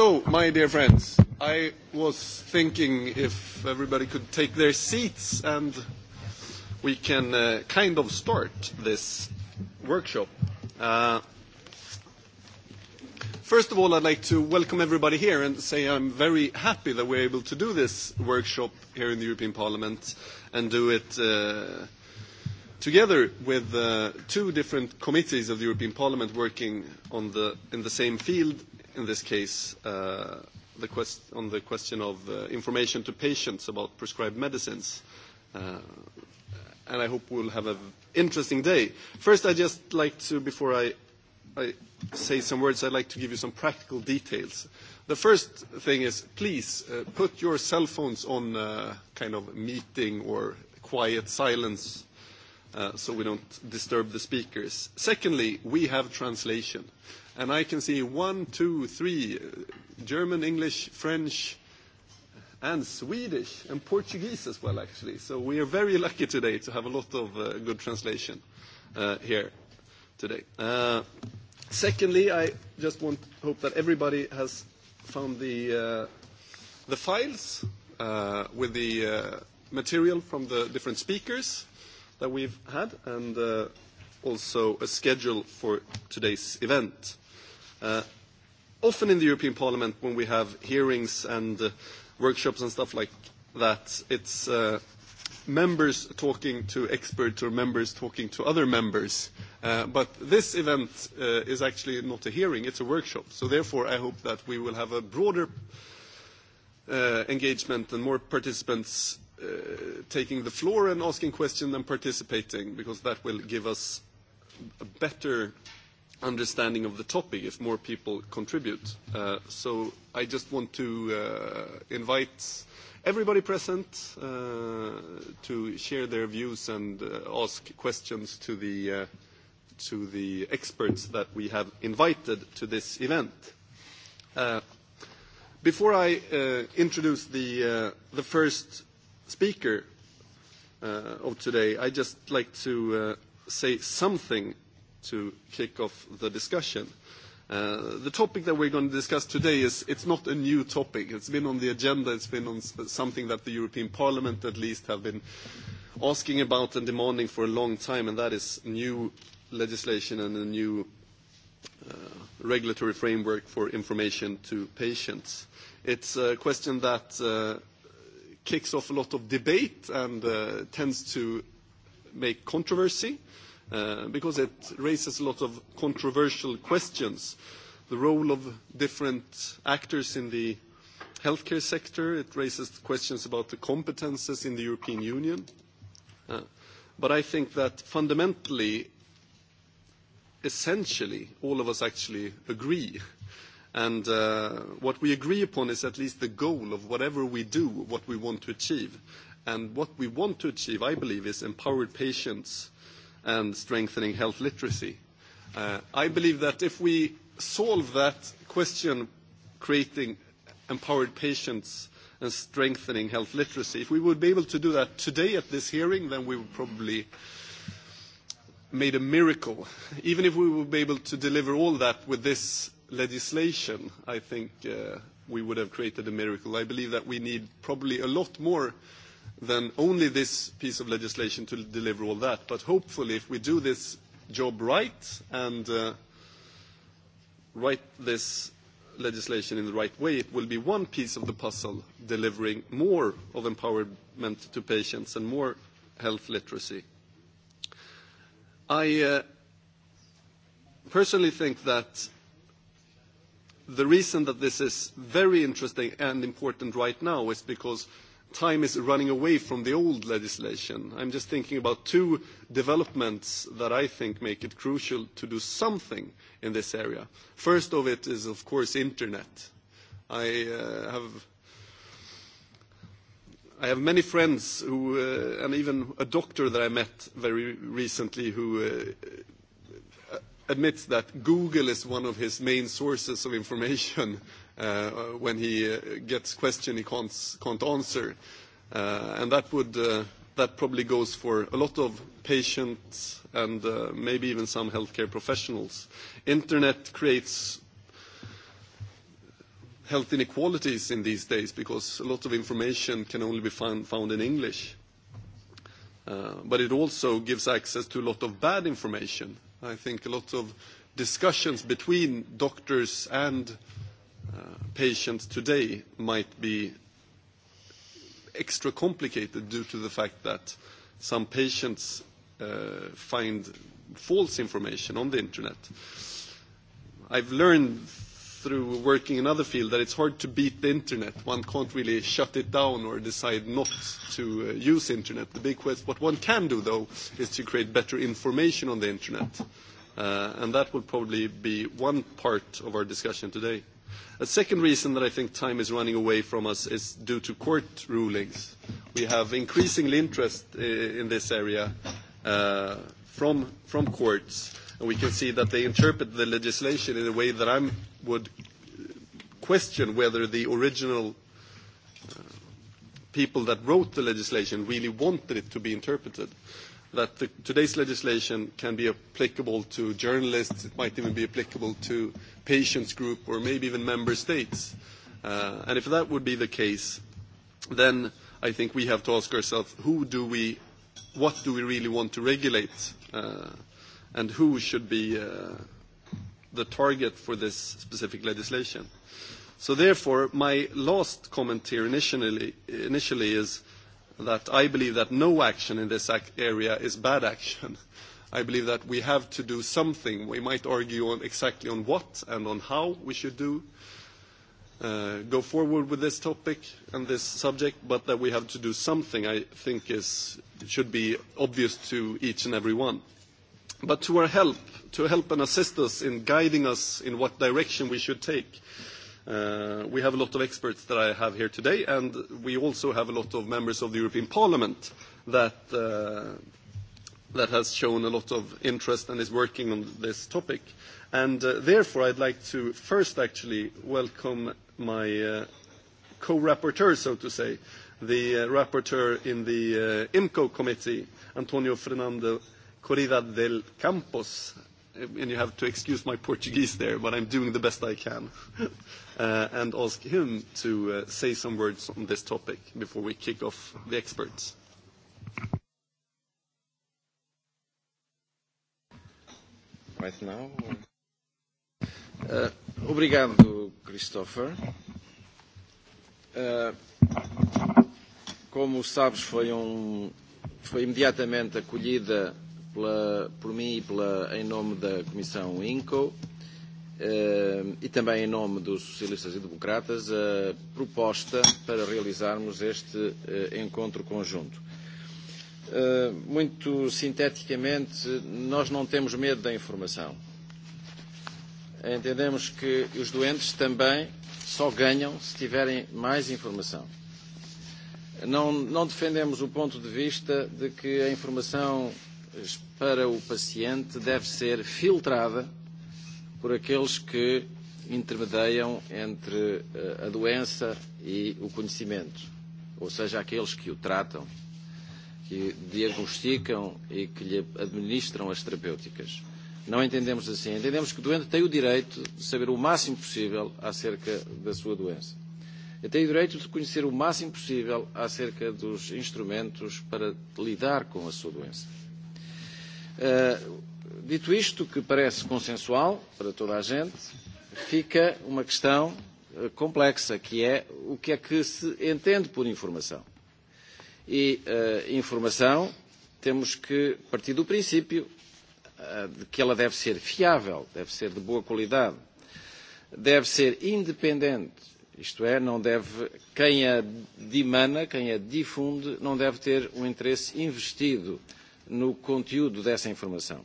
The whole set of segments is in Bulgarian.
So, my dear friends, I was thinking if everybody could take their seats and we can uh, kind of start this workshop. Uh, first of all, I'd like to welcome everybody here and say I'm very happy that we're able to do this workshop here in the European Parliament and do it. Uh, together with two different committees of the European Parliament working in the same field in this case, uh, the quest on the question of uh, information to patients about prescribed medicines. Uh, and I hope we'll have an interesting day. First, I'd just like to, before I, I say some words, I'd like to give you some practical details. The first thing is, please uh, put your cell phones on uh, kind of meeting or quiet silence uh, so we don't disturb the speakers. Secondly, we have translation and I can see one, two, three German, English, French, and Swedish, and Portuguese as well, actually. So we are very lucky today to have a lot of uh, good translation uh, here today. Uh, secondly, I just want hope that everybody has found the, uh, the files uh, with the uh, material from the different speakers that we've had, and uh, also a schedule for today's event often in the European Parliament, when we have hearings and workshops and stuff like that, it's members talking to experts or members talking to other members. but this event is actually not a hearing, it's a workshop. So therefore, I hope that we will have a broader engagement and more participants taking the floor and asking questions and participating, because that will give us a better understanding of the topic if more people contribute. Uh, so I just want to uh, invite everybody present uh, to share their views and uh, ask questions to the, uh, to the experts that we have invited to this event. Uh, before I uh, introduce the, uh, the first speaker uh, of today, I'd just like to uh, say something to kick off the discussion. The topic that we're going to discuss today is, it's not a new topic. It's been on the agenda. It's been on something that the European Parliament at least have been asking about and demanding for a long time, and that is new legislation and a new regulatory framework for information to patients. It's a question that kicks off a lot of debate and tends to make controversy because it raises a lot of controversial questions. The role of different actors in the healthcare sector, it raises questions about the competences in the European Union. But I think that fundamentally, essentially, all of us actually agree. And what we agree upon is at least the goal of whatever we do, what we want to achieve. And what we want to achieve, I believe, is empowered patients and strengthening health literacy. I believe that if we solve that question, creating empowered patients and strengthening health literacy, if we would be able to do that today at this hearing, then we would probably made a miracle. Even if we would be able to deliver all that with this legislation, I think we would have created a miracle. I believe that we need probably a lot more then only this piece of legislation to deliver all that. But hopefully, if we do this job right and uh, write this legislation in the right way, it will be one piece of the puzzle delivering more of empowerment to patients and more health literacy. I uh, personally think that the reason that this is very interesting and important right now is because – time is running away from the old legislation. I am just thinking about two developments that I think make it crucial to do something in this area. First of it is, of course, internet. I uh, have I have many friends who, uh, and even a doctor that I met very recently who uh, admits that Google is one of his main sources of information when he gets question he can't answer. And that would that probably goes for a lot of patients and maybe even some healthcare professionals. Internet creates health inequalities in these days because a lot of information can only be found in English. But it also gives access to a lot of bad information. I think a lot of discussions between doctors and patients today might be extra complicated due to the fact that some patients find false information on the internet. I've learned through working in other fields that it's hard to beat the internet. One can't really shut it down or decide not to use internet. The big quest, what one can do though, is to create better information on the internet. and that will probably be one part of our discussion today. A second reason that I think time is running away from us is due to court rulings. We have increasing interest in this area from courts, and we can see that they interpret the legislation in a way that I would question whether the original people that wrote the legislation really wanted it to be interpreted that the, today's legislation can be applicable to journalists, it might even be applicable to patients group or maybe even member states. Uh, and if that would be the case, then I think we have to ask ourselves, who do we, what do we really want to regulate uh, and who should be uh, the target for this specific legislation? So therefore, my last comment here initially, initially is that I believe that no action in this area is bad action. I believe that we have to do something. We might argue on exactly on what and on how we should do go forward with this topic and this subject, but that we have to do something, I think is should be obvious to each and every one. But to our help, to help and assist us in guiding us in what direction we should take, We have a lot of experts that I have here today, and we also have a lot of members of the European Parliament that has shown a lot of interest and is working on this topic. And Therefore, I'd like to first actually welcome my co-rapporteur, so to say, the rapporteur in the IMCO committee, Antonio Fernando Corrida del Campos, and you have to excuse my Portuguese there, but I'm doing the best I can and ask him to say some words on this topic before we kick off the experts. Right now? Obrigado, Christopher. Como sabes, foi, um, foi imediatamente acolhida pela, por mim e pela, em nome da Comissão INCO e também em nome dos socialistas e democratas a proposta para realizarmos este encontro conjunto. Muito sinteticamente, nós não temos medo da informação. Entendemos que os doentes também só ganham se tiverem mais informação. Não, não defendemos o ponto de vista de que a informação para o paciente deve ser filtrada por aqueles que intermediam entre a doença e o conhecimento, ou seja, aqueles que o tratam, que diagnosticam e que lhe administram as terapêuticas. Não entendemos assim. Entendemos que o doente tem o direito de saber o máximo possível acerca da sua doença. E tem o direito de conhecer o máximo possível acerca dos instrumentos para lidar com a sua doença Dito isto, que parece consensual para toda a gente, fica uma questão complexa, que é o que é que se entende por informação. E informação, temos que partir do princípio de que ela deve ser fiável, deve ser de boa qualidade, deve ser independente, isto é, não deve, quem a dimana, quem a difunde, não deve ter um interesse investido no conteúdo dessa informação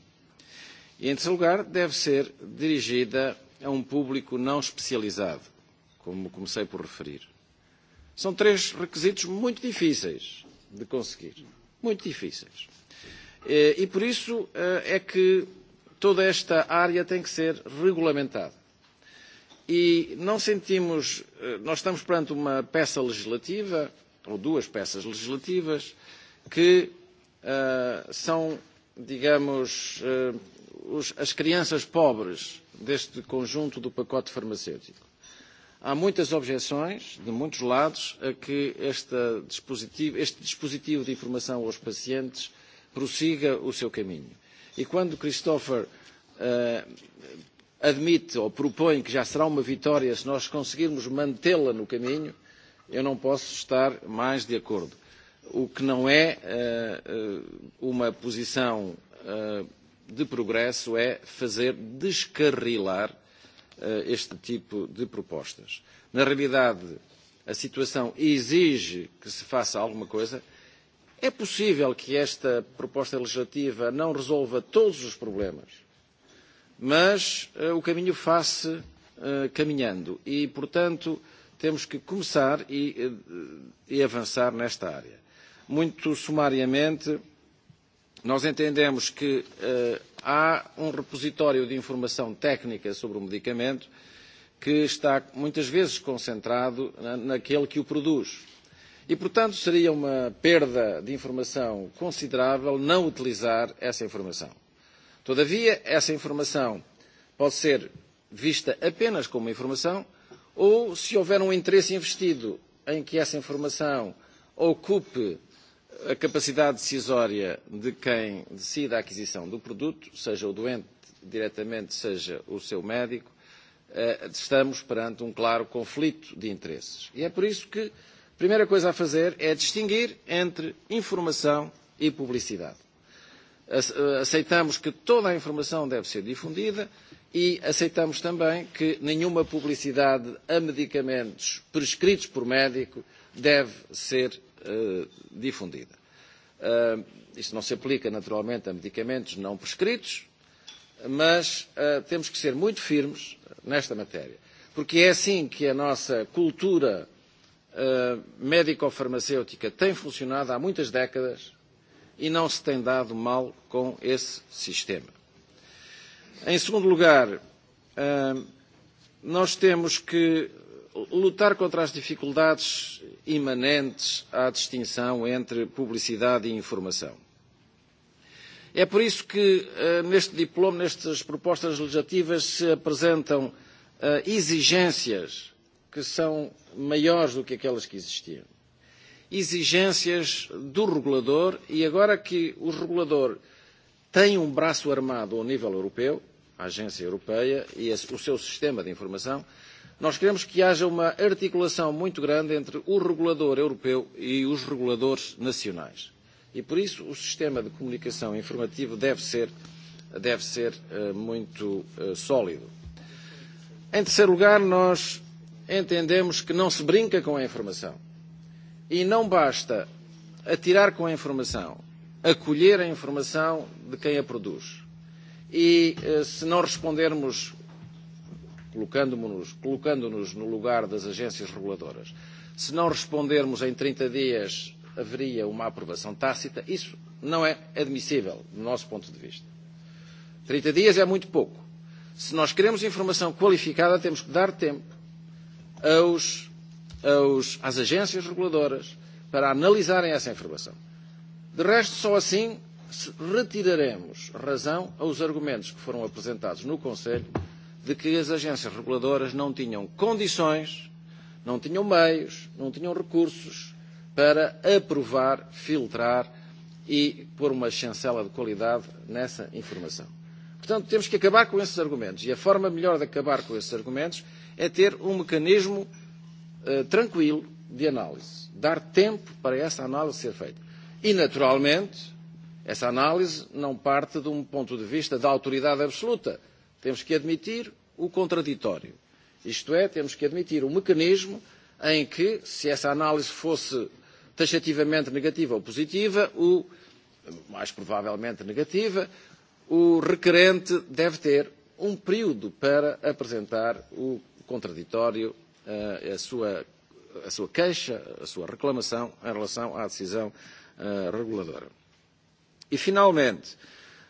E, em terceiro lugar, deve ser dirigida a um público não especializado, como comecei por referir. São três requisitos muito difíceis de conseguir. Muito difíceis. E por isso é que toda esta área tem que ser regulamentada. E não sentimos. Nós estamos perante uma peça legislativa, ou duas peças legislativas, que são, digamos, as crianças pobres deste conjunto do pacote farmacêutico. Há muitas objeções, de muitos lados, a que este dispositivo, este dispositivo de informação aos pacientes prossiga o seu caminho. E quando Christopher admite ou propõe que já será uma vitória se nós conseguirmos mantê-la no caminho, eu não posso estar mais de acordo. O que não é uma posição de progresso é fazer descarrilar este tipo de propostas. Na realidade, a situação exige que se faça alguma coisa. É possível que esta proposta legislativa não resolva todos os problemas, mas o caminho faz-se caminhando e, portanto, temos que começar e, avançar nesta área. Muito sumariamente, Nós entendemos que há um repositório de informação técnica sobre o medicamento que está muitas vezes concentrado naquele que o produz. E, portanto, seria uma perda de informação considerável não utilizar essa informação. Todavia, essa informação pode ser vista apenas como informação ou, se houver um interesse investido em que essa informação ocupe a capacidade decisória de quem decide a aquisição do produto, seja o doente diretamente, seja o seu médico, estamos perante um claro conflito de interesses. E é por isso que a primeira coisa a fazer é distinguir entre informação e publicidade. Aceitamos que toda a informação deve ser difundida e aceitamos também que nenhuma publicidade a medicamentos prescritos por médico deve ser difundida. Isto não se aplica naturalmente a medicamentos não prescritos, mas temos que ser muito firmes nesta matéria, porque é assim que a nossa cultura médico-farmacêutica tem funcionado há muitas décadas e não se tem dado mal com esse sistema. Em segundo lugar, nós temos que lutar contra as dificuldades imanentes à distinção entre publicidade e informação. É por isso que neste diploma, nestas propostas legislativas, se apresentam exigências que são maiores do que aquelas que existiam. Exigências do regulador, e agora que o regulador tem um braço armado ao nível europeu, a Agência Europeia e o seu sistema de informação, Nós queremos que haja uma articulação muito grande entre o regulador europeu e os reguladores nacionais. E por isso o sistema de comunicação informativo deve ser, deve ser muito sólido. Em terceiro lugar, nós entendemos que não se brinca com a informação. E não basta atirar com a informação, acolher a informação de quem a produz. E se não respondermos colocando-nos colocando no lugar das agências reguladoras. Se não respondermos em 30 dias, haveria uma aprovação tácita. Isso não é admissível, do nosso ponto de vista. 30 dias é muito pouco. Se nós queremos informação qualificada, temos que dar tempo aos, aos, às agências reguladoras para analisarem essa informação. De resto, só assim retiraremos razão aos argumentos que foram apresentados no Conselho de que as agências reguladoras não tinham condições, não tinham meios, não tinham recursos para aprovar, filtrar e pôr uma chancela de qualidade nessa informação. Portanto, temos que acabar com esses argumentos. E a forma melhor de acabar com esses argumentos é ter um mecanismo uh, tranquilo de análise. Dar tempo para essa análise ser feita. E, naturalmente, essa análise não parte de um ponto de vista da autoridade absoluta Temos que admitir o contraditório. Isto é, temos que admitir o um mecanismo em que, se essa análise fosse taxativamente negativa ou positiva, o, mais provavelmente negativa, o requerente deve ter um período para apresentar o contraditório, a sua, a sua queixa, a sua reclamação em relação à decisão reguladora. E, finalmente,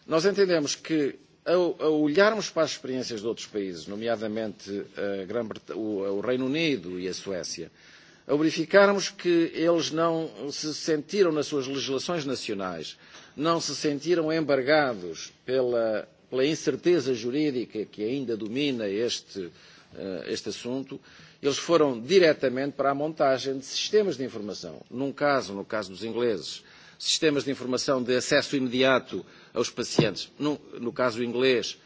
nós entendemos que a olharmos para as experiências de outros países, nomeadamente o Reino Unido e a Suécia, a verificarmos que eles não se sentiram nas suas legislações nacionais, não se sentiram embargados pela, pela incerteza jurídica que ainda domina este, este assunto, eles foram diretamente para a montagem de sistemas de informação. Num caso, no caso dos ingleses, sistemas de informação de acesso imediato aos pacientes, no, no caso inglês,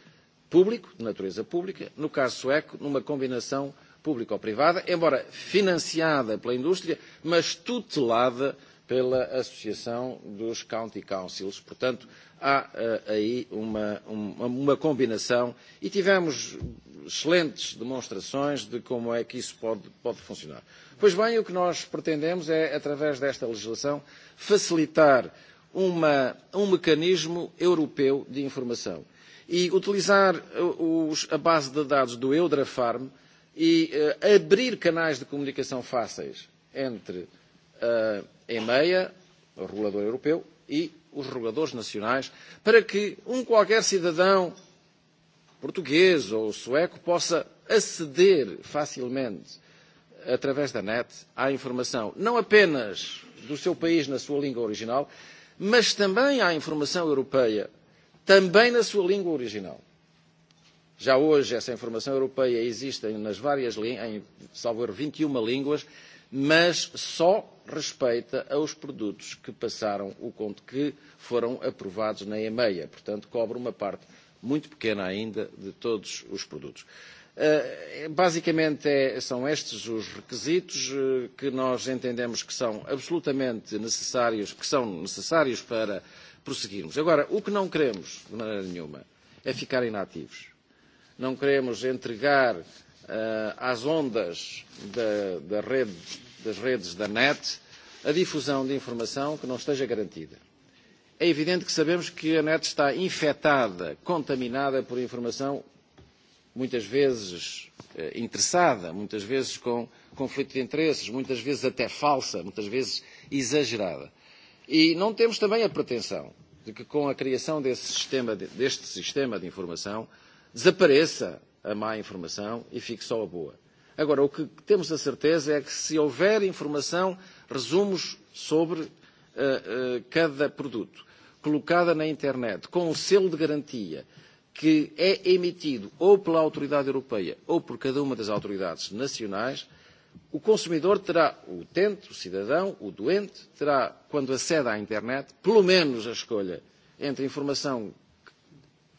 público, de natureza pública, no caso sueco, numa combinação pública ou privada embora financiada pela indústria, mas tutelada pela Associação dos County Councils. Portanto, há aí uma, uma combinação e tivemos excelentes demonstrações de como é que isso pode, pode funcionar. Pois bem, o que nós pretendemos é, através desta legislação, facilitar uma, um mecanismo europeu de informação e utilizar os, a base de dados do Eudrafarm e abrir canais de comunicação fáceis entre EMEA, o regulador europeu, e os reguladores nacionais, para que um qualquer cidadão português ou sueco possa aceder facilmente, através da net, à informação não apenas do seu país na sua língua original, mas também à informação europeia, também na sua língua original. Já hoje essa informação europeia existe nas várias, línguas, em, salvo 21 línguas, mas só respeita aos produtos que passaram o conto que foram aprovados na EMEA. Portanto, cobre uma parte muito pequena ainda de todos os produtos. Basicamente são estes os requisitos que nós entendemos que são absolutamente necessários, que são necessários para prosseguirmos. Agora, o que não queremos, de maneira nenhuma, é ficar inativos. Não queremos entregar às ondas da, rede, das redes da net a difusão de informação que não esteja garantida. É evidente que sabemos que a net está infetada, contaminada por informação muitas vezes interessada, muitas vezes com conflito de interesses, muitas vezes até falsa, muitas vezes exagerada. E não temos também a pretensão de que com a criação desse sistema, deste sistema de informação desapareça a má informação e fique só a boa. Agora, o que temos a certeza é que se houver informação, resumos sobre uh, uh, cada produto, colocada na internet, com o selo de garantia, que é emitido ou pela autoridade europeia ou por cada uma das autoridades nacionais, o consumidor terá, o utente, o cidadão, o doente, terá, quando acede à internet, pelo menos a escolha entre informação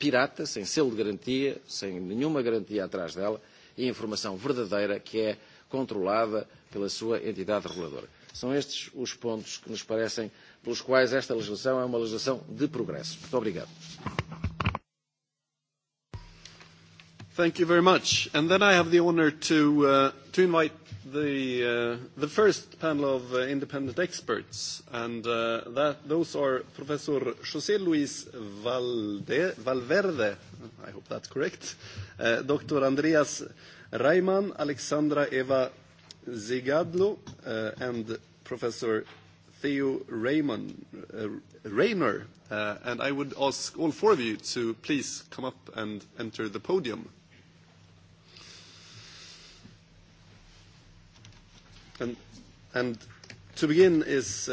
pirata, sem selo de garantia, sem nenhuma garantia atrás dela, e informação verdadeira que é controlada pela sua entidade reguladora. São estes os pontos que nos parecem pelos quais esta legislação é uma legislação de progresso. Muito obrigado. Thank you very much. And then I have the honor to, invite the, the first panel of independent experts, and that, those are Professor José Luis Valverde, I hope that's correct, Dr. Andreas Reimann, Alexandra Eva Zigadlo, and Professor Theo Rainer. Rayner, I would ask all four of you to please come up and enter the podium. And to begin is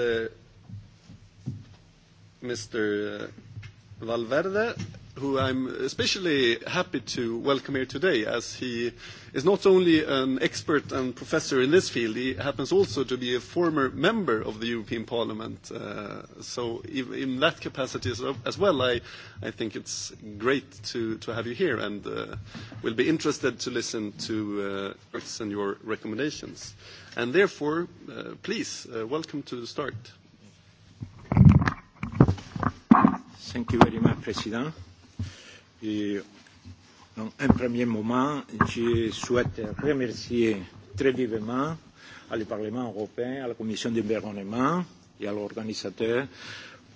Mr. Valverde who I'm especially happy to welcome here today, as he is not only an expert and professor in this field, he happens also to be a former member of the European Parliament. Uh, so, in that capacity as well, I, I think it's great to, to have you here, and uh, we'll be interested to listen to uh, and your recommendations. And therefore, uh, please, uh, welcome to the start. Thank you very much, President. Et dans un premier moment, je souhaite remercier très vivement le Parlement européen, à la Commission d'environnement et à l'organisateur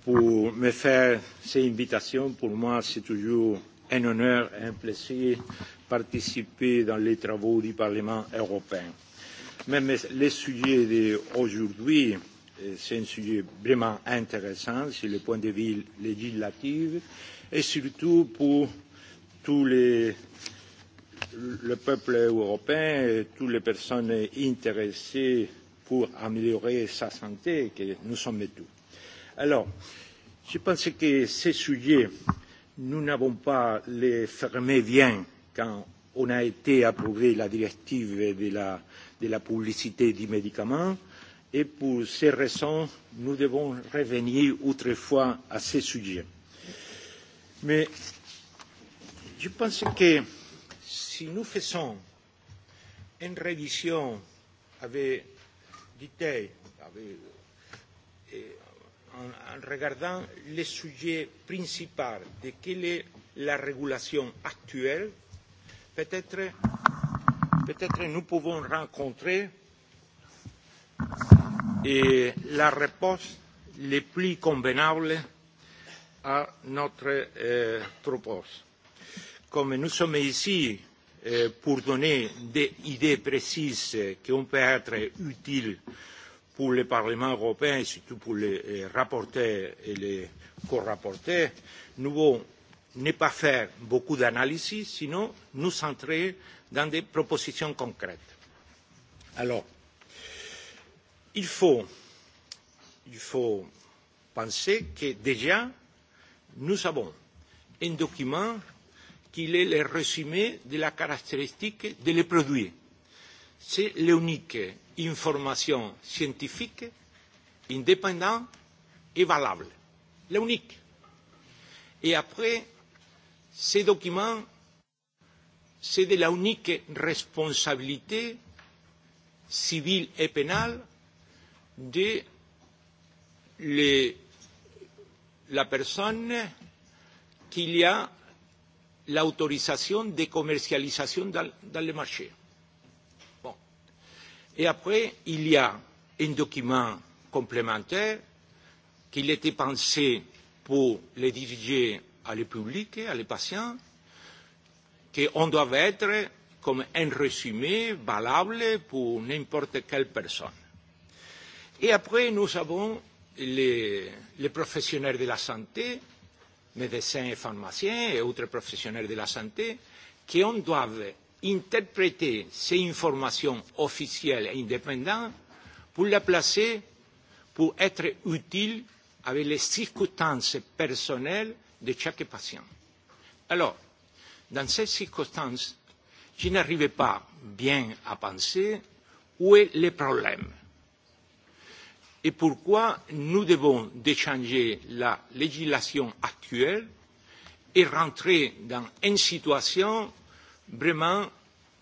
pour me faire ces invitations. Pour moi, c'est toujours un honneur et un plaisir de participer dans les travaux du Parlement européen. Même le sujet d'aujourd'hui, c'est un sujet vraiment intéressant sur le point de vue législatif et surtout pour tous les, le peuple européen et toutes les personnes intéressées pour améliorer sa santé, que nous sommes tous. Alors, je pense que ces sujets, nous n'avons pas les fermés bien quand on a été approuvé la directive de la, de la publicité des médicaments. Et pour ces raisons, nous devons revenir autrefois à ces sujets. Mais je pense que si nous faisons une révision avec détail, avec, en, en regardant les sujets principaux de quelle est la régulation actuelle, peut-être peut-être nous pouvons rencontrer et la réponse les plus convenables à notre propos. Comme nous sommes ici pour donner des idées précises qui peuvent être utiles pour le Parlement européen et surtout pour les rapporteurs et les corapporteurs, nous allons ne pas faire beaucoup d'analyses, sinon nous centrer dans des propositions concrètes. Alors, il faut, penser que déjà nous avons un document qui est le résumé de la caractéristique des produits. C'est l'unique information scientifique indépendante et valable. L'unique. Et après, ce document, c'est de l'unique responsabilité civile et pénale de les la personne qu'il y a l'autorisation de commercialisation dans, dans le marché. Bon. Et après, il y a un document complémentaire qu'il était pensé pour les diriger à le public, à les patients, qu'on doit être comme un résumé valable pour n'importe quelle personne. Et après, nous avons les, les professionnels de la santé, médecins et pharmaciens et autres professionnels de la santé, qu'on doivent interpréter ces informations officielles et indépendantes pour la placer, pour être utile avec les circonstances personnelles de chaque patient. Alors, dans ces circonstances, je n'arrivais pas bien à penser où est le problème et pourquoi nous devons changer la législation actuelle et rentrer dans une situation vraiment,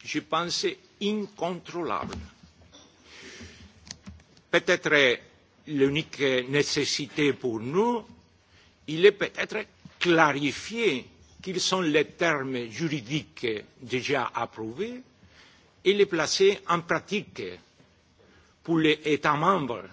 je pense, incontrôlable. Peut-être l'unique nécessité pour nous, il est peut-être clarifier quels sont les termes juridiques déjà approuvés et les placer en pratique pour les États membres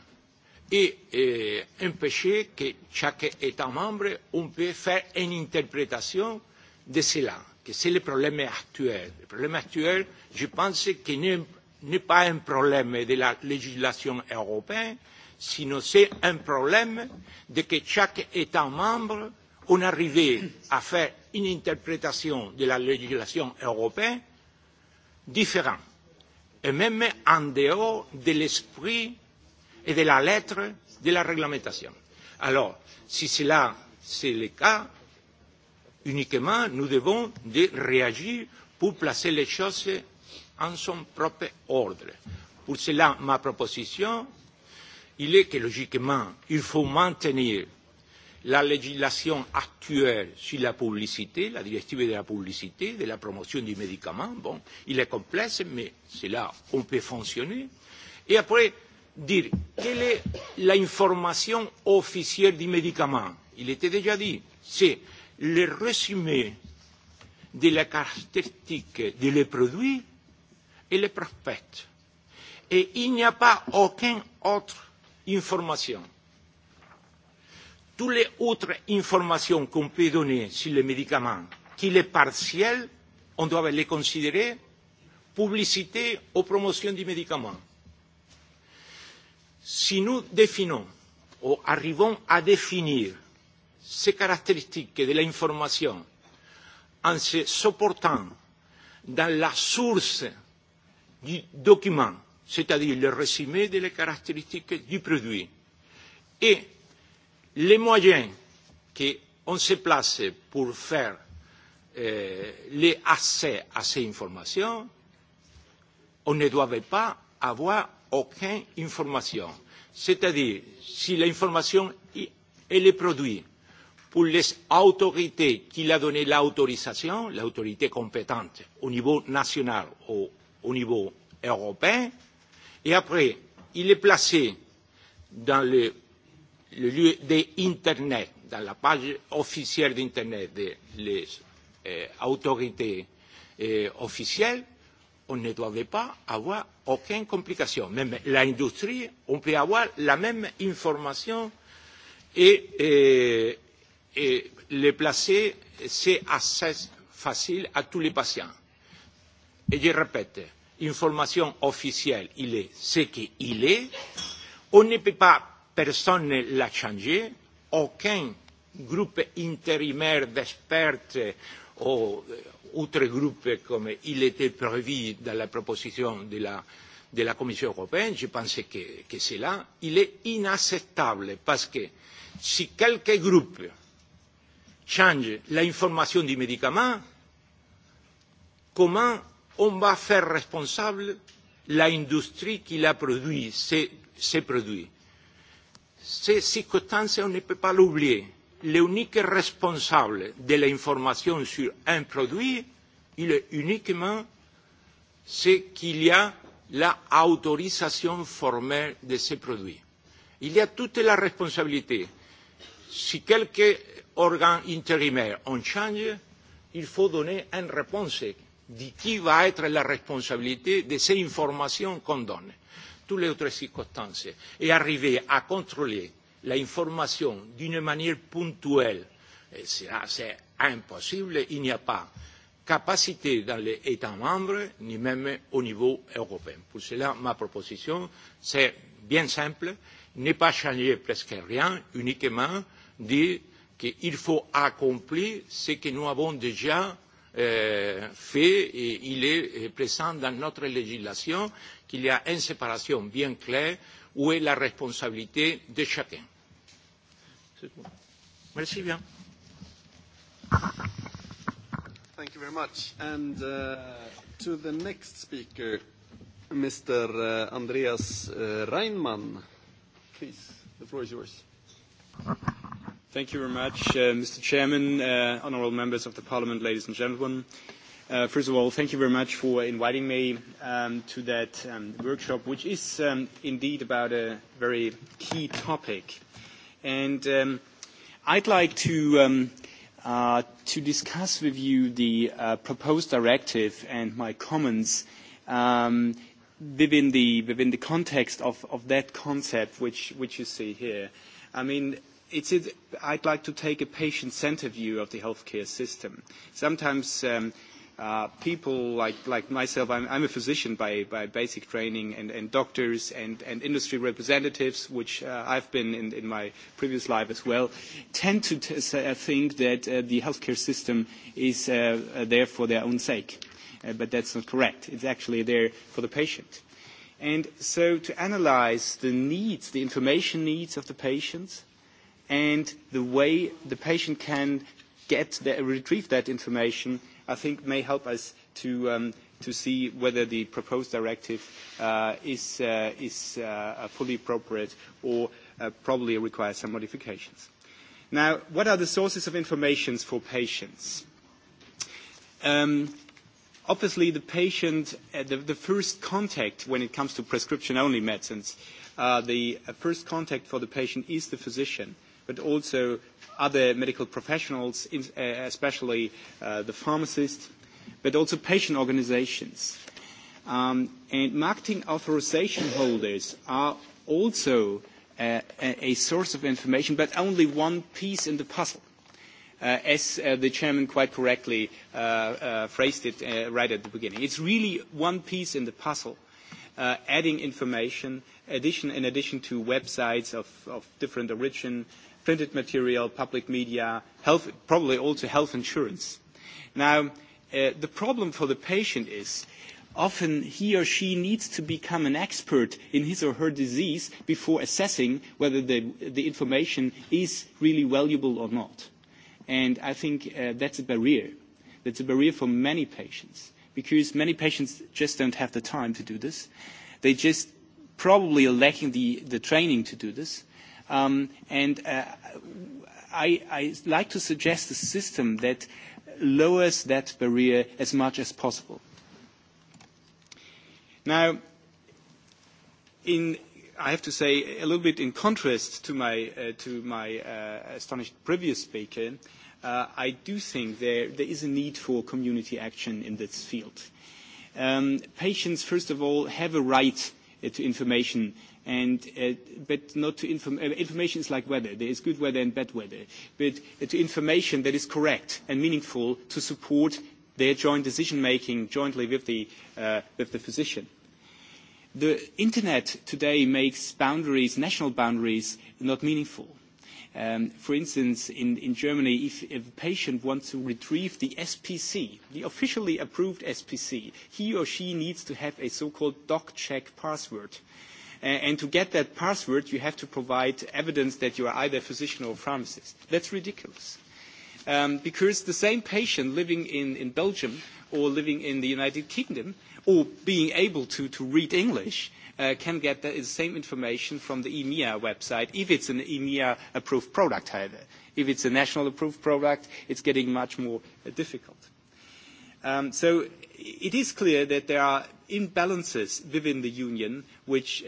et euh, empêcher que chaque État membre on peut faire une interprétation de cela, que c'est le problème actuel. Le problème actuel, je pense que n'est pas un problème de la législation européenne, sinon c'est un problème de que chaque État membre on arrivait à faire une interprétation de la législation européenne différente, et même en dehors de l'esprit et de la lettre de la réglementation. Alors, si cela c'est le cas, uniquement nous devons réagir pour placer les choses en son propre ordre. Pour cela, ma proposition, il est que logiquement, il faut maintenir la législation actuelle sur la publicité, la directive de la publicité, de la promotion du médicament. Bon, il est complexe, mais cela on peut fonctionner. Et après, dire quelle est l'information officielle du médicament. Il était déjà dit, c'est le résumé de la caractéristique de produits et le prospect. Et il n'y a pas aucune autre information. Toutes les autres informations qu'on peut donner sur les médicaments, qu'il est partiel, on doit les considérer publicité ou promotion du médicament Si nous définons ou arrivons à définir ces caractéristiques de l'information en se supportant dans la source du document, c'est-à-dire le résumé des caractéristiques du produit, et les moyens qu'on se place pour faire l'accès à ces informations, on ne doit pas avoir aucune information. C'est-à-dire, si l'information est produite pour les autorités qui ont donné l'autorisation, l'autorité compétente au niveau national ou au niveau européen, et après, il est placé dans le, le lieu d'Internet, dans la page officielle d'Internet des euh, autorités euh, officielles, on ne devait pas avoir aucune complication. Même l'industrie, on peut avoir la même information et, et, et les placer, c'est assez facile à tous les patients. Et je répète, information officielle, il est ce qu'il est. On ne peut pas, personne ne l'a changé. Aucun groupe intérimaire d'experts ou outre groupe comme il était prévu dans la proposition de la, de la Commission européenne, je pense que, que cela, il est inacceptable parce que si quelques groupes changent l'information du médicament, comment on va faire responsable l'industrie qui l'a produit, ces, ces produits Ces circonstances, on ne peut pas l'oublier l'unique responsable de l'information sur un produit, il est uniquement ce qu'il y a l'autorisation formelle de ce produit. Il y a toute la responsabilité. Si quelque organe intérimaire on change, il faut donner une réponse de qui va être la responsabilité de ces informations qu'on donne. Toutes les autres circonstances. Et arriver à contrôler la información d'une manière ponctuelle. puntual, cela, c'est impossible. Il n'y a pas capacité dans les États membres, ni même au niveau européen. Pour cela, ma proposition, c'est bien simple, ne pas changer presque rien, uniquement dire qu'il faut accomplir ce que nous avons déjà fait et il est présent dans notre législation, qu'il y a une séparation bien claire où est la responsabilité de chacun C'est tout. Merci bien. Thank you very much. And uh, to the next speaker, Mr. Uh, Andreas uh, Reinmann. Please, the floor is yours. Thank you very much, uh, Mr. Chairman, uh, honorable members of the Parliament, ladies and gentlemen. Uh, first of all, thank you very much for inviting me um, to that um, workshop, which is um, indeed about a very key topic. Uh, And um, I'd like to, um, uh, to discuss with you the uh, proposed directive and my comments um, within, the, within the context of, of that concept which, which you see here. I mean, it's it, I'd like to take a patient-centered view of the healthcare system. Sometimes um, – uh, people like, like myself, I'm, I'm a physician by, by basic training, and, and doctors and, and industry representatives, which uh, I've been in, in my previous life as well, tend to t- think that uh, the healthcare system is uh, there for their own sake. Uh, but that's not correct. It's actually there for the patient. And so to analyze the needs, the information needs of the patients, and the way the patient can get the, retrieve that information I think may help us to see whether the proposed directive is fully appropriate or probably requires some modifications. Now, what are the sources of information for patients? Obviously, the patient, the first contact when it comes to prescription-only medicines, the first contact for the patient is the physician but also other medical professionals, especially the pharmacists, but also patient organizations. Um, and marketing authorization holders are also a, a source of information, but only one piece in the puzzle. Uh, as uh, the chairman quite correctly uh, uh, phrased it uh, right at the beginning. It's really one piece in the puzzle uh, adding information addition, in addition to websites of, of different origin printed material, public media, health, probably also health insurance. Now, the problem for the patient is often he or she needs to become an expert in his or her disease before assessing whether the, the information is really valuable or not. And I think uh, that's a barrier. That's a barrier for many patients because many patients just don't have the time to do this. They just probably are lacking the, the training to do this and I, I like to suggest a system that lowers that barrier as much as possible. Now, in, I have to say, a little bit in contrast to my, uh, to my uh, astonished previous speaker, uh, I do think there, there is a need for community action in this field. Um, patients, first of all, have a right to information and but not to inform. information is like weather. There is good weather and bad weather. But to information that is correct and meaningful to support their joint decision making jointly with the physician. The internet today makes boundaries, national boundaries, not meaningful. for instance, in, in Germany, if, a patient wants to retrieve the SPC, the officially approved SPC, he or she needs to have a so-called doc check password and to get that password, you have to provide evidence that you are either a physician or a pharmacist. That's ridiculous. because the same patient living in, in Belgium or living in the United Kingdom or being able to, to read English can get the same information from the EMEA website if it's an EMEA approved product, however. If it's a national approved product, it's getting much more difficult. so it is clear that there are imbalances within the union which,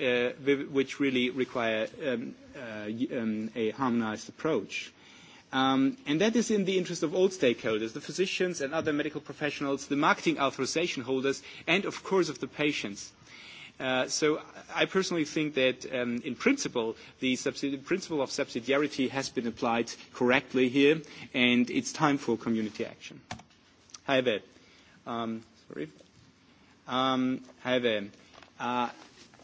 which really require a harmonised approach. and that is in the interest of all stakeholders, the physicians and other medical professionals, the marketing authorisation holders, and of course of the patients so I personally think that in principle, the principle of subsidiarity has been applied correctly here, and it's time for community action. Um, sorry, um, uh,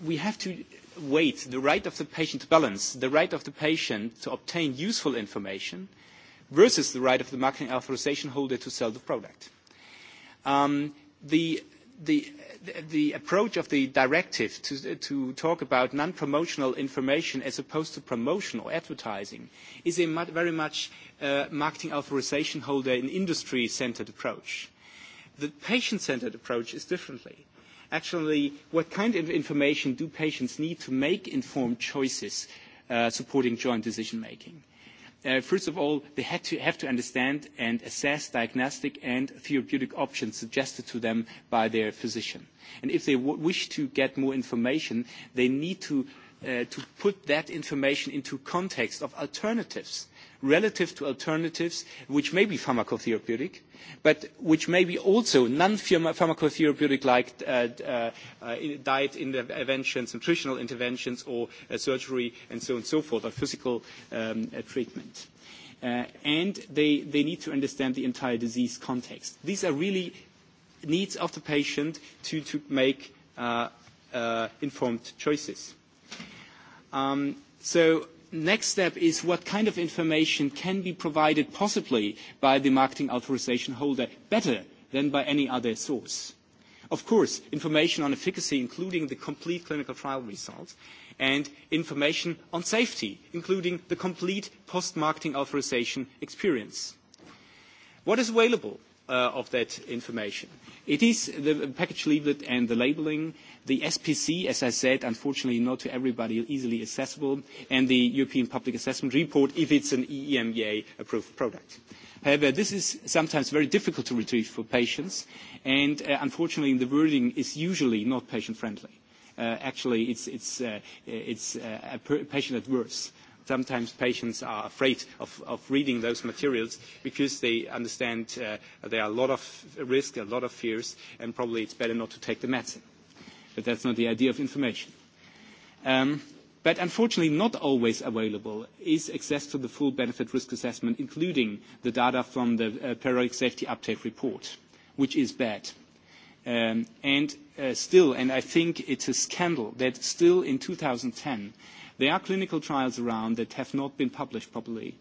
we have to weight the right of the patient to balance the right of the patient to obtain useful information versus the right of the marketing authorization holder to sell the product. Um, the, the, the approach of the directive to, to talk about non-promotional information as opposed to promotion or advertising is a very much uh, marketing authorization holder and industry-centered approach The patient-centered approach is differently. Actually, what kind of information do patients need to make informed choices supporting joint decision-making? First of all, they have to understand and assess diagnostic and therapeutic options suggested to them by their physician. And If they wish to get more information, they need to put that information into context of alternatives relative to alternatives which may be pharmacotherapeutic, but which may be also non-pharmacotherapeutic like diet interventions, nutritional interventions, or surgery, and so on and so forth, or physical treatment. and they, they need to understand the entire disease context. These are really needs of the patient to, to make informed choices. so next step is what kind of information can be provided possibly by the marketing authorisation holder better than by any other source. Of course, information on efficacy, including the complete clinical trial results, and information on safety, including the complete post-marketing authorisation experience. What is available? of that information. It is the package leaflet and the labeling, the SPC, as I said, unfortunately not to everybody easily accessible, and the European Public Assessment Report if it's an EEMEA-approved product. However, this is sometimes very difficult to retrieve for patients, and unfortunately the wording is usually not patient-friendly. actually, it's, it's, uh, it's uh, patient adverse sometimes patients are afraid of, of reading those materials because they understand uh, there are a lot of risks, a lot of fears, and probably it's better not to take the medicine. But that's not the idea of information. Um, but unfortunately not always available is access to the full benefit risk assessment, including the data from the uh, periodic safety uptake report, which is bad. Um, and uh, still, and I think it's a scandal that still in 2010, There are clinical trials around that have not been published properly.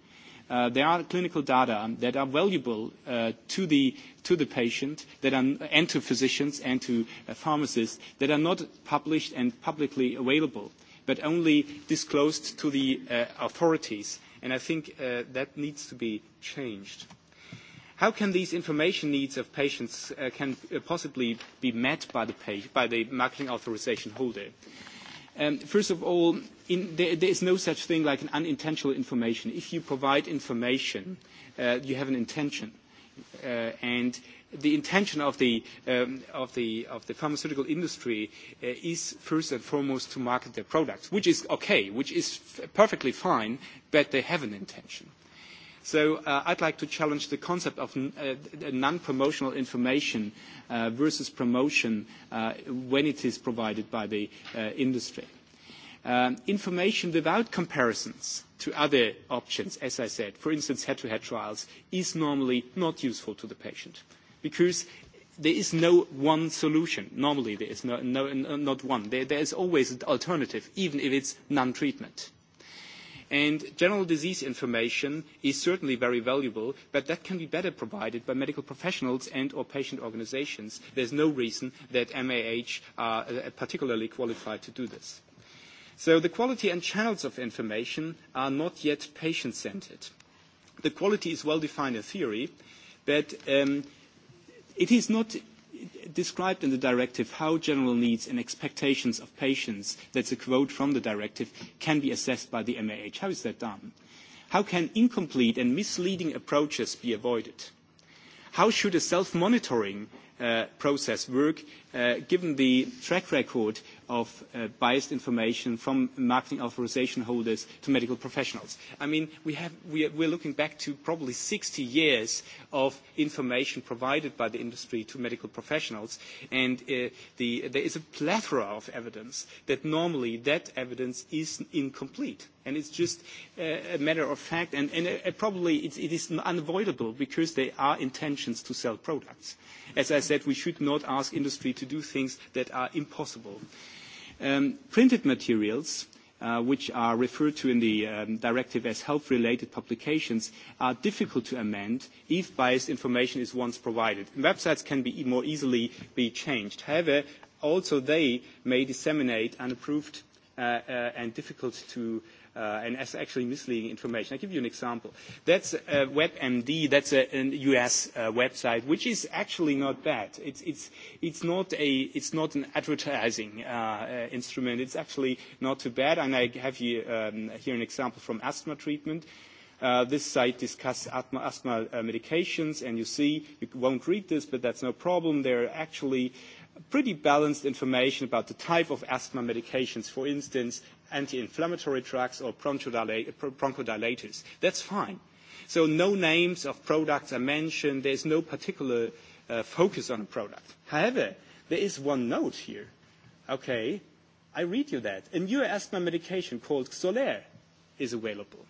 Uh, there are clinical data that are valuable uh, to, the, to the patient that are, and to physicians and to uh, pharmacists that are not published and publicly available, but only disclosed to the uh, authorities. And I think uh, that needs to be changed. How can these information needs of patients uh, can possibly be met by the, by the marketing authorization holder? Um, first of all, in, there, there is no such thing like an unintentional information. If you provide information, uh, you have an intention. Uh, and the intention of the, um, of the, of the pharmaceutical industry uh, is first and foremost to market their products, which is okay, which is f- perfectly fine, but they have an intention. So uh, I'd like to challenge the concept of uh, non-promotional information uh, versus promotion uh, when it is provided by the uh, industry information without comparisons to other options, as I said, for instance, head-to-head trials, is normally not useful to the patient because there is no one solution. Normally, there is no, no, not one. There, there is always an alternative, even if it's non-treatment. And general disease information is certainly very valuable, but that can be better provided by medical professionals and or patient organizations. There's no reason that MAH are particularly qualified to do this. So the quality and channels of information are not yet patient-centered. The quality is well defined in theory, but it is not described in the directive how general needs and expectations of patients, that's a quote from the directive, can be assessed by the MAH. How is that done? How can incomplete and misleading approaches be avoided? How should a self-monitoring process work given the track record of biased information from marketing authorisation holders to medical professionals. I mean, we have, we are, we're looking back to probably 60 years of information provided by the industry to medical professionals, and uh, the, there is a plethora of evidence that normally that evidence is incomplete and it's just a matter of fact and, and uh, probably it's, it is unavoidable because there are intentions to sell products. As I said, we should not ask industry to do things that are impossible. Uh, printed materials which are referred to in the directive as health-related publications, are difficult to amend if biased information is once provided. Websites can be more easily be changed. However, also they may disseminate unapproved and difficult to and that's actually misleading information. I'll give you an example. That's uh, WebMD. That's a, US uh, website, which is actually not bad. It's, it's, it's, not, a, it's not an advertising uh, uh, instrument. It's actually not too bad. And I have you, um, here an example from asthma treatment. Uh, this site discusses asthma, asthma uh, medications, and you see, you won't read this, but that's no problem. There are actually pretty balanced information about the type of asthma medications, for instance, anti-inflammatory drugs or bronchodilators. That's fine. So no names of products are mentioned. There's no particular uh, focus on a product. However, there is one note here. Okay, I read you that. A new asthma medication called Xolair is available.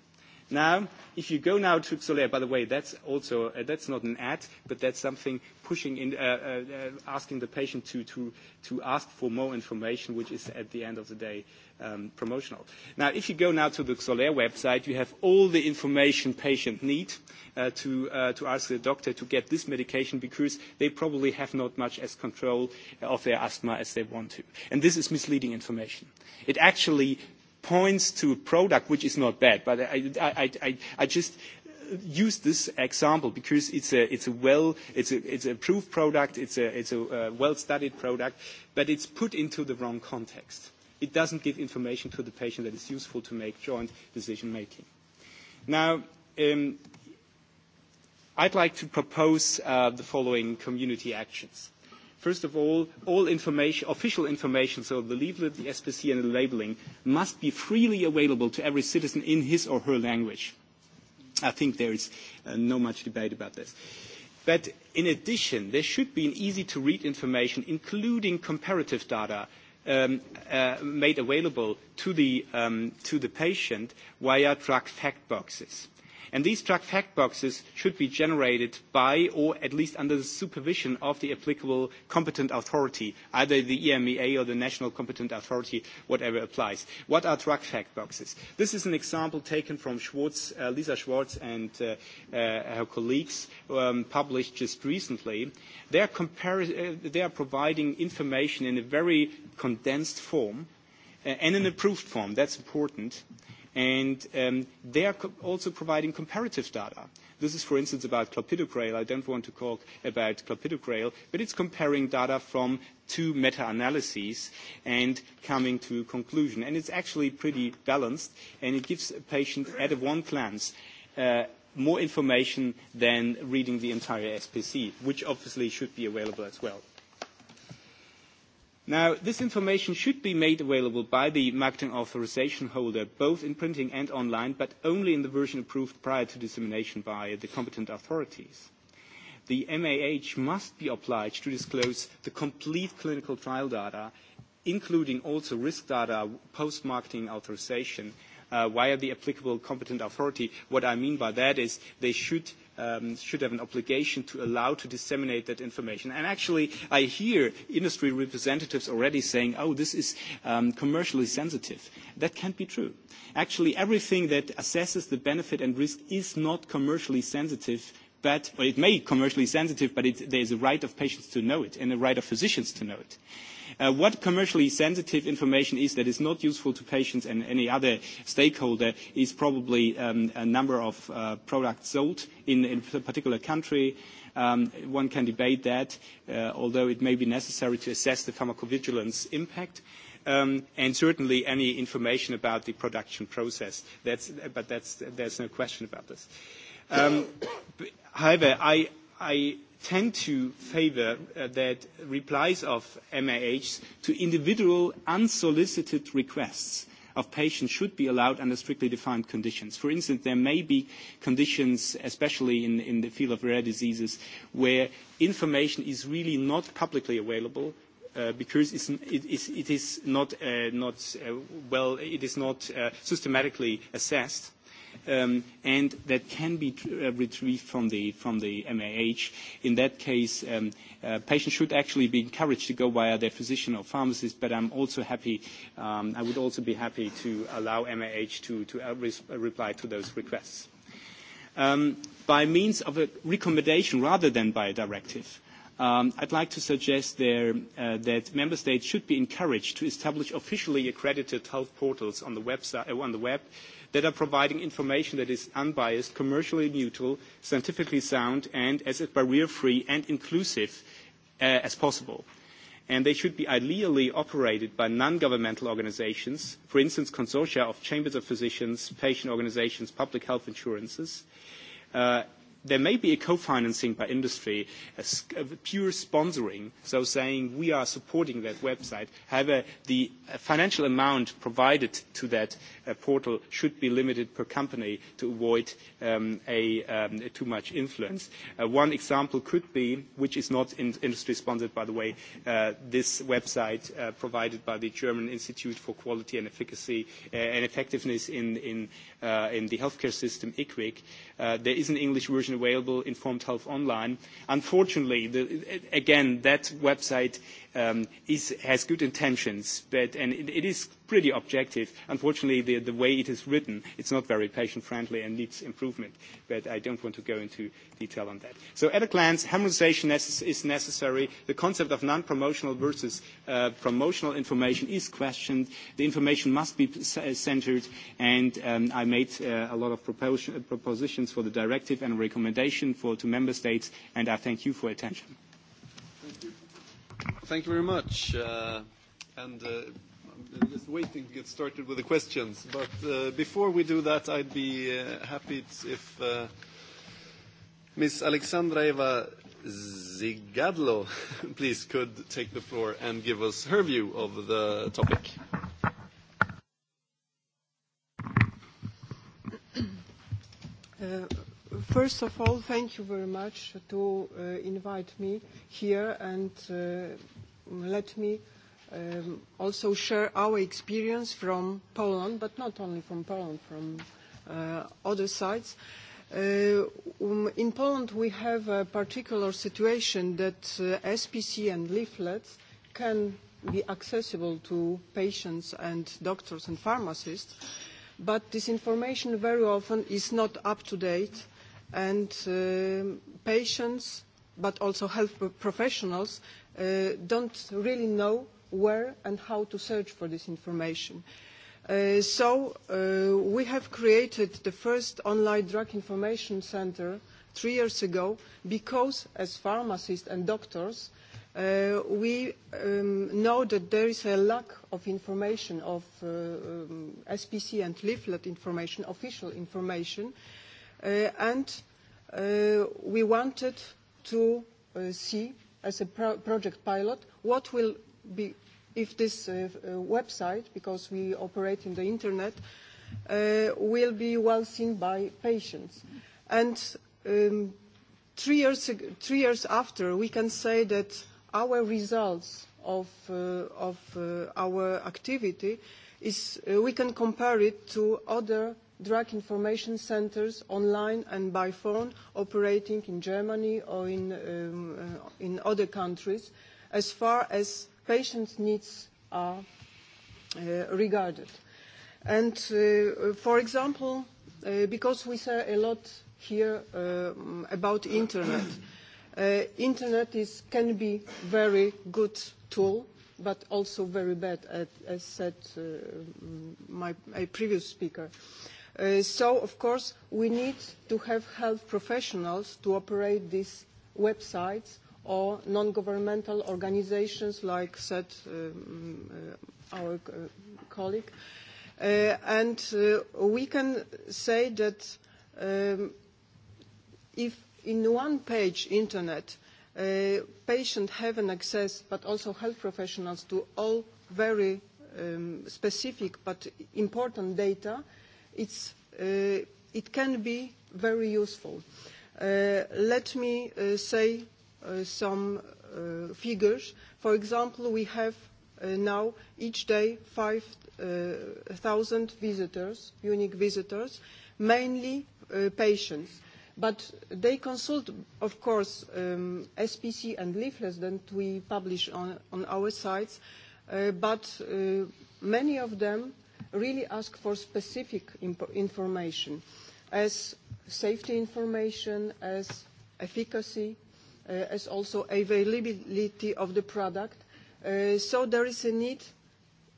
Now, if you go now to Xolair, by the way, that's also uh, that's not an ad, but that's something pushing in, uh, uh, asking the patient to to to ask for more information, which is at the end of the day um, promotional. Now, if you go now to the Xolair website, you have all the information patient need uh, to uh, to ask the doctor to get this medication because they probably have not much as control of their asthma as they want to, and this is misleading information. It actually points to a product which is not bad, but I, I, I, I just use this example because it's a it's a well it's a it's a proof product it's a it's a uh, well studied product but it's put into the wrong context it doesn't give information to the patient that is useful to make joint decision making now um, i'd like to propose uh, the following community actions First of all, all information, official information, so the leaflet, the SPC, and the labeling, must be freely available to every citizen in his or her language. I think there is uh, no much debate about this. But in addition, there should be an easy-to-read information, including comparative data, um, uh, made available to the, um, to the patient via drug fact boxes And these drug fact boxes should be generated by or at least under the supervision of the applicable competent authority, either the EMEA or the national competent authority, whatever applies. What are drug fact boxes? This is an example taken from Schwartz, uh, Lisa Schwartz and uh, uh, her colleagues um, published just recently. They are, compar- uh, they are providing information in a very condensed form and an approved form. That's important. And um, they are also providing comparative data. This is, for instance, about clopidogrel. I don't want to talk about clopidogrel, but it's comparing data from two meta-analyses and coming to a conclusion. And it's actually pretty balanced, and it gives a patient, at one glance, uh, more information than reading the entire SPC, which obviously should be available as well. Now, this information should be made available by the marketing authorization holder, both in printing and online, but only in the version approved prior to dissemination by the competent authorities. The MAH must be obliged to disclose the complete clinical trial data, including also risk data post-marketing authorization, uh, via the applicable competent authority. What I mean by that is they should – um, should have an obligation to allow to disseminate that information. And actually, I hear industry representatives already saying, oh, this is um, commercially sensitive. That can't be true. Actually, everything that assesses the benefit and risk is not commercially sensitive but well, it may be commercially sensitive, but it, there is a right of patients to know it and a right of physicians to know it what commercially sensitive information is that is not useful to patients and any other stakeholder is probably a number of products sold in a particular country. One can debate that, although it may be necessary to assess the pharmacovigilance impact and certainly any information about the production process. That's, but that's, there's no question about this. However, I tend to favour that replies of MAHs to individual unsolicited requests of patients should be allowed under strictly defined conditions. For instance, there may be conditions, especially in, in the field of rare diseases, where information is really not publicly available because it's, it, is, it is not, uh, not uh, well, it is not uh, systematically assessed and that can be retrieved from the from the MAH. In that case, patients should actually be encouraged to go via their physician or pharmacist. But I'm also happy. I would also be happy to allow MAH to to reply to those requests by means of a recommendation rather than by a directive. I'd like to suggest there that member states should be encouraged to establish officially accredited health portals on the, website, on the web that are providing information that is unbiased, commercially neutral, scientifically sound, and as barrier-free and inclusive as possible. And they should be ideally operated by non-governmental organisations, for instance, consortia of chambers of physicians, patient organisations, public health insurances, there may be a co-financing by industry, a, pure sponsoring, so saying we are supporting that website. However, the financial amount provided to that portal should be limited per company to avoid a, too much influence. one example could be, which is not industry sponsored, by the way, this website provided by the German Institute for Quality and Efficacy and Effectiveness in, the Healthcare System, IQWIC. there is an English version available informed health online. unfortunately again that website has good intentions, but and it, it is pretty objective. Unfortunately, the, the way it is written, it's not very patient-friendly and needs improvement. But I don't want to go into detail on that. So at a glance, harmonization is necessary. The concept of non-promotional versus uh, promotional information is questioned. The information must be centered, and um, I made uh, a lot of propositions for the directive and recommendation for to member states, and I thank you for attention. Thank you very much. I'm just waiting to get started with the questions. But before we do that, I'd be happy if Ms. Alexandra Eva Zigadlo, please, could take the floor and give us her view of the topic. First of all, thank you very much to uh, invite me here and uh, let me um, also share our experience from Poland, but not only from Poland, from uh, other sides. Uh, um, in Poland, we have a particular situation that uh, SPC and leaflets can be accessible to patients and doctors and pharmacists, but this information very often is not up to date and patients, but also health professionals, don't really know where and how to search for this information. so we have created the first online drug information centre three years ago because as pharmacists and doctors, we know that there is a lack of information of SPC and leaflet information, official information, uh, and we wanted to see as a project pilot what will be if this website, because we operate in the internet, will be well seen by patients. And three years after, we can say that our results of our activity is we can compare it to other drug information centers online and by phone operating in Germany or in, um, uh, in other countries as far as patient needs are uh, regarded. And uh, for example, uh, because we say a lot here uh, about internet, uh, internet is, can be very good tool but also very bad, as said my previous speaker so, of course, we need to have health professionals to operate these websites or non-governmental organizations, like said our colleague. and we can say that if in one-page internet patients have an access, but also health professionals, to all very specific but important data, it's, uh, it can be very useful. Uh, let me uh, say uh, some uh, figures. For example, we have uh, now each day 5,000 visitors, unique visitors, mainly uh, patients. But they consult, of course, um, SPC and leaflets that we publish on, on our sites, uh, but uh, many of them really ask for specific information as safety information, as efficacy, as also availability of the product. So there is a need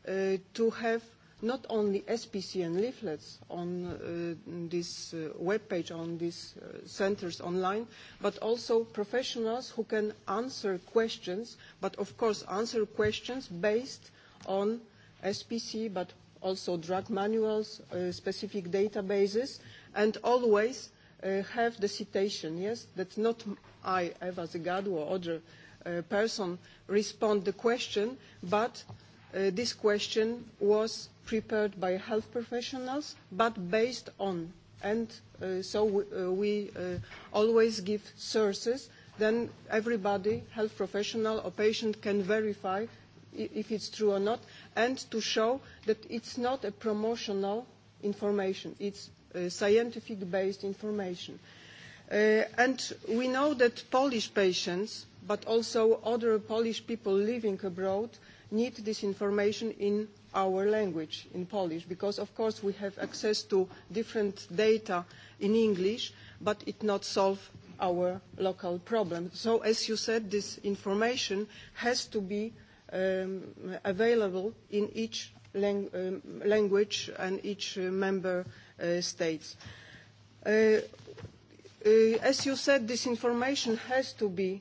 to have not only SPC and leaflets on this web page, on these centers online, but also professionals who can answer questions, but of course, answer questions based on SPC, but also drug manuals, uh, specific databases, and always uh, have the citation, yes, that not I, Eva Zegadu, or other uh, person respond the question, but uh, this question was prepared by health professionals, but based on. And uh, so we, uh, we uh, always give sources, then everybody, health professional or patient, can verify if it's true or not, and to show that it's not a promotional information, it's uh, scientific-based information. Uh, and we know that Polish patients, but also other Polish people living abroad, need this information in our language, in Polish, because of course we have access to different data in English, but it not solve our local problem. So as you said, this information has to be um available in each language and each member uh, as you said, this information has to be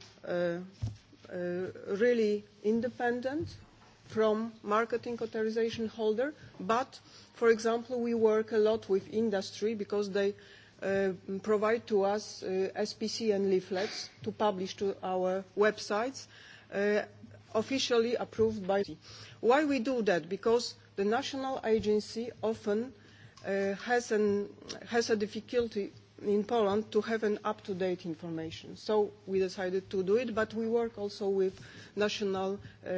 really independent from marketing authorization holder, but, for example, we work a lot with industry because they provide to us SPC and leaflets to publish to our websites officially approved by. Why we do that? Because the national agency often has, an, has a difficulty in Poland to have an up-to-date information. So we decided to do it, but we work also with national, uh,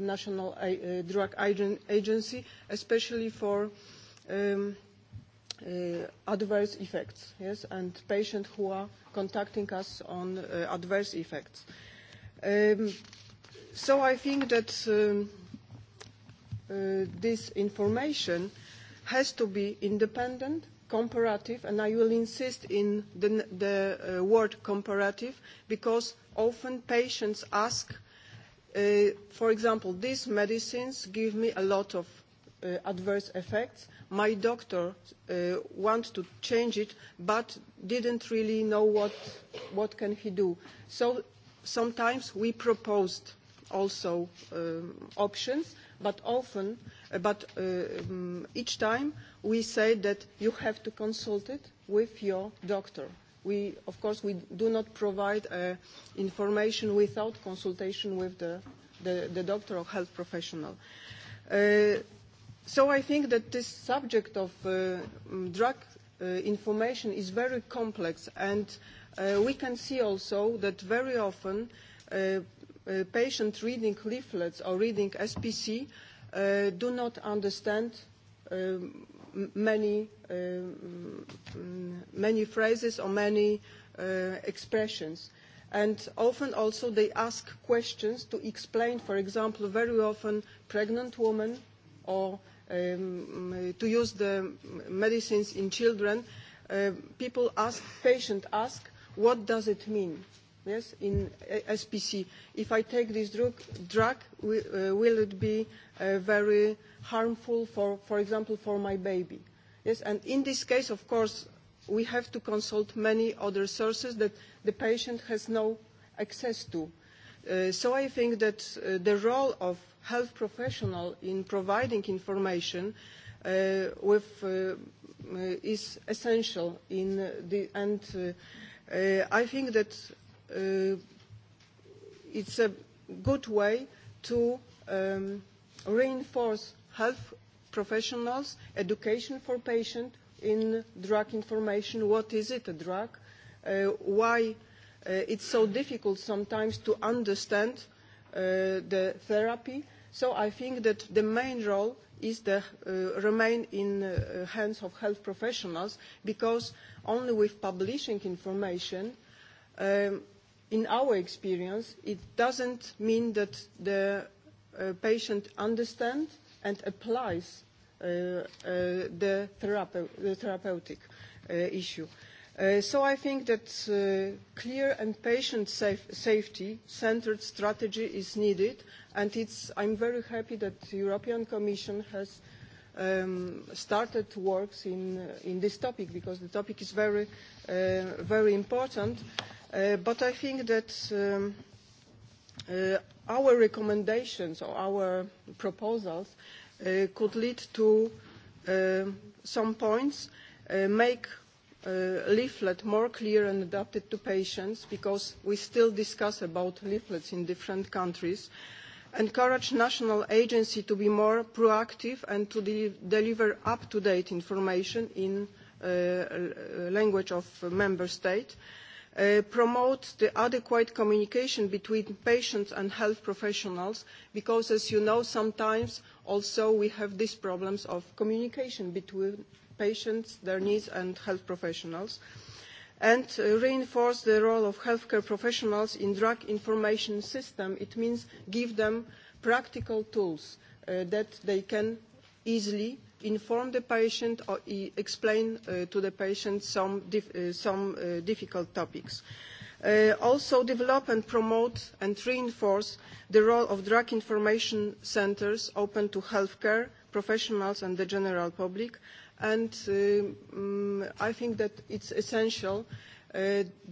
national uh, drug agency, especially for um, uh, adverse effects, yes, and patients who are contacting us on uh, adverse effects. Um, So I think that this information has to be independent, comparative, and I will insist in the, the word comparative because often patients ask, for example, these medicines give me a lot of adverse effects. My doctor wants to change it, but didn't really know what, what can he do. So sometimes we proposed also options, but often, uh but uh each time we say that you have to consult it with your doctor. We, of course, we do not provide uh information without consultation with the, the, the doctor or health professional. so I think that this subject of drug information is very complex, and we can see also that very often patients reading leaflets or reading SPC do not understand many many phrases or many expressions. And often also they ask questions to explain, for example, very often pregnant women or um, to use the medicines in children, uh, people ask, patient ask, what does it mean? yes, in SPC. If I take this drug, drug will it be very harmful, for, for example, for my baby? Yes, and in this case, of course, we have to consult many other sources that the patient has no access to. so I think that the role of health professional in providing information with uh is essential in the, and uh I think that it's a good way to reinforce health professionals, education for patients in drug information, what is it, a drug, why it's so difficult sometimes to understand the therapy. So I think that the main role is the, remain in the hands of health professionals because only with publishing information in our experience, it doesn't mean that the uh, patient understands and applies uh, uh, the, therape- the therapeutic uh, issue. Uh, so I think that uh, clear and patient saf- safety-centered strategy is needed, and it's, I'm very happy that the European Commission has um, started works in, in this topic because the topic is very, uh, very important. Uh, but I think that our recommendations or our proposals could lead to some points, make leaflet more clear and adapted to patients because we still discuss about leaflets in different countries, encourage national agency to be more proactive and to deliver up-to-date information in language of member state, promote the adequate communication between patients and health professionals because, as you know, sometimes also we have these problems of communication between patients, their needs and health professionals, and reinforce the role of healthcare professionals in drug information system. It means give them practical tools that they can easily inform the patient or explain to the patient some, some difficult topics. also develop and promote and reinforce the role of drug information centres open to healthcare professionals and the general public. And I think that it's essential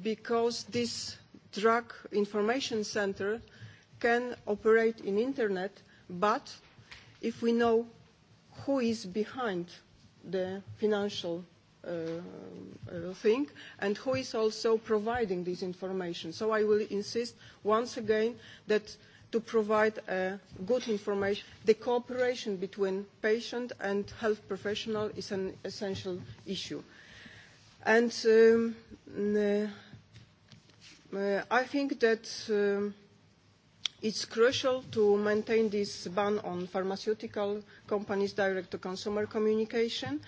because this drug information centre can operate in internet, but if we know who is behind the financial uh, uh, thing and who is also providing this information. So I will insist once again that to provide uh, good information, the cooperation between patient and health professional is an essential issue. And um, uh, I think that um, It's crucial to maintain this ban on pharmaceutical companies' direct-to-consumer communication,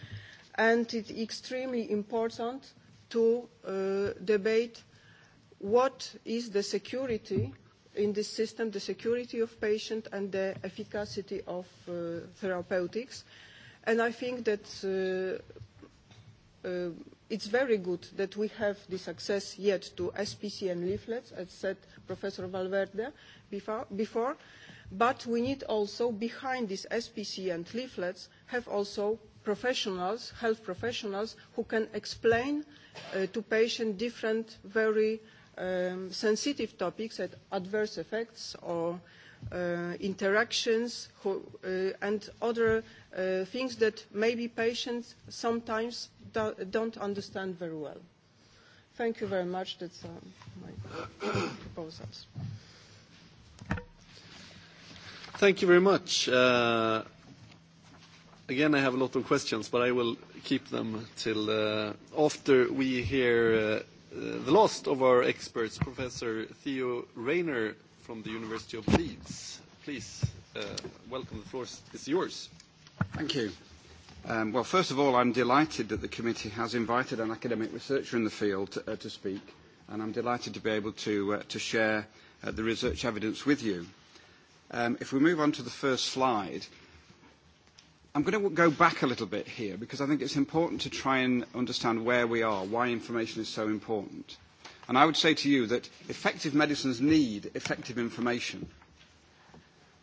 and it's extremely important to debate what is the security in this system, the security of patient and the efficacy of therapeutics. And I think that It's very good that we have this access yet to SPC and leaflets, as said Professor Valverde before, but we need also, behind this SPC and leaflets, have also professionals, health professionals, who can explain to patients different very sensitive topics at adverse effects or interactions and other things that maybe patients sometimes do, don't understand very well. Thank you very much. That's uh, my proposals. Thank you very much. Uh, again, I have a lot of questions, but I will keep them till uh, after we hear uh, the last of our experts, Professor Theo Rayner from the University of Leeds. Please, uh, welcome. The floor is yours. Thank you. Um, well, first of all, I'm delighted that the committee has invited an academic researcher in the field uh, to speak, and I'm delighted to be able to, uh, to share uh, the research evidence with you. Um, if we move on to the first slide, I'm going to go back a little bit here because I think it's important to try and understand where we are, why information is so important. And I would say to you that effective medicines need effective information.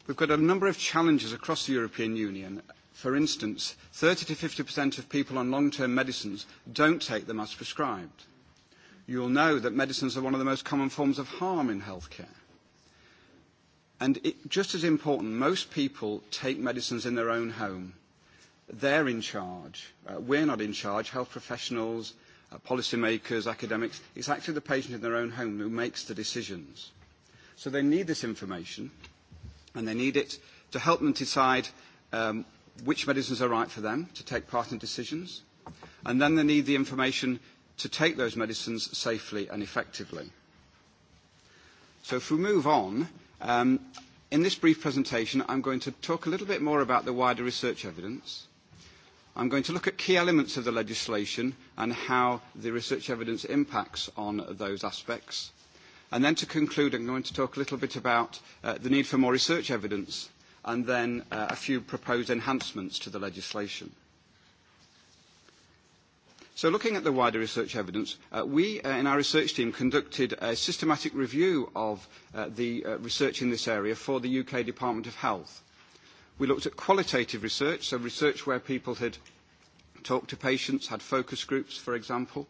We've got a number of challenges across the European Union For instance, 30 to 50% of people on long-term medicines don't take them as prescribed. You will know that medicines are one of the most common forms of harm in healthcare. And it, just as important, most people take medicines in their own home. They're in charge. Uh, we're not in charge. Health professionals, uh, policymakers, academics. It's actually the patient in their own home who makes the decisions. So they need this information, and they need it to help them decide um, which medicines are right for them to take part in decisions, and then they need the information to take those medicines safely and effectively. So if we move on, um, in this brief presentation, I'm going to talk a little bit more about the wider research evidence. I'm going to look at key elements of the legislation and how the research evidence impacts on those aspects. And then to conclude, I'm going to talk a little bit about uh, the need for more research evidence and then a few proposed enhancements to the legislation. So looking at the wider research evidence, we in our research team conducted a systematic review of the research in this area for the UK Department of Health. We looked at qualitative research, so research where people had talked to patients, had focus groups, for example,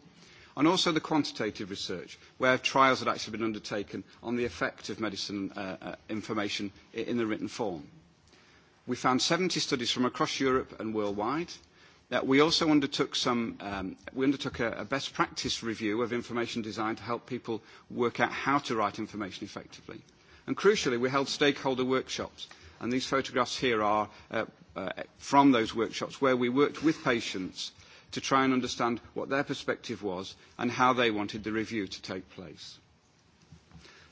and also the quantitative research, where trials had actually been undertaken on the effect of medicine information in the written form. We found 70 studies from across Europe and worldwide. we also undertook, some, we undertook a, a best practice review of information design to help people work out how to write information effectively. And crucially, we held stakeholder workshops. And these photographs here are uh, uh, from those workshops where we worked with patients to try and understand what their perspective was and how they wanted the review to take place.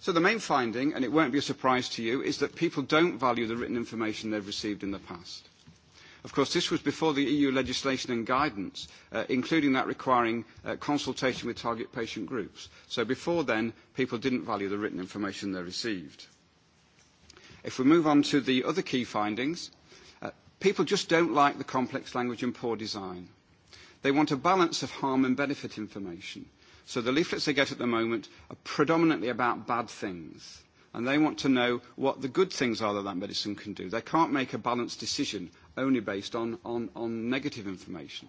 So the main finding, and it won't be a surprise to you, is that people don't value the written information they've received in the past. Of course, this was before the EU legislation and guidance, including that requiring consultation with target patient groups. So before then, people didn't value the written information they received. If we move on to the other key findings, people just don't like the complex language and poor design. They want a balance of harm and benefit information. So the leaflets they get at the moment are predominantly about bad things. And they want to know what the good things are that that medicine can do. They can't make a balanced decision only based on, on, on negative information.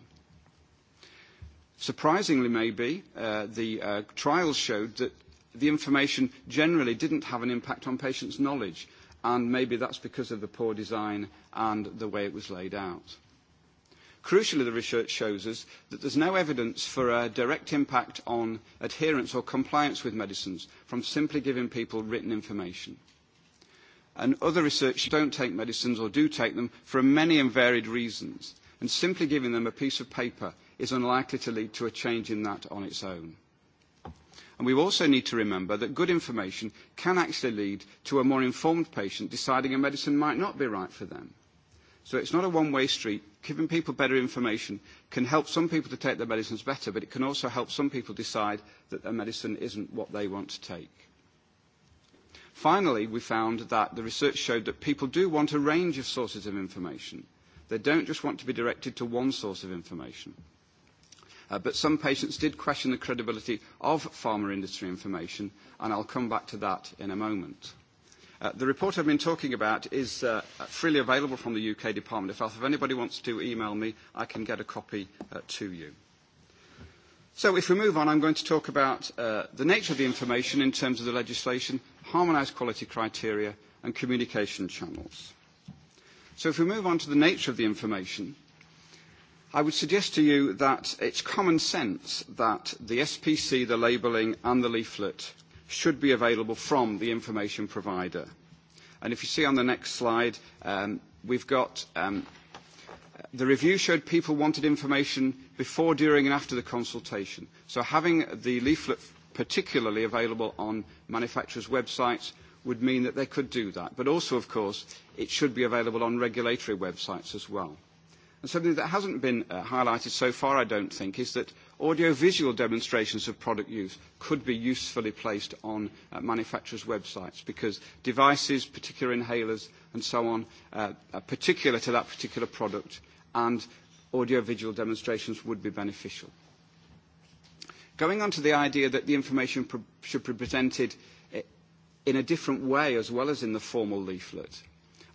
Surprisingly, maybe, uh, the uh, trials showed that the information generally didn't have an impact on patients' knowledge. And maybe that's because of the poor design and the way it was laid out. Crucially, the research shows us that there is no evidence for a direct impact on adherence or compliance with medicines from simply giving people written information. And other research do not take medicines or do take them for many and varied reasons, and simply giving them a piece of paper is unlikely to lead to a change in that on its own. And we also need to remember that good information can actually lead to a more informed patient deciding a medicine might not be right for them. So it's not a one-way street. Giving people better information can help some people to take their medicines better, but it can also help some people decide that their medicine isn't what they want to take. Finally, we found that the research showed that people do want a range of sources of information. They don't just want to be directed to one source of information. Uh, but some patients did question the credibility of pharma industry information, and I'll come back to that in a moment the report I've been talking about is uh, freely available from the UK Department of Health. If anybody wants to email me, I can get a copy uh, to you. So if we move on, I'm going to talk about uh, the nature of the information in terms of the legislation, harmonised quality criteria and communication channels. So if we move on to the nature of the information, I would suggest to you that it's common sense that the SPC, the labelling and the leaflet should be available from the information provider. And if you see on the next slide, um, we've got um, the review showed people wanted information before, during and after the consultation. So having the leaflet particularly available on manufacturers' websites would mean that they could do that. But also, of course, it should be available on regulatory websites as well. And something that hasn't been uh, highlighted so far, I don't think, is that audiovisual demonstrations of product use could be usefully placed on uh, manufacturers' websites because devices, particular inhalers, and so on, uh, are particular to that particular product, and audiovisual demonstrations would be beneficial. Going on to the idea that the information should be presented in a different way as well as in the formal leaflet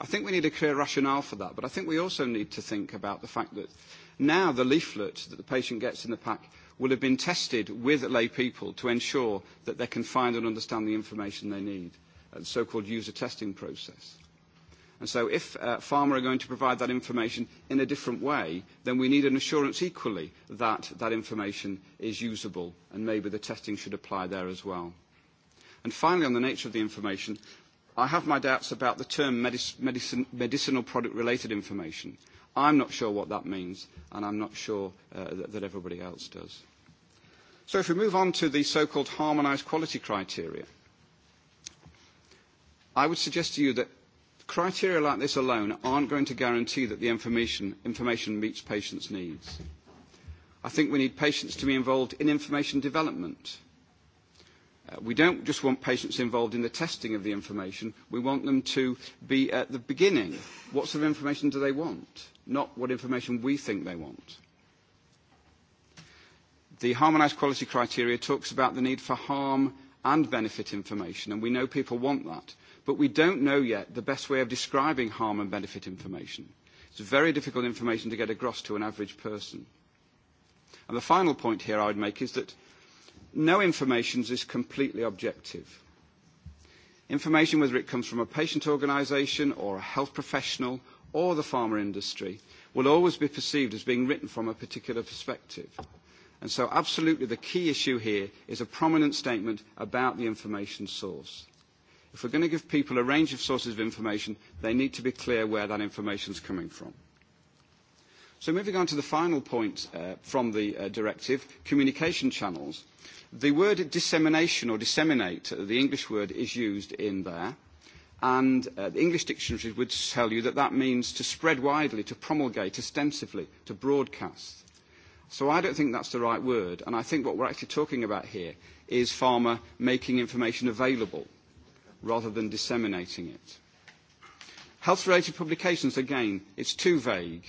I think we need a clear rationale for that, but I think we also need to think about the fact that now the leaflet that the patient gets in the pack will have been tested with lay people to ensure that they can find and understand the information they need, the so-called user testing process. And so if uh, pharma are going to provide that information in a different way, then we need an assurance equally that that information is usable and maybe the testing should apply there as well. And finally, on the nature of the information, I have my doubts about the term medicinal product related information. I'm not sure what that means, and I'm not sure that, everybody else does. So if we move on to the so-called harmonised quality criteria, I would suggest to you that criteria like this alone aren't going to guarantee that the information, information meets patients' needs. I think we need patients to be involved in information development, we don't just want patients involved in the testing of the information. We want them to be at the beginning. What sort of information do they want? Not what information we think they want. The harmonised quality criteria talks about the need for harm and benefit information, and we know people want that. But we don't know yet the best way of describing harm and benefit information. It's very difficult information to get across to an average person. And the final point here I would make is that no information is completely objective. Information, whether it comes from a patient organisation or a health professional or the pharma industry, will always be perceived as being written from a particular perspective. And so absolutely the key issue here is a prominent statement about the information source. If we're going to give people a range of sources of information, they need to be clear where that information is coming from. So moving on to the final point from the directive, communication channels. The word dissemination or disseminate, the English word, is used in there. And uh, the English dictionaries would tell you that that means to spread widely, to promulgate extensively, to broadcast. So I don't think that's the right word. And I think what we're actually talking about here is farmer making information available rather than disseminating it. Health-related publications, again, it's too vague.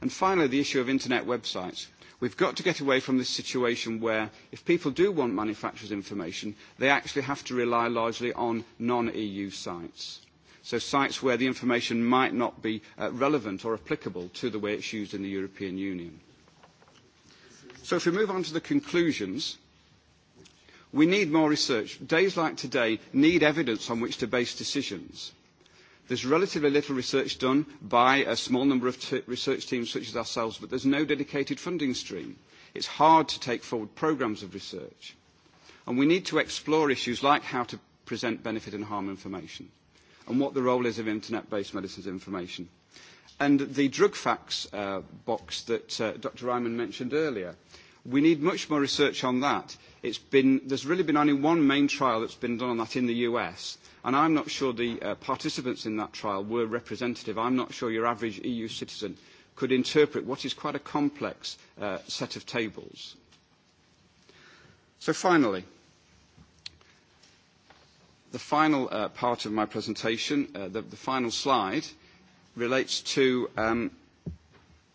And finally, the issue of internet websites. We've got to get away from this situation where if people do want manufacturers' information, they actually have to rely largely on non-EU sites. So sites where the information might not be relevant or applicable to the way it's used in the European Union. So if we move on to the conclusions, we need more research. Days like today need evidence on which to base decisions There's relatively little research done by a small number of t- research teams such as ourselves, but there's no dedicated funding stream. It's hard to take forward programmes of research. And we need to explore issues like how to present benefit and harm information and what the role is of internet-based medicines information. And the drug facts uh, box that uh, Dr. Ryman mentioned earlier, we need much more research on that. It's been, there's really been only one main trial that's been done on that in the US, And I'm not sure the uh, participants in that trial were representative. I'm not sure your average EU citizen could interpret what is quite a complex uh, set of tables. So finally, the final uh, part of my presentation, uh, the, the final slide, relates to um,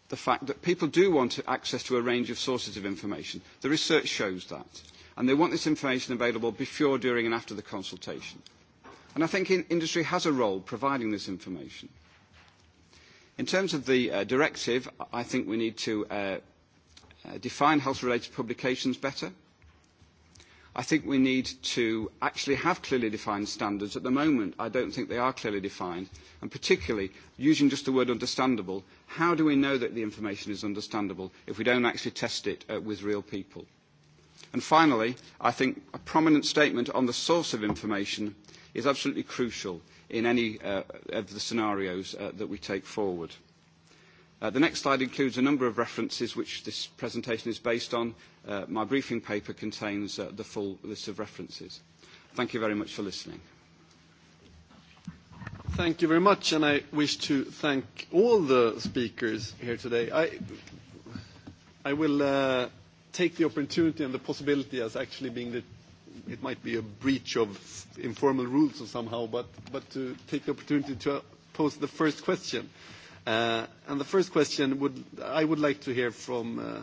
the fact that people do want access to a range of sources of information. The research shows that. And they want this information available before, during and after the consultation. And I think in, industry has a role providing this information. In terms of the uh, directive, I think we need to uh, uh, define health-related publications better. I think we need to actually have clearly defined standards. At the moment, I don't think they are clearly defined. And particularly, using just the word understandable, how do we know that the information is understandable if we don't actually test it uh, with real people? And finally, I think a prominent statement on the source of information is absolutely crucial in any of the scenarios that we take forward. the next slide includes a number of references which this presentation is based on. my briefing paper contains the full list of references. Thank you very much for listening. Thank you very much, and I wish to thank all the speakers here today. I, I will uh, take the opportunity and the possibility as actually being the it might be a breach of informal rules or somehow, but, but to take the opportunity to pose the first question. Uh, and the first question would, I would like to hear from, uh,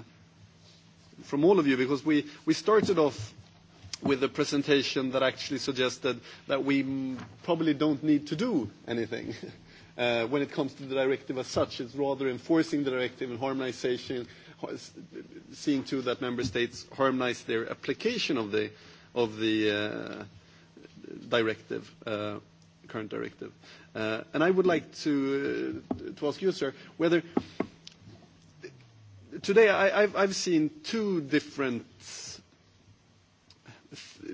from all of you, because we, we started off with a presentation that actually suggested that we probably don't need to do anything. Uh, when it comes to the directive as such, it's rather enforcing the directive and harmonization, seeing to that member states harmonize their application of the of the directive, current directive. And I would like to ask you, sir, whether today I've seen two different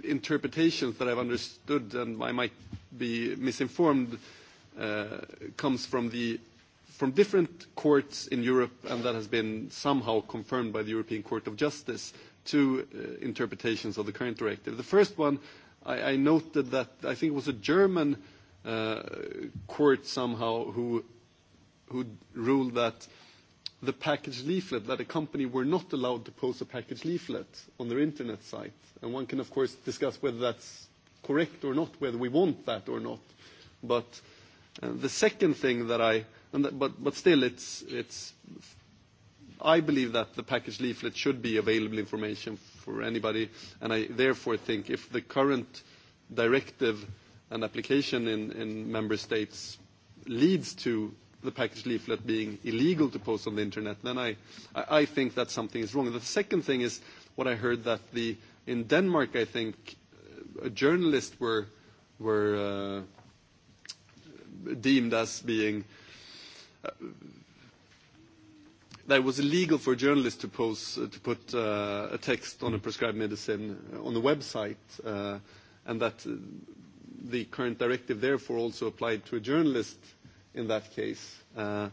interpretations that I've understood, and I might be misinformed, comes from the from different courts in Europe, and that has been somehow confirmed by the European Court of Justice two interpretations of the current directive. The first one, I noted that I think it was a German court somehow who ruled that the package leaflet, that a company were not allowed to post a package leaflet on their internet site. And one can, of course, discuss whether that's correct or not, whether we want that or not. But the second thing that I... and that But still, it's I believe that the package leaflet should be available information for anybody, and I therefore think if the current directive and application in, in member states leads to the package leaflet being illegal to post on the internet, then I, I think that something is wrong. The second thing is what I heard that the, in Denmark, I think, uh, journalists were, were uh, deemed as being. Uh, that it was illegal for a journalist to post to put uh, a text on a prescribed medicine on the website, uh, and that the current directive therefore also applied to a journalist in that case. Uh,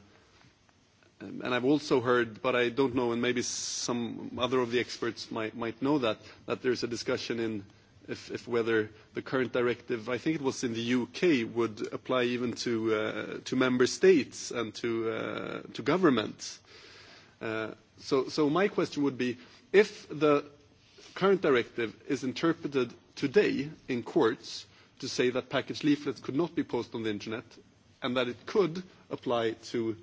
and I've also heard, but I don't know, and maybe some other of the experts might might know that that there's a discussion in. If, if whether the current directive, I think it was in the UK, would apply even to uh, to member states and to uh, to governments So my question would be, if the current directive is interpreted today in courts to say that package leaflets could not be posted on the internet, and that it could apply to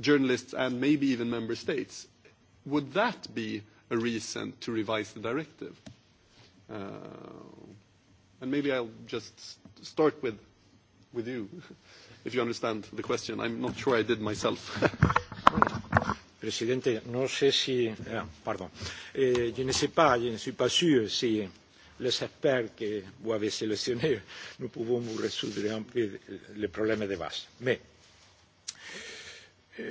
journalists and maybe even member states, would that be a reason to revise the directive? And maybe I'll just start with with you, if you understand the question. I'm not sure I did myself presidente, no sé si... pardon. je ne sais pas, je ne suis pas sûr si les experts que vous avez sélectionnés, nous pouvons vous résoudre un peu les problèmes de base. Mais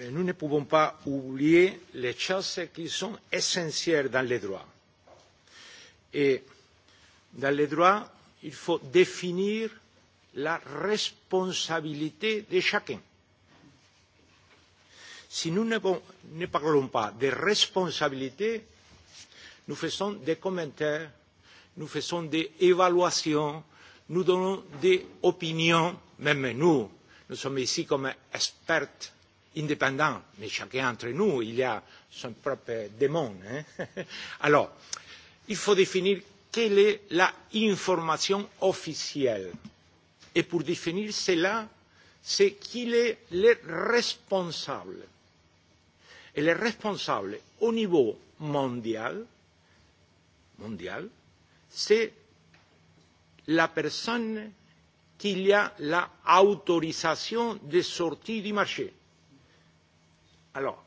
nous ne pouvons pas oublier les choses qui sont essentielles dans les droits. Et dans les droits, il faut définir la responsabilité de chacun. Si nous ne parlons pas de responsabilité, nous faisons des commentaires, nous faisons des évaluations, nous donnons des opinions, même nous. Nous sommes ici comme experts indépendants, mais chacun d'entre nous, il a son propre démon. Alors, il faut définir quelle est l'information officielle. Et pour définir cela, c'est qui est le responsable Elle est responsable au niveau mondial, mondial, c'est la personne qu'il y a l'autorisation de sortir du marché. Alors,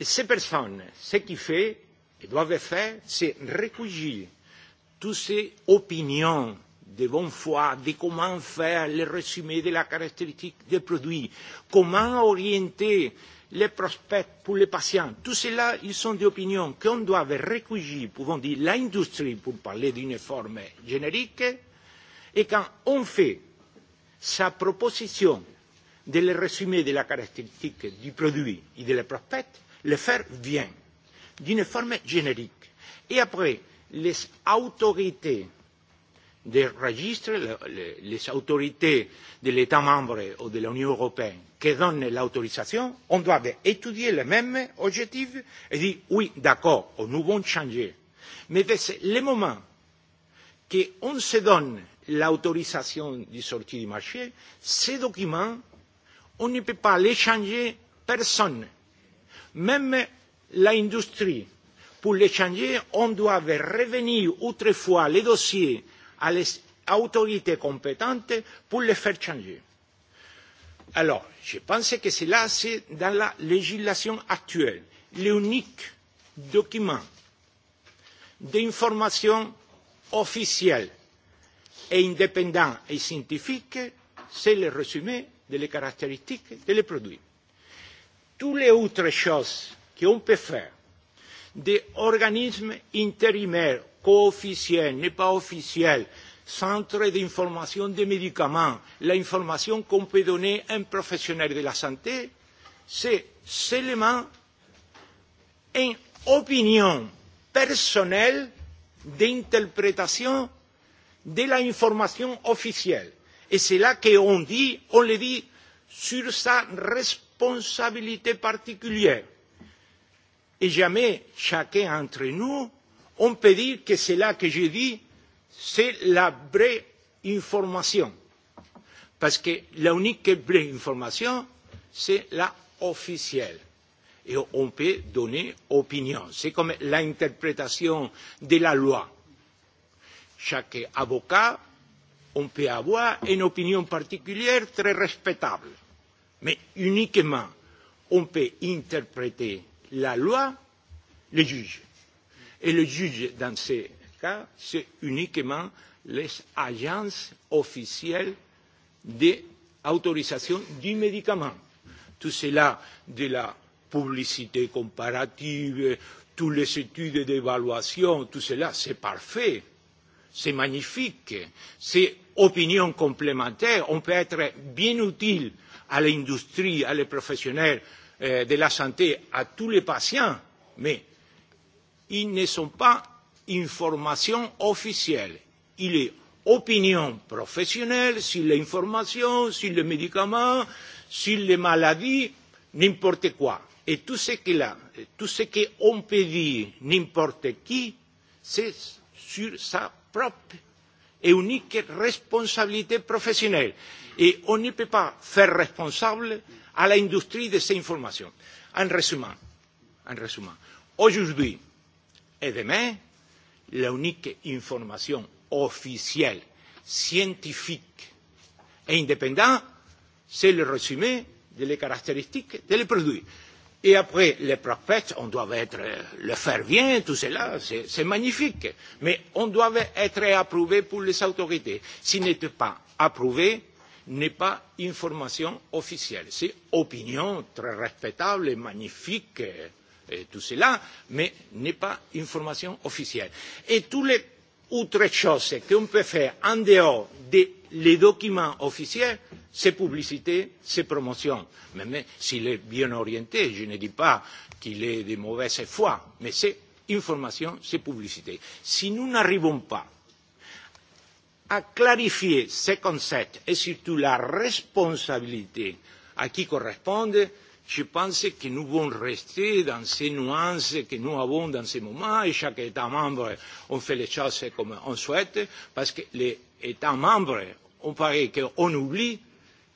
ces personnes, ce qu'ils fait et doit faire, c'est recueillir toutes ces opinions de bonne foi, de comment faire le résumé de la caractéristique des produits, comment orienter les prospects pour les patients. Tout cela, ils sont d'opinion qu'on doit recueillir, pouvons dire, l'industrie pour parler d'une forme générique. Et quand on fait sa proposition de le résumé de la caractéristique du produit et de la prospect, le faire vient d'une forme générique. Et après, les autorités des registres, les autorités de l'État membre ou de l'Union européenne qui donnent l'autorisation, on doit étudier le même objectif et dire oui, d'accord, nous allons changer. Mais c'est le moment qu'on se donne l'autorisation de sortie du marché, ces documents, on ne peut pas les changer personne. Même l'industrie, pour les changer, on doit revenir autrefois les dossiers à l'autorité compétente pour les faire changer. Alors, je pense que cela, c'est dans la législation actuelle, l'unique document d'information officielle et indépendant et scientifique, c'est le résumé des caractéristiques des produits. Toutes les autres choses qu'on peut faire, des organismes intérimaires co-officiel, n'est pas officiel, centre d'information des médicaments, la information qu'on peut donner à un professionnel de la santé, c'est seulement une opinion personnelle d'interprétation de l'information officielle. Et c'est là qu'on dit, on le dit sur sa responsabilité particulière. Et jamais chacun d'entre nous on peut dire que cela que je dis, c'est la vraie information. Parce que l'unique vraie information, c'est la officielle. Et on peut donner opinion. C'est comme l'interprétation de la loi. Chaque avocat, on peut avoir une opinion particulière très respectable. Mais uniquement, on peut interpréter la loi, les juges Et le juge, dans ces cas, c'est uniquement les agences officielles d'autorisation du médicament. Tout cela de la publicité comparative, toutes les études d'évaluation, tout cela, c'est parfait, c'est magnifique, c'est opinion complémentaire, on peut être bien utile à l'industrie, aux professionnels de la santé, à tous les patients, mais ils ne sont pas une formation officielle. Il est opinion professionnelle sur l'information, sur les médicaments, sur les maladies, n'importe quoi. Et tout ce qu'il là, tout ce qu'on peut dire n'importe qui, c'est sur sa propre et unique responsabilité professionnelle. Et on ne peut pas faire responsable à l'industrie de ces informations. En résumant, en résumant aujourd'hui, Demain, la única información officielle, scientifique et indépendante, c'est le résumé des caractéristiques des produits. Et après, les prospects, on doit être, le faire bien, tout cela, c'est magnifique. Mais on doit être approuvé pour les autorités. S'il n'est pas approuvé, n'est pas information officielle. C'est opinion très respectable et magnifique. Euh, tout cela, mais n'est pas une officielle. Et toutes les autres choses qu'on peut faire en dehors des les documents officiels, c'est publicité, c'est promotion. Même s'il est bien orienté, je ne dis pas qu'il est de mauvaise foi, mais c'est information, c'est publicité. Si nous n'arrivons pas à clarifier ces concepts et surtout la responsabilité à qui correspondent, Je pense que nous devons rester dans ces nuances que nous avons dans ce moment et chaque État membre, on fait les choses comme on souhaite parce que les États membres, on paraît qu'on oublie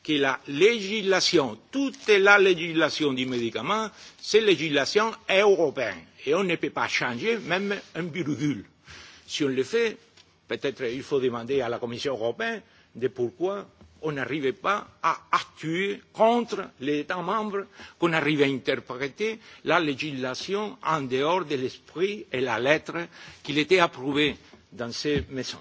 que la législation, toute la législation du médicament, c'est législation européenne. Et on ne peut pas changer même un virgule. Si on le fait, peut-être il faut demander à la Commission européenne de pourquoi on n'arrivait pas à actuer contre les États membres, qu'on arrivait à interpréter la législation en dehors de l'esprit et la lettre qu'il était approuvé dans ces maisons.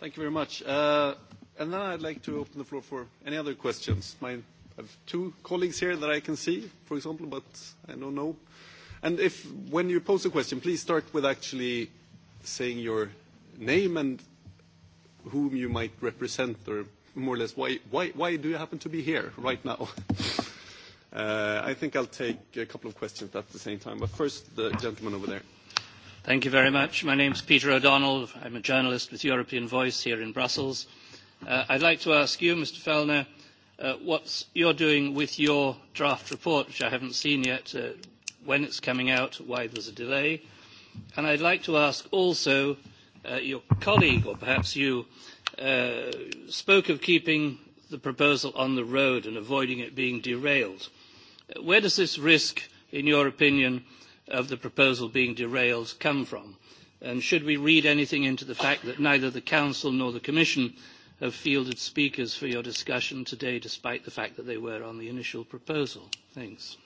Thank you very much. Uh, and then I'd like to open the floor for any other questions. My, I have two colleagues here that I can see, for example, but I don't know. And if when you pose a question, please start with actually saying your name and whom you might represent, or more or less why, why, why do you happen to be here right now? Uh, I think I'll take a couple of questions at the same time, but first the gentleman over there. Thank you very much. My name is Peter O'Donnell. I'm a journalist with European Voice here in Brussels. Uh, I'd like to ask you, Mr. Fellner, uh, what you're doing with your draft report, which I haven't seen yet, uh, when it's coming out, why there's a delay. And I'd like to ask also your colleague, or perhaps you, spoke of keeping the proposal on the road and avoiding it being derailed. Where does this risk, in your opinion, of the proposal being derailed come from? And should we read anything into the fact that neither the Council nor the Commission have fielded speakers for your discussion today, despite the fact that they were on the initial proposal? Thanks.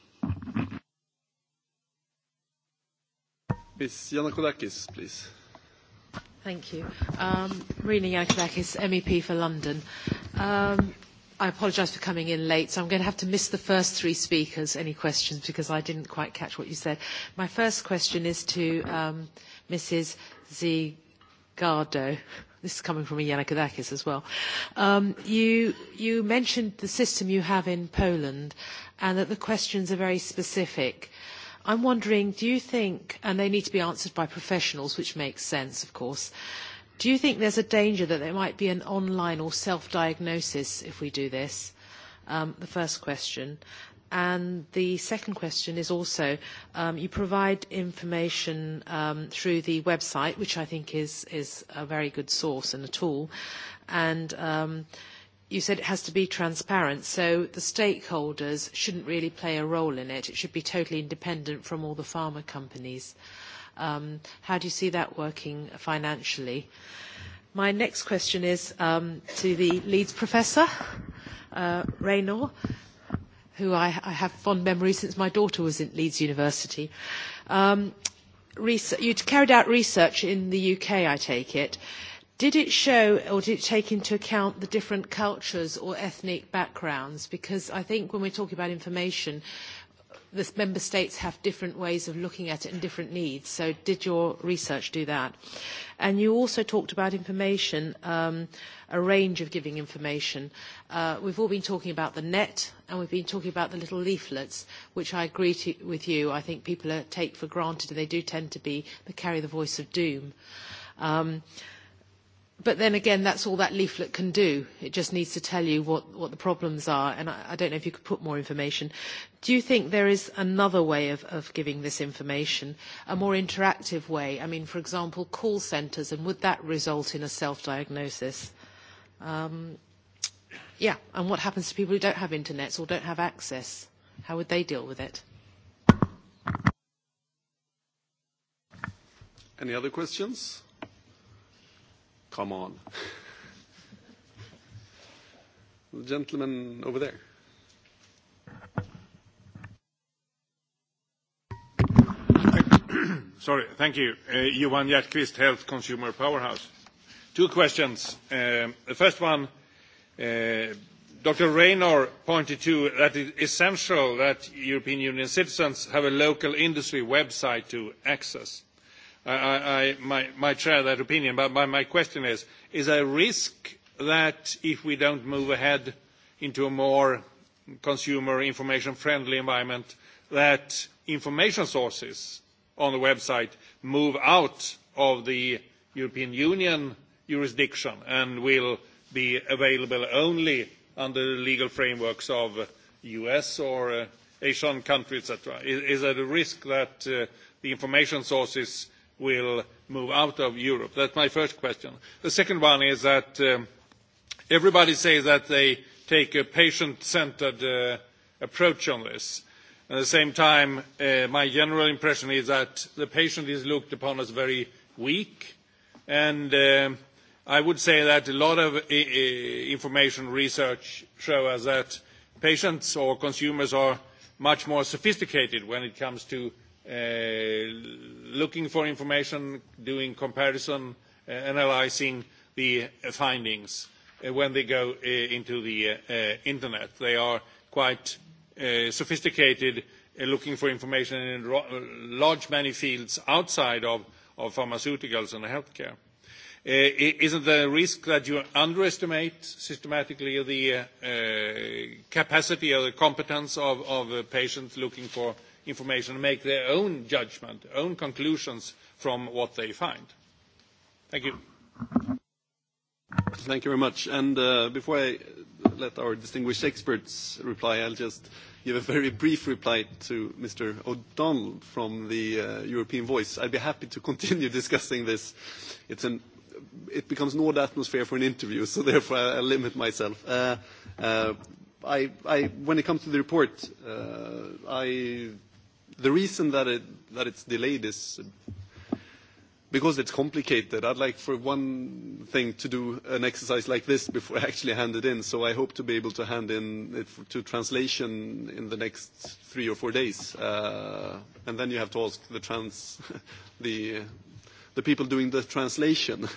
Ms. Yannakoudakis, please. Thank you. Um, Marina Yankovakis, MEP for London. Um, I apologise for coming in late, so I'm going to have to miss the first three speakers. Any questions because I didn't quite catch what you said. My first question is to um, Mrs. Zigardo. This is coming from Yanakadakis as well. Um, you, you mentioned the system you have in Poland and that the questions are very specific. I'm wondering, do you think, and they need to be answered by professionals, which makes sense, of course, do you think there's a danger that there might be an online or self-diagnosis if we do this? Um, the first question. And the second question is also, um, you provide information um, through the website, which I think is, is a very good source and a tool. And um, you said it has to be transparent, so the stakeholders shouldn't really play a role in it. It should be totally independent from all the pharma companies. Um, how do you see that working financially? My next question is um, to the Leeds professor, uh, Raynor, who I, I have fond memories since my daughter was in Leeds University. Um, research, you'd carried out research in the UK, I take it. Did it show or did it take into account the different cultures or ethnic backgrounds? Because I think when we're talking about information, the member states have different ways of looking at it and different needs. So did your research do that? And you also talked about information, um, a range of giving information. Uh, we've all been talking about the net and we've been talking about the little leaflets, which I agree to, with you. I think people are, take for granted and they do tend to be, they carry the voice of doom. Um, but then again, that's all that leaflet can do. It just needs to tell you what, what the problems are, and I, I don't know if you could put more information. Do you think there is another way of, of giving this information, a more interactive way? I mean, for example, call centres, and would that result in a self-diagnosis? Um, yeah, and what happens to people who don't have internets or don't have access? How would they deal with it? Any other questions? Come on. The gentleman over there. Sorry. Thank you. Johan Hjertquist, Health Consumer Powerhouse. Two questions. The first one, Dr. Raynor pointed to that it is essential that European Union citizens have a local industry website to access I, I, I might, share that opinion, but my, my question is, is there a risk that if we don't move ahead into a more consumer information friendly environment, that information sources on the website move out of the European Union jurisdiction and will be available only under the legal frameworks of U.S. or Asian countries, et cetera? Is there a risk that the information sources will move out of Europe? That's my first question. The second one is that everybody says that they take a patient-centered approach on this. At the same time, my general impression is that the patient is looked upon as very weak, and I would say that a lot of information research show us that patients or consumers are much more sophisticated when it comes to looking for information, doing comparison, analyzing the findings when they go into the internet. They are quite sophisticated, looking for information in large many fields outside of pharmaceuticals and healthcare. Isn't there a risk that you underestimate systematically the capacity or the competence of patients looking for information and make their own judgment, own conclusions from what they find. Thank you. Thank you very much. And Before I let our distinguished experts reply, I'll just give a very brief reply to Mr. O'Donnell from the European Voice. I'd be happy to continue discussing this. It's an It becomes an odd atmosphere for an interview, so therefore I'll limit myself. When it comes to the report, I The reason that it that it's delayed is because it's complicated. I'd like for one thing to do an exercise like this before I actually hand it in. So I hope to be able to hand in it to translation in the next three or four days. Uh, and then you have to ask the trans, the the people doing the translation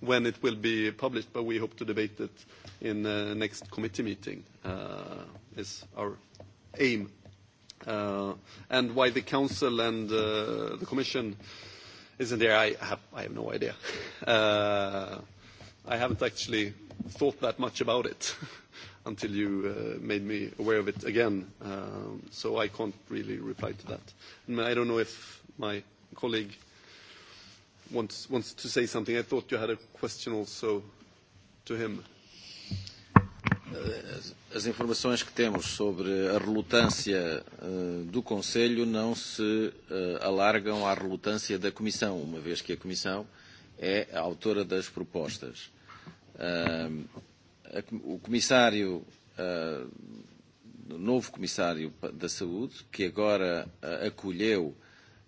when it will be published. But we hope to debate it in the next committee meeting. Uh, is our aim. And why the council and the commission isn't there, I have I have no idea. I haven't actually thought that much about it until you made me aware of it again, so I can't really reply to that. And I don't know if my colleague wants to say something. I thought you had a question also to him as informações que temos sobre a relutância do Conselho não se alargam à relutância da Comissão, uma vez que a Comissão é a autora das propostas. O comissário, o novo comissário da Saúde, que agora acolheu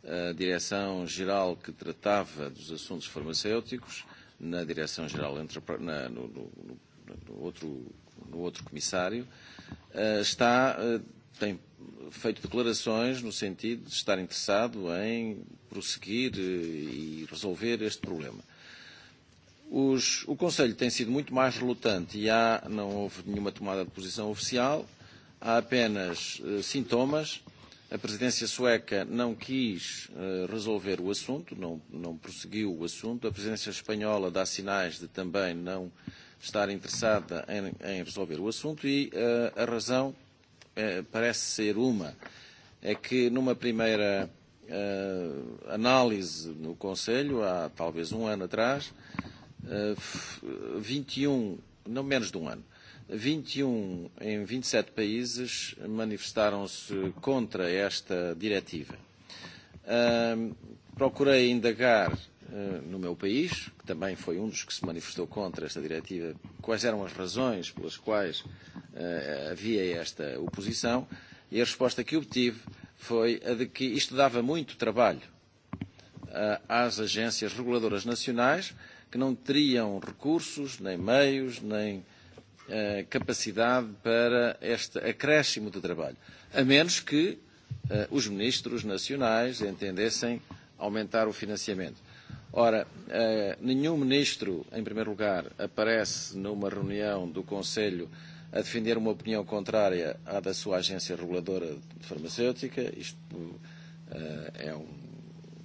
a Direção-Geral que tratava dos assuntos farmacêuticos, na Direção-Geral, no outro no outro comissário, está, tem feito declarações no sentido de estar interessado em prosseguir e resolver este problema. Os, o Conselho tem sido muito mais relutante e há, não houve nenhuma tomada de posição oficial, há apenas uh, sintomas. A presidência sueca não quis uh, resolver o assunto, não, não prosseguiu o assunto. A presidência espanhola dá sinais de também não uh, estar interessada em, em resolver o assunto e uh, a razão uh, parece ser uma. É que numa primeira uh, análise no Conselho, há talvez um ano atrás, uh, 21, não menos de um ano, 21 em 27 países manifestaram-se contra esta diretiva. Uh, procurei indagar no meu país, que também foi um dos que se manifestou contra esta diretiva, quais eram as razões pelas quais havia esta oposição, e a resposta que obtive foi a de que isto dava muito trabalho às agências reguladoras nacionais, que não teriam recursos, nem meios, nem capacidade para este acréscimo de trabalho, a menos que os ministros nacionais entendessem aumentar o financiamento. Ora, nenhum ministro, em primeiro lugar, aparece numa reunião do Conselho a defender uma opinião contrária à da sua agência reguladora de farmacêutica. Isto é um,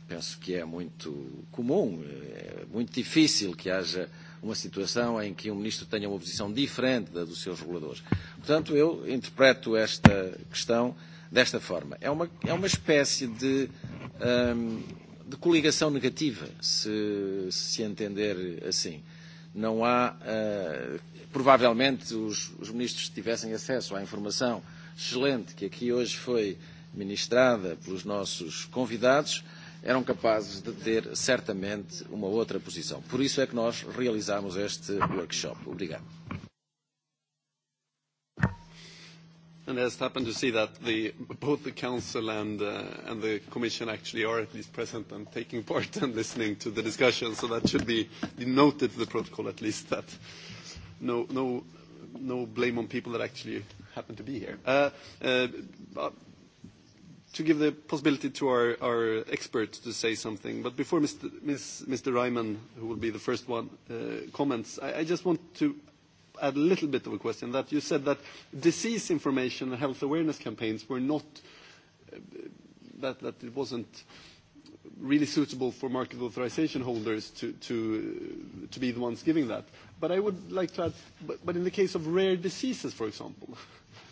penso que é muito comum, é muito difícil que haja uma situação em que um ministro tenha uma posição diferente da dos seus reguladores. Portanto, eu interpreto esta questão desta forma. É uma, é uma espécie de. Um, de coligação negativa, se, se entender assim. Não há, uh, provavelmente os, os ministros tivessem acesso à informação excelente que aqui hoje foi ministrada pelos nossos convidados, eram capazes de ter certamente uma outra posição. Por isso é que nós realizámos este workshop. Obrigado. And I just happened to see that the, both the Council and, uh, and the Commission actually are at least present and taking part and listening to the discussion, so that should be noted to the protocol at least that no, no, no blame on people that actually happen to be here. Uh, uh, to give the possibility to our, our experts to say something, but before Mr. Ms, Mr. Ryman, who will be the first one, uh, comments, I, I just want to add a little bit of a question that you said that disease information and health awareness campaigns were not that that it wasn't really suitable for market authorization holders to to to be the ones giving that. But I would like to add, but but in the case of rare diseases, for example,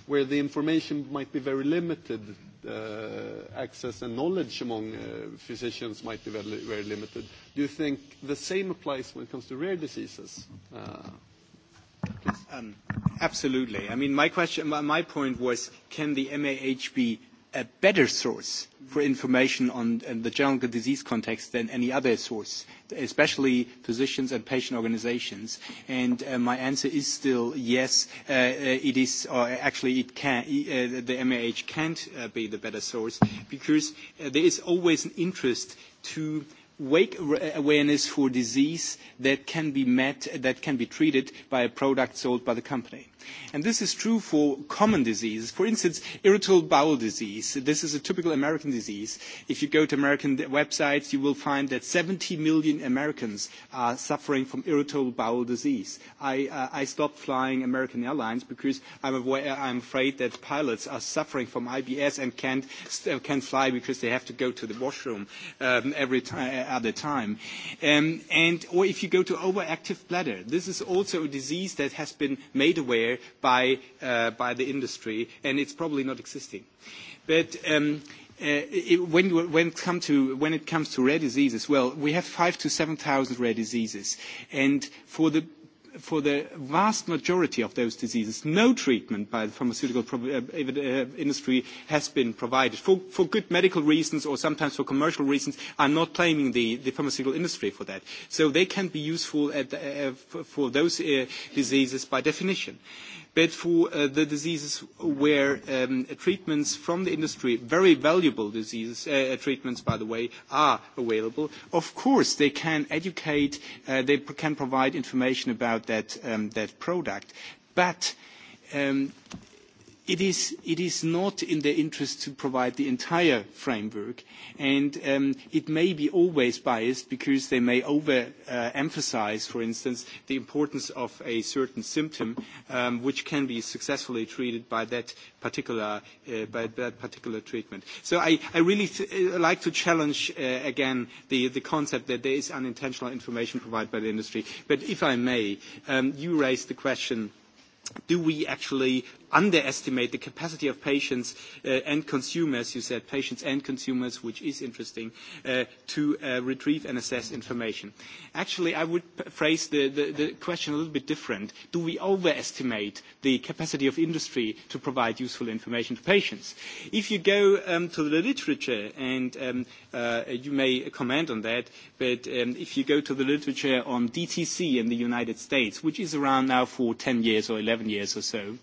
where the information might be very limited, uh access and knowledge among uh physicians might be very very limited, do you think the same applies when it comes to rare diseases? Uh Absolutely. I mean, my question, my point was, can the MAH be a better source for information on the general disease context than any other source, especially physicians and patient organizations. And my answer is still yes, it is, or actually it can, the MAH can't be the better source because there is always an interest to wake awareness for disease that can be met, that can be treated by a product sold by the company And this is true for common diseases. For instance, irritable bowel disease. This is a typical American disease. If you go to American websites, you will find that 70 million Americans are suffering from irritable bowel disease. I, uh, I stopped flying American Airlines because I'm, aware, I'm afraid that pilots are suffering from IBS and can't, uh, can't fly because they have to go to the washroom um, every t- other time. Um, and, or if you go to overactive bladder, this is also a disease that has been made aware there by, uh, by the industry, and it's probably not existing. But um, when it comes to rare diseases, well, we have five to 7,000 rare diseases. And for the for the vast majority of those diseases, no treatment by the pharmaceutical industry has been provided for good medical reasons or sometimes for commercial reasons. I'm not blaming the pharmaceutical industry for that. So they can be useful for those diseases by definition but for the diseases where treatments from the industry, very valuable diseases, treatments, by the way, are available, of course, they can educate, they can provide information about that product. But it is not in their interest to provide the entire framework, and it may be always biased because they may emphasise, for instance, the importance of a certain symptom, which can be successfully treated by that particular treatment. So I really like to challenge again the concept that there is unintentional information provided by the industry. But if I may, you raised the question do we actually underestimate the capacity of patients and consumers, you said patients and consumers, which is interesting, to retrieve and assess information. Actually, I would phrase the, the, the question a little bit different. Do we overestimate the capacity of industry to provide useful information to patients? If you go to the literature, and you may comment on that, but if you go to the literature on DTC in the United States, which is around now for 10 years or 11 years or so,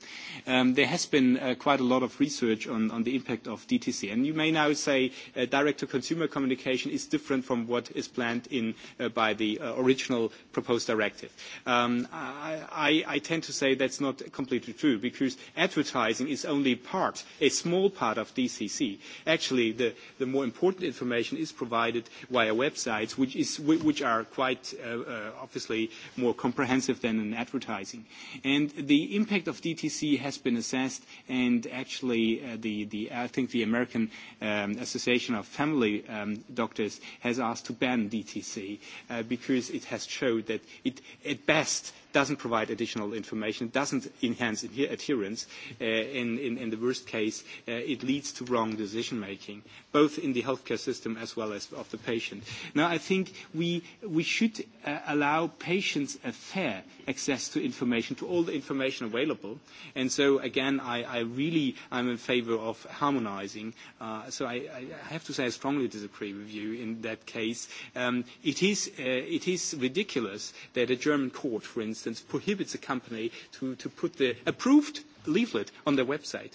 there has been quite a lot of research on the impact of DTC. And you may now say direct-to-consumer communication is different from what is planned in by the original proposed directive. I tend to say that's not completely true because advertising is only part, a small part of DTC. Actually, the more important information is provided via websites, which are quite obviously more comprehensive than in advertising. the impact of DTC has been been assessed, and actually uh, the, the, I think the American um, Association of Family um, Doctors has asked to ban DTC uh, because it has showed that it, at best, doesn't provide additional information, doesn't enhance adherence. in, in, in the worst case, uh, it leads to wrong decision-making, both in the healthcare system as well as of the patient. Now, I think we, we should uh, allow patients a fair access to information, to all the information available. And so, again, I, I really, am in favor of harmonizing. Uh, so I, I have to say I strongly disagree with you in that case. Um, it, is, uh, it is ridiculous that a German court, for instance, instance, prohibits a company to, to put the approved leaflet on their website.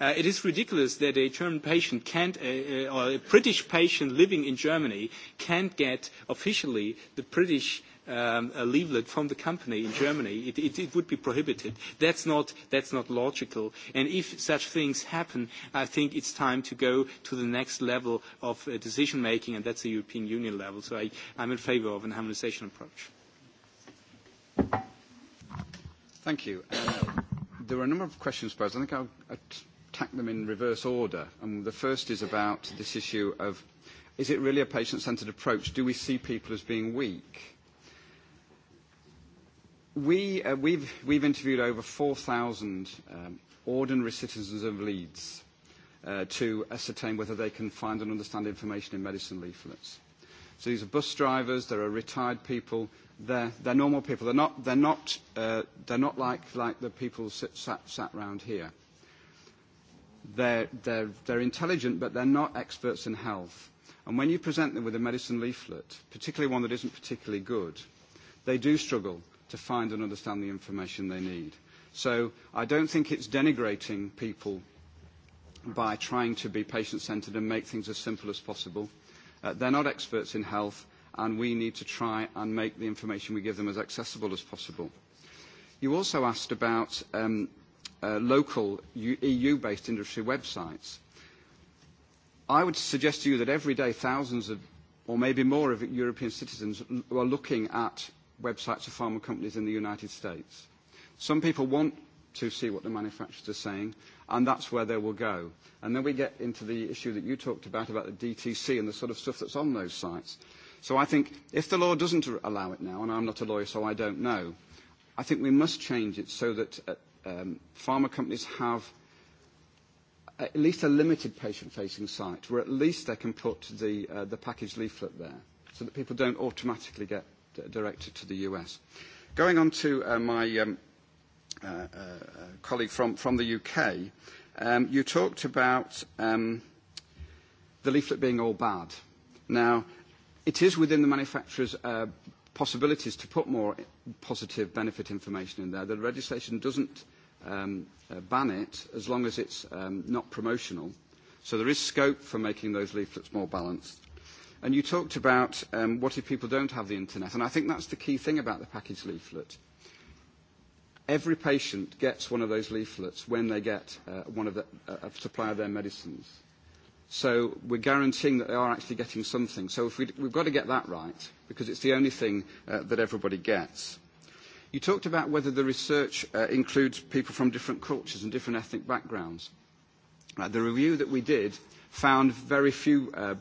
Uh, it is ridiculous that a German patient can't, uh, uh, or a British patient living in Germany can't get officially the British um, a leaflet from the company in Germany. It, it, it would be prohibited. That's not, that's not logical. And if such things happen, I think it's time to go to the next level of uh, decision making, and that's the European Union level. So I, I'm in favour of an harmonisation approach. Thank you. There were a number of questions posed. I think I'll attack them in reverse order. the first is about this issue of, is it really a patient-centered approach? Do we see people as being weak? We, uh, we've, we've interviewed over 4,000 um, ordinary citizens of Leeds uh, to ascertain whether they can find and understand information in medicine leaflets. So these are bus drivers, there are retired people they're, they're normal people. They're not, they're not, uh, they're not like, like the people sit, sat, sat round here. They're, they're, they're intelligent, but they're not experts in health. And when you present them with a medicine leaflet, particularly one that isn't particularly good, they do struggle to find and understand the information they need. So I don't think it's denigrating people by trying to be patient-centred and make things as simple as possible. Uh, they're not experts in health and we need to try and make the information we give them as accessible as possible. You also asked about local EU-based industry websites. I would suggest to you that every day thousands of, or maybe more of European citizens are looking at websites of pharma companies in the United States. Some people want to see what the manufacturers are saying, and that's where they will go. And then we get into the issue that you talked about, about the DTC and the sort of stuff that's on those sites. So I think if the law doesn't allow it now, and I'm not a lawyer, so I don't know, I think we must change it so that uh, um, pharma companies have at least a limited patient-facing site where at least they can put the, uh, the package leaflet there so that people don't automatically get directed to the US. Going on to uh, my um, uh, uh, colleague from, from the UK, um, you talked about um, the leaflet being all bad. Now, It is within the manufacturer's uh, possibilities to put more positive benefit information in there. The legislation doesn't um, ban it as long as it's um, not promotional. So there is scope for making those leaflets more balanced. And you talked about um, what if people don't have the internet, and I think that's the key thing about the package leaflet. Every patient gets one of those leaflets when they get uh, one of the, uh, a supply of their medicines. So we're guaranteeing that they are actually getting something. So if we, we've got to get that right, because it's the only thing uh, that everybody gets. You talked about whether the research uh, includes people from different cultures and different ethnic backgrounds. Uh, the review that we did found very few uh,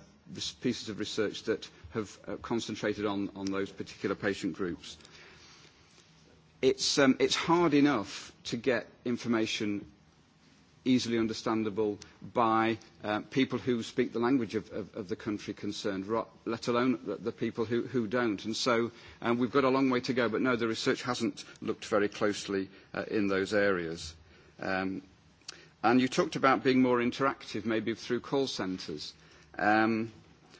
pieces of research that have uh, concentrated on, on those particular patient groups. It's, um, it's hard enough to get information easily understandable by people who speak the language of, the country concerned, let alone the, people who, don't. And so we've got a long way to go, but no, the research hasn't looked very closely in those areas. and you talked about being more interactive, maybe through call centres. Um,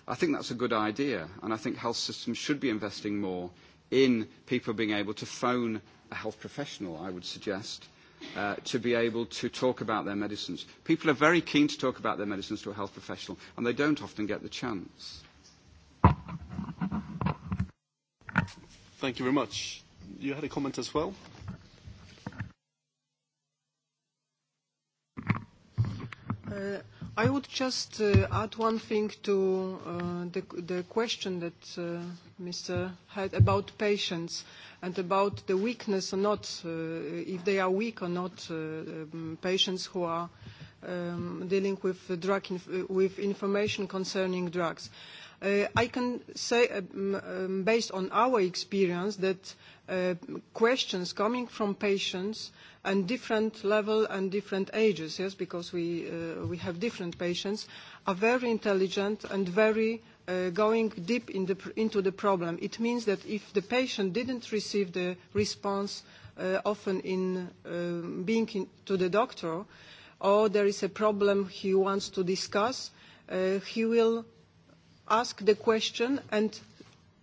I think that's a good idea, and I think health systems should be investing more in people being able to phone a health professional, I would suggest, to be able to talk about their medicines. People are very keen to talk about their medicines to a health professional, and they don't often get the chance. Thank you very much. You had a comment as well? Uh, I would just uh, add one thing to uh, the, the question that uh, Mr. had about patients and about the weakness or not, uh, if they are weak or not, patients who are dealing with, drug inf with information concerning drugs. Uh, I can say, um, based on our experience, that uh, questions coming from patients and different level and different ages, yes, because we, uh, we have different patients, are very intelligent and very uh, going deep in the, into the problem. It means that if the patient didn't receive the response uh, often in uh, being in, to the doctor, or there is a problem he wants to discuss, uh, he will ask the question and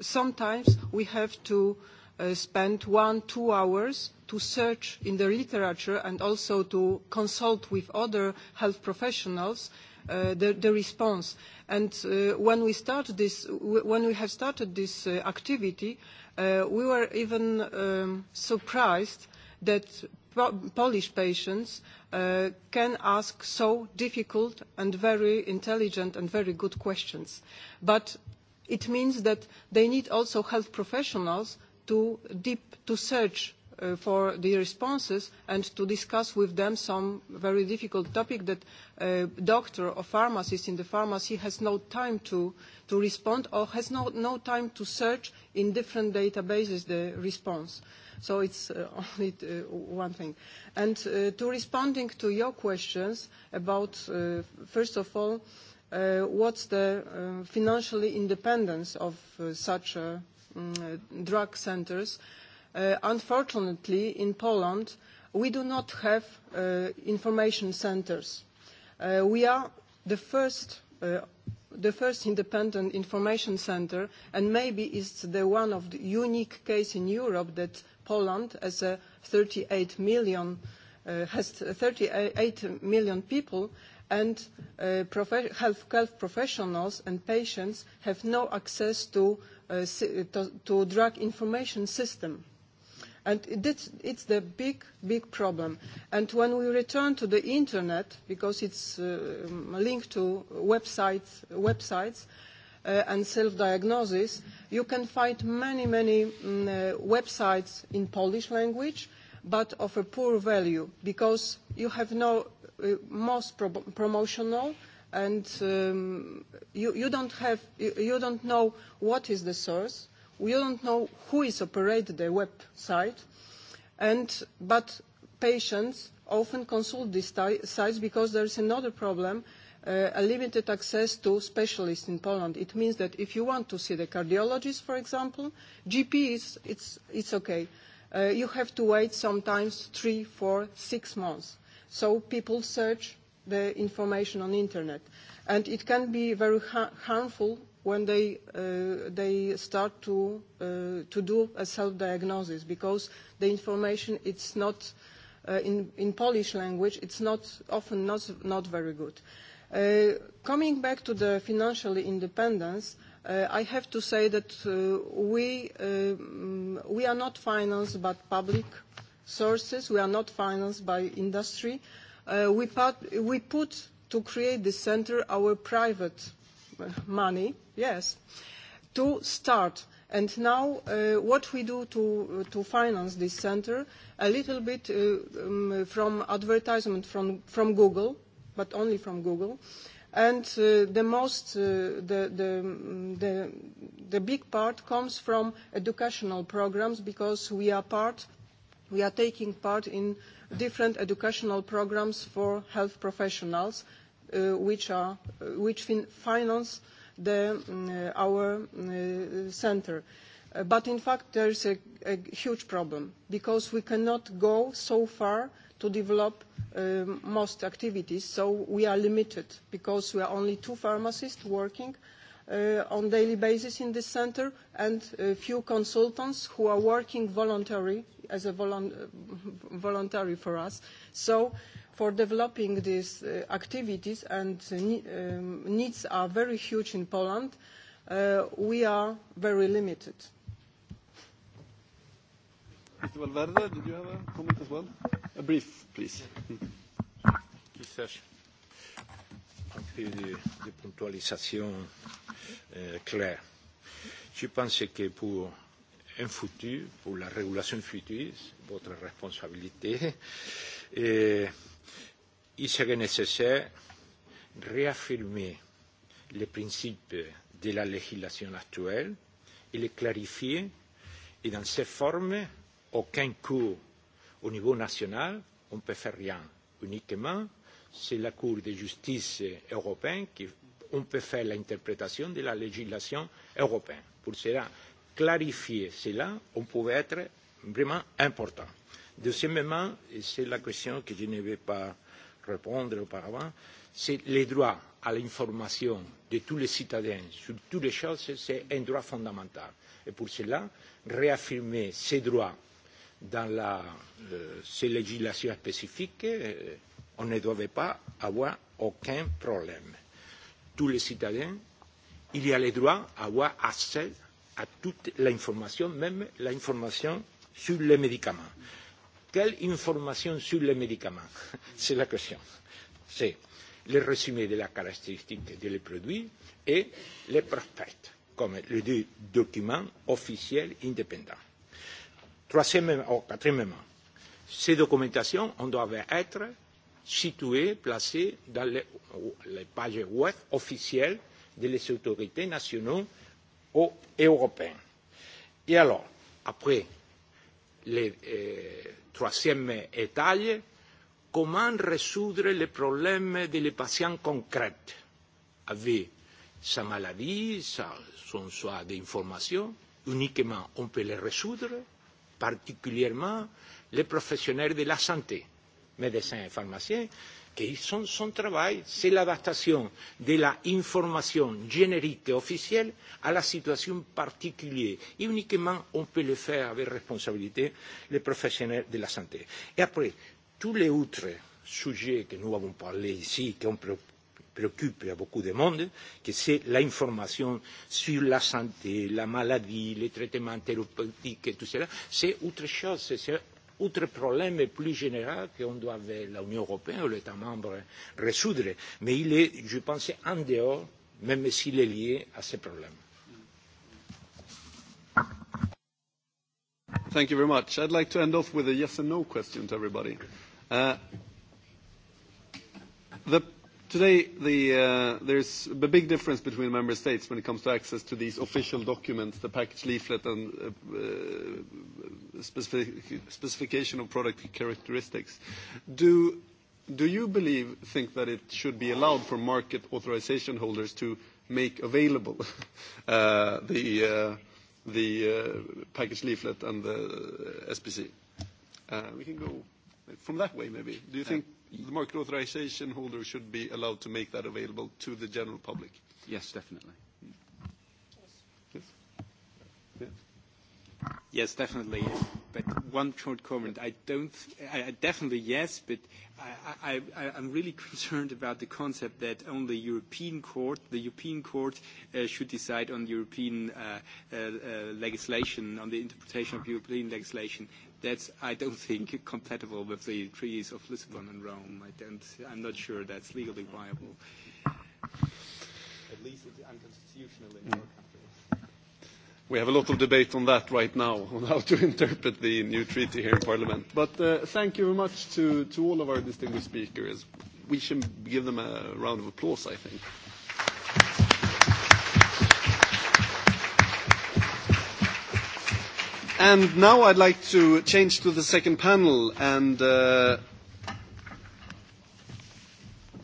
sometimes we have to uh, spend one, two hours to search in the literature and also to consult with other health professionals the, response. And when we start this, when we have started this activity, we were even surprised that Polish patients can ask so difficult and very intelligent and very good questions. But it means that they need also health professionals to deep to search for the responses and to discuss with them some very difficult topic that a doctor or pharmacist in the pharmacy has no time to, to respond or has no, no time to search in different databases the response. So it's uh, only uh, one thing. And uh, to responding to your questions about, uh, first of all, uh, what's the uh, financial independence of uh, such uh, drug centers, uh, unfortunately, in Poland, we do not have information centres. we are the first, the first independent information centre, and maybe it's the one of the unique case in Europe that Poland, as a 38 million, uh, has 38 million people, and health professionals and patients have no access to, drug information system And it, it's the big, big problem. And when we return to the internet, because it's uh, linked to websites, websites uh, and self-diagnosis, you can find many, many um, uh, websites in Polish language, but of a poor value, because you have no uh, most pro promotional and um, you, you don't have, you, you don't know what is the source, We don't know who is operating the website, and but patients often consult these sites because there is another problem, a limited access to specialists in Poland. It means that if you want to see the cardiologist, for example, GP it's it's okay. You have to wait sometimes three, four, six months. So people search the information on internet, and it can be very harmful when they, uh, they start to, uh, to do a self-diagnosis because the information it's not uh, in, in Polish language, it's not often not, not very good. Uh, coming back to the financial independence, uh, I have to say that uh, we, uh, we are not financed by public sources, we are not financed by industry. Uh, we, part, we put to create this center our private uh, money, yes, to start. And now uh, what we do to, to finance this center, a little bit uh, um, from advertisement from, from Google, but only from Google, and uh, the most, uh, the, the, the, the big part comes from educational programs because we are part, we are taking part in different educational programs for health professionals which are which finance the our center. But in fact, there is a huge problem because we cannot go so far to develop most activities, so we are limited because we are only two pharmacists working on a daily basis in this centre and a few consultants who are working voluntarily as a voluntary for us. So for developing these uh, activities and needs are very huge in Poland, uh, we are very limited. Mr. Valverde, did you have a comment as well? A brief, please. Quizás un peu de puntualisation claire. Je pense que pour un futur, pour la régulation future, votre responsabilité, il serait nécessaire de réaffirmer les principes de la législation actuelle et les clarifier. Et dans ces formes, aucun cours au niveau national, on ne peut faire rien. Uniquement, c'est la Cour de justice européenne qui on peut faire l'interprétation de la législation européenne. Pour cela, clarifier cela, on pouvait être vraiment important. Deuxièmement, et c'est la question que je ne vais pas répondre auparavant, c'est le droit à l'information de tous les citadins sur toutes les choses, c'est un droit fondamental. Et pour cela, réaffirmer ces droits dans ces législations spécifiques, on ne devait pas avoir aucun problème. Tous les citadins, il y a le droit d'avoir accès à toute l'information, même l'information sur les médicaments. Quelle information sur les médicaments C'est la question. C'est le résumé de la caractéristique des produits et les prospects, comme les deux documents officiels indépendants. Troisième, ou quatrièmement, ces documentations doivent être situées, placées dans les, pages web officielles des autorités nationales ou européennes. Et alors, après les troisième étage, comment résoudre les problèmes des patients concrets avec sa maladie, sa, son soin d'information, uniquement on peut les résoudre, particulièrement les professionnels de la santé, médecins et pharmaciens, que son, són treball, c'est l'adaptation de la information générique officielle à la situation particulière. Et uniquement, on peut le faire avec responsabilité, les professionnels de la santé. Et après, tous les autres sujets que nous avons parlé ici, qui ont préoccupé à beaucoup de monde, que c'est l'information sur la santé, la maladie, les traitements thérapeutiques et tout cela, c'est autre chose, c'est outre problème plus général que doit l'Union européenne ou l'État membre résoudre. Mais il est, je pense, en dehors, même s'il est lié à ces problèmes. Thank you very much. I'd like to end off with a yes and no question to everybody. the Today, the, uh, there's a big difference between member states when it comes to access to these official documents, the package leaflet and uh, specific, specification of product characteristics. Do, do you believe, think that it should be allowed for market authorization holders to make available uh, the, uh, the uh, package leaflet and the SPC? Uh, we can go from that way, maybe. Do you think the market authorization holder should be allowed to make that available to the general public. Yes, definitely. Yes, definitely. But one short comment. I don't. I Definitely yes, but I I I'm really concerned about the concept that only European court, the European court, uh should decide on European uh uh legislation, on the interpretation of European legislation that's, I don't think, compatible with the treaties of Lisbon and Rome. I don't, I'm not sure that's legally viable. At least it's unconstitutional in your country. We have a lot of debate on that right now, on how to interpret the new treaty here in Parliament. But uh, thank you very much to, to all of our distinguished speakers. We should give them a round of applause, I think. And now I'd like to change to the second panel, and uh,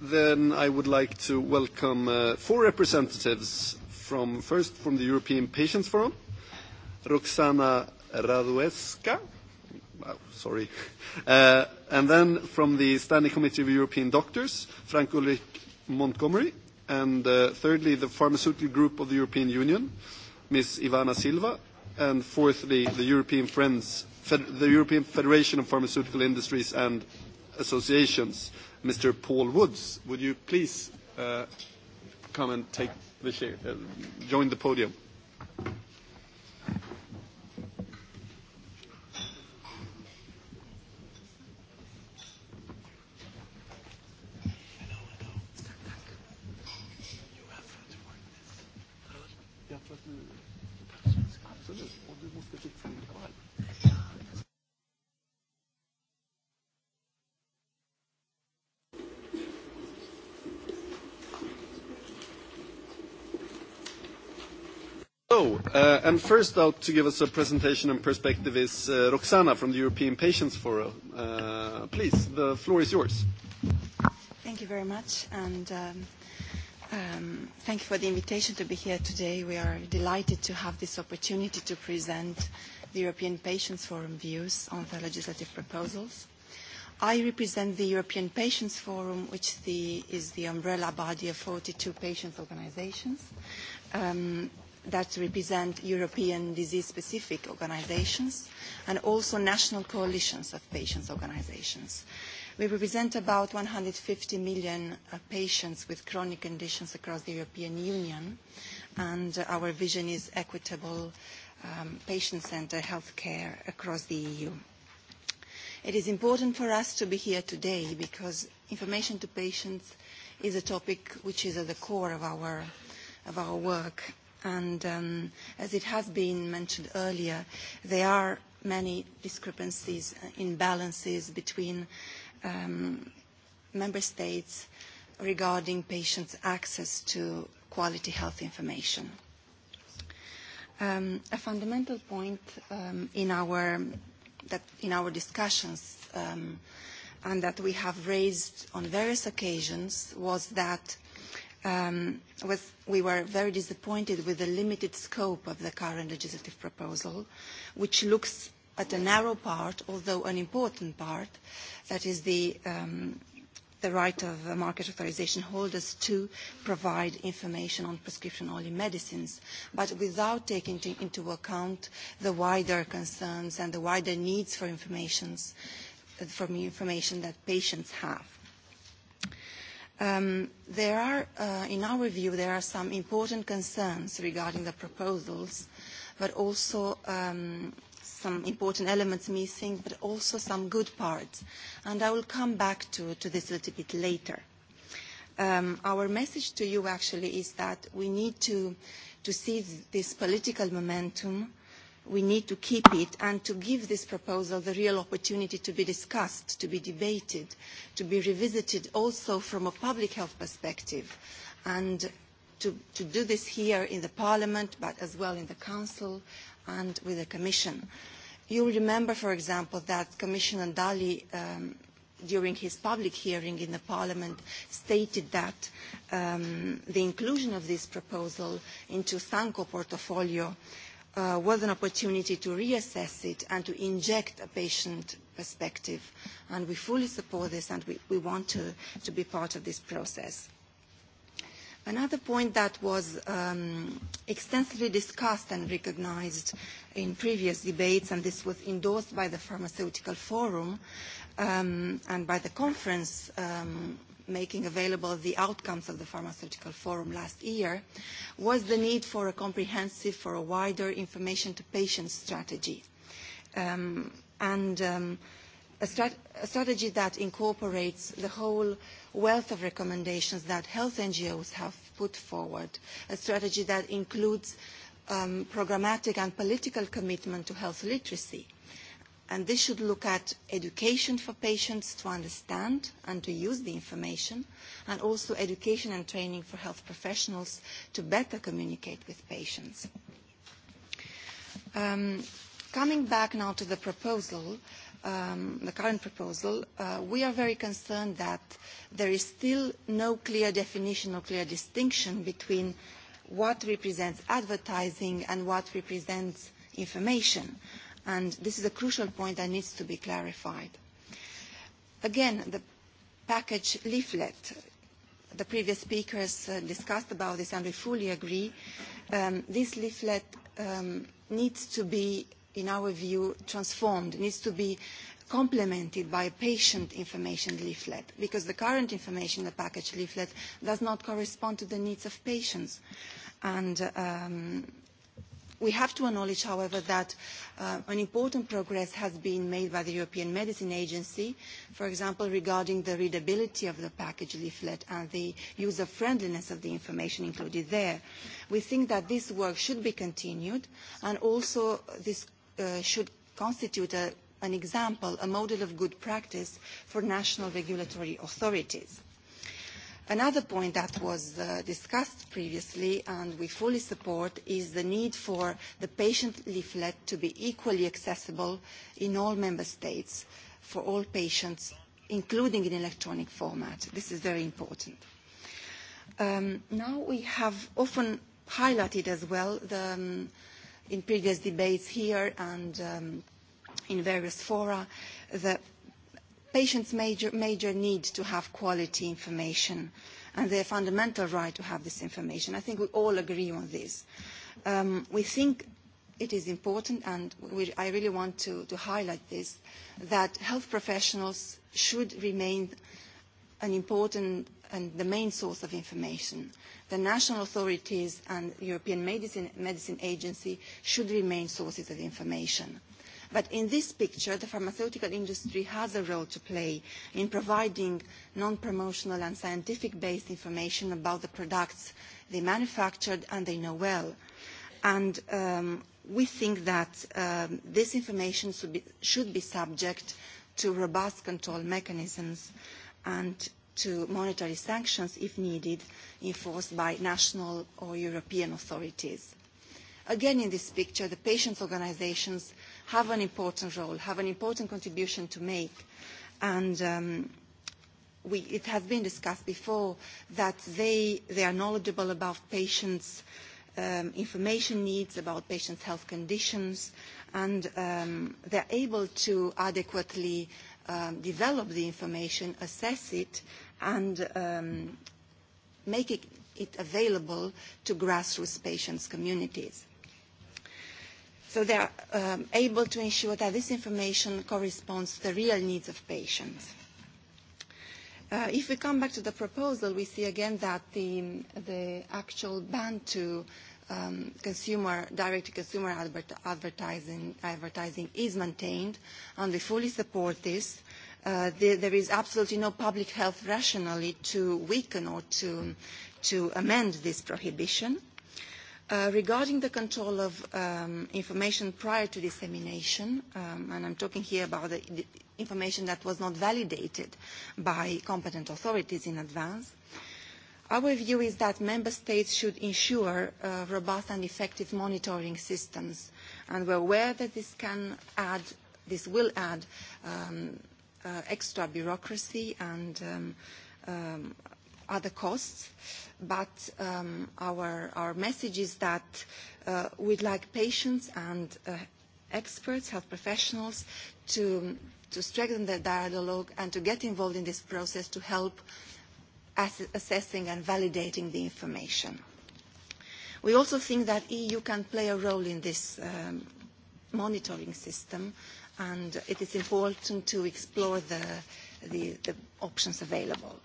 then I would like to welcome uh, four representatives from first from the European Patients Forum, Roxana Radueska, wow, sorry, uh, and then from the Standing Committee of European Doctors, Frank Ulrich Montgomery, and uh, thirdly the Pharmaceutical Group of the European Union, Ms. Ivana Silva, and fourthly, the European Friends, the European Federation of Pharmaceutical Industries and Associations, Mr. Paul Woods. Would you please come and take the chair, join the podium? And first out to give us a presentation and perspective is Roxana from the European Patients Forum. Please, the floor is yours. Thank you very much, and thank you for the invitation to be here today. We are delighted to have this opportunity to present the European Patients Forum views on the legislative proposals. I represent the European Patients Forum, which is the umbrella body of 42 patients organizations that represent European disease-specific organizations and also national coalitions of patients organizations. We represent about 150 million patients with chronic conditions across the European Union, and our vision is equitable patient-centered healthcare across the EU. It is important for us to be here today because information to patients is a topic which is at the core of our, of our work And um, as it has been mentioned earlier, there are many discrepancies, imbalances between um, member states regarding patients' access to quality health information. Um, a fundamental point um, in our that in our discussions um, and that we have raised on various occasions was that um, was, we were very disappointed with the limited scope of the current legislative proposal, which looks at a narrow part, although an important part, that is the, um, the right of market authorization holders to provide information on prescription-only medicines, but without taking into account the wider concerns and the wider needs for, for information that patients have there are, uh, in our view, there are some important concerns regarding the proposals, but also um, some important elements missing, but also some good parts. And I will come back to, to this a little bit later. Um, our message to you actually is that we need to, to seize this political momentum we need to keep it and to give this proposal the real opportunity to be discussed, to be debated, to be revisited also from a public health perspective, and to, to do this here in the Parliament, but as well in the Council and with the Commission. You will remember, for example, that Commissioner Dalli um, during his public hearing in the Parliament stated that the inclusion of this proposal into Sanco portfolio uh, was an opportunity to reassess it and to inject a patient perspective. And we fully support this and we, we want to, to be part of this process. Another point that was um, extensively discussed and recognized in previous debates, and this was endorsed by the Pharmaceutical Forum um, and by the conference um, making available the outcomes of the Pharmaceutical Forum last year was the need for a comprehensive, for a wider information to patients strategy. Um, and um, a, strat a strategy that incorporates the whole wealth of recommendations that health NGOs have put forward, a strategy that includes um, programmatic and political commitment to health literacy, and this should look at education for patients to understand and to use the information, and also education and training for health professionals to better communicate with patients. Um, coming back now to the proposal, um, the current proposal, uh, we are very concerned that there is still no clear definition or clear distinction between what represents advertising and what represents information and this is a crucial point that needs to be clarified. Again, the package leaflet, the previous speakers uh, discussed about this and we fully agree. Um, this leaflet um, needs to be, in our view, transformed, needs to be complemented by a patient information leaflet because the current information, the package leaflet, does not correspond to the needs of patients. And um, We have to acknowledge, however, that uh, an important progress has been made by the European Medicine Agency, for example, regarding the readability of the package leaflet and the user-friendliness of the information included there. We think that this work should be continued, and also this uh, should constitute a, an example, a model of good practice for national regulatory authorities. Another point that was uh, discussed previously and we fully support is the need for the patient leaflet to be equally accessible in all member states for all patients, including in electronic format. This is very important. Um, now we have often highlighted as well the, um, in previous debates here and um, in various fora the patients' major, major need to have quality information and their fundamental right to have this information. I think we all agree on this. Um, we think it is important, and we, I really want to, to highlight this, that health professionals should remain an important and the main source of information. The national authorities and European Medicine, Medicine Agency should remain sources of information But in this picture, the pharmaceutical industry has a role to play in providing non-promotional and scientific-based information about the products they manufactured and they know well. And um, we think that um, this information should be, should be subject to robust control mechanisms and to monetary sanctions, if needed, enforced by national or European authorities. Again, in this picture, the patients' organizations have an important role, have an important contribution to make. And um, we, it has been discussed before that they, they are knowledgeable about patients' um, information needs, about patients' health conditions, and um, they're able to adequately um, develop the information, assess it, and um, make it, it available to grassroots patients' communities so they are um, able to ensure that this information corresponds to the real needs of patients. Uh, if we come back to the proposal, we see again that the, the actual ban to um, consumer, direct-to-consumer adver- advertising, advertising is maintained, and we fully support this. Uh, there, there is absolutely no public health rationale to weaken or to, to amend this prohibition. Regarding the control of information prior to dissemination, and I'm talking here about the information that was not validated by competent authorities in advance, our view is that member states should ensure robust and effective monitoring systems, and we're aware that this can add, this will add extra bureaucracy and other costs, but our message is that we'd like patients and experts, health professionals, to strengthen their dialogue and to get involved in this process to help assessing and validating the information. We also think that the EU can play a role in this monitoring system, and it is important to explore the, the, the options available.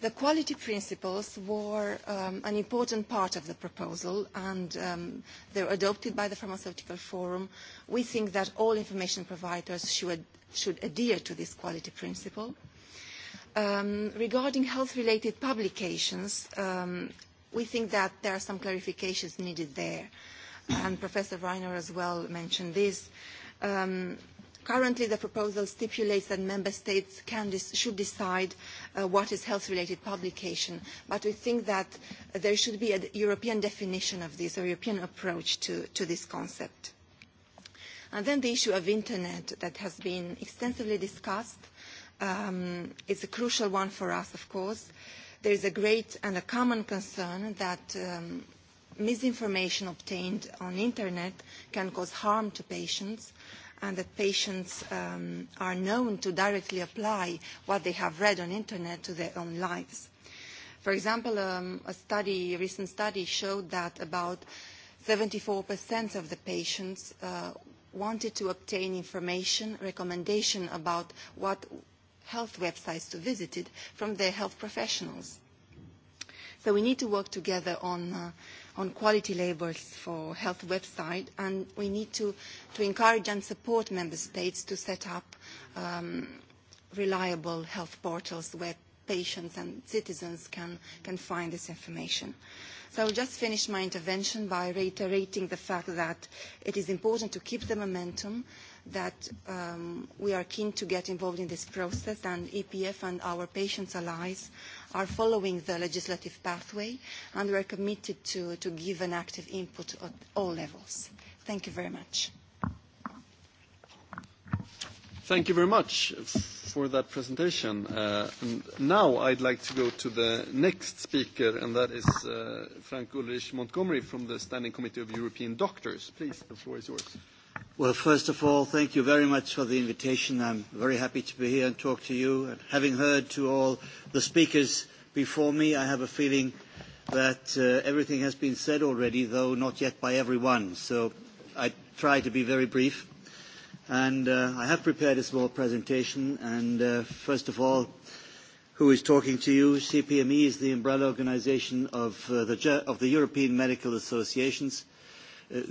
The quality principles were um, an important part of the proposal and um, they were adopted by the Pharmaceutical Forum. We think that all information providers should, should adhere to this quality principle. Um, regarding health-related publications, um, we think that there are some clarifications needed there, and Professor Reiner as well mentioned this. Um, Currently, the proposal stipulates that member states can should decide what is health-related publication, but we think that there should be a European definition of this, a European approach to, to this concept. And then the issue of internet that has been extensively discussed. Um, a crucial one for us, of course. There is a great and a common concern that um, misinformation obtained on internet can cause harm to patients and that patients um, are known to directly apply what they have read on internet to their own lives. For example, um, a study, a recent study showed that about 74% of the patients uh, wanted to obtain information, recommendation about what health websites to visit from their health professionals. So we need to work together on uh, on quality labels for health website, and we need to, to encourage and support member states to set up um, reliable health portals where patients and citizens can, can find this information. So I will just finish my intervention by reiterating the fact that it is important to keep the momentum, that um, we are keen to get involved in this process, and EPF and our patients allies are following the legislative pathway, and we are committed to, to give an active input at all levels. Thank you very much. Thank you very much for that presentation. And now I'd like to go to the next speaker, and that is Frank Ulrich Montgomery from the Standing Committee of European Doctors. Please, the floor is yours. Well, first of all, thank you very much for the invitation. I'm very happy to be here and talk to you. And having heard to all the speakers before me, I have a feeling that uh, everything has been said already, though not yet by everyone. So I try to be very brief. And uh, I have prepared a small presentation. And uh, first of all, who is talking to you? CPME is the umbrella organization of, uh, the, of the European Medical Associations –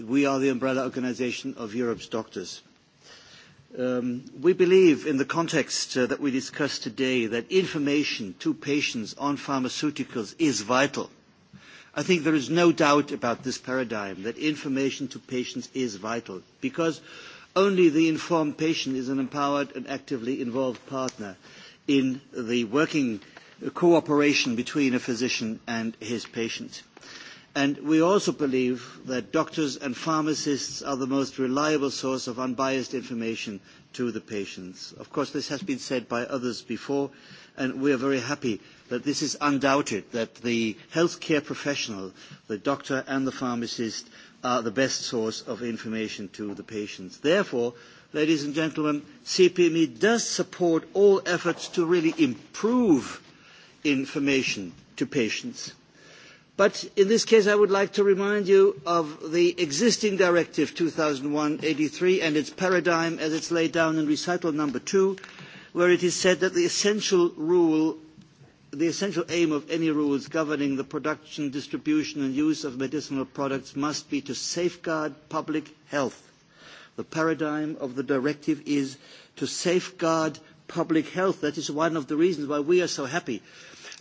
we are the umbrella organisation of Europe's doctors. we believe in the context that we discussed today that information to patients on pharmaceuticals is vital. I think there is no doubt about this paradigm that information to patients is vital because only the informed patient is an empowered and actively involved partner in the working cooperation between a physician and his patient. And we also believe that doctors and pharmacists are the most reliable source of unbiased information to the patients. Of course, this has been said by others before, and we are very happy that this is undoubted, that the healthcare professional, the doctor and the pharmacist, are the best source of information to the patients. Therefore, ladies and gentlemen, CPME does support all efforts to really improve information to patients But in this case, I would like to remind you of the existing Directive two thousand one eighty three and its paradigm as it is laid down in recital number two, where it is said that the essential rule the essential aim of any rules governing the production, distribution and use of medicinal products must be to safeguard public health. The paradigm of the directive is to safeguard public health. That is one of the reasons why we are so happy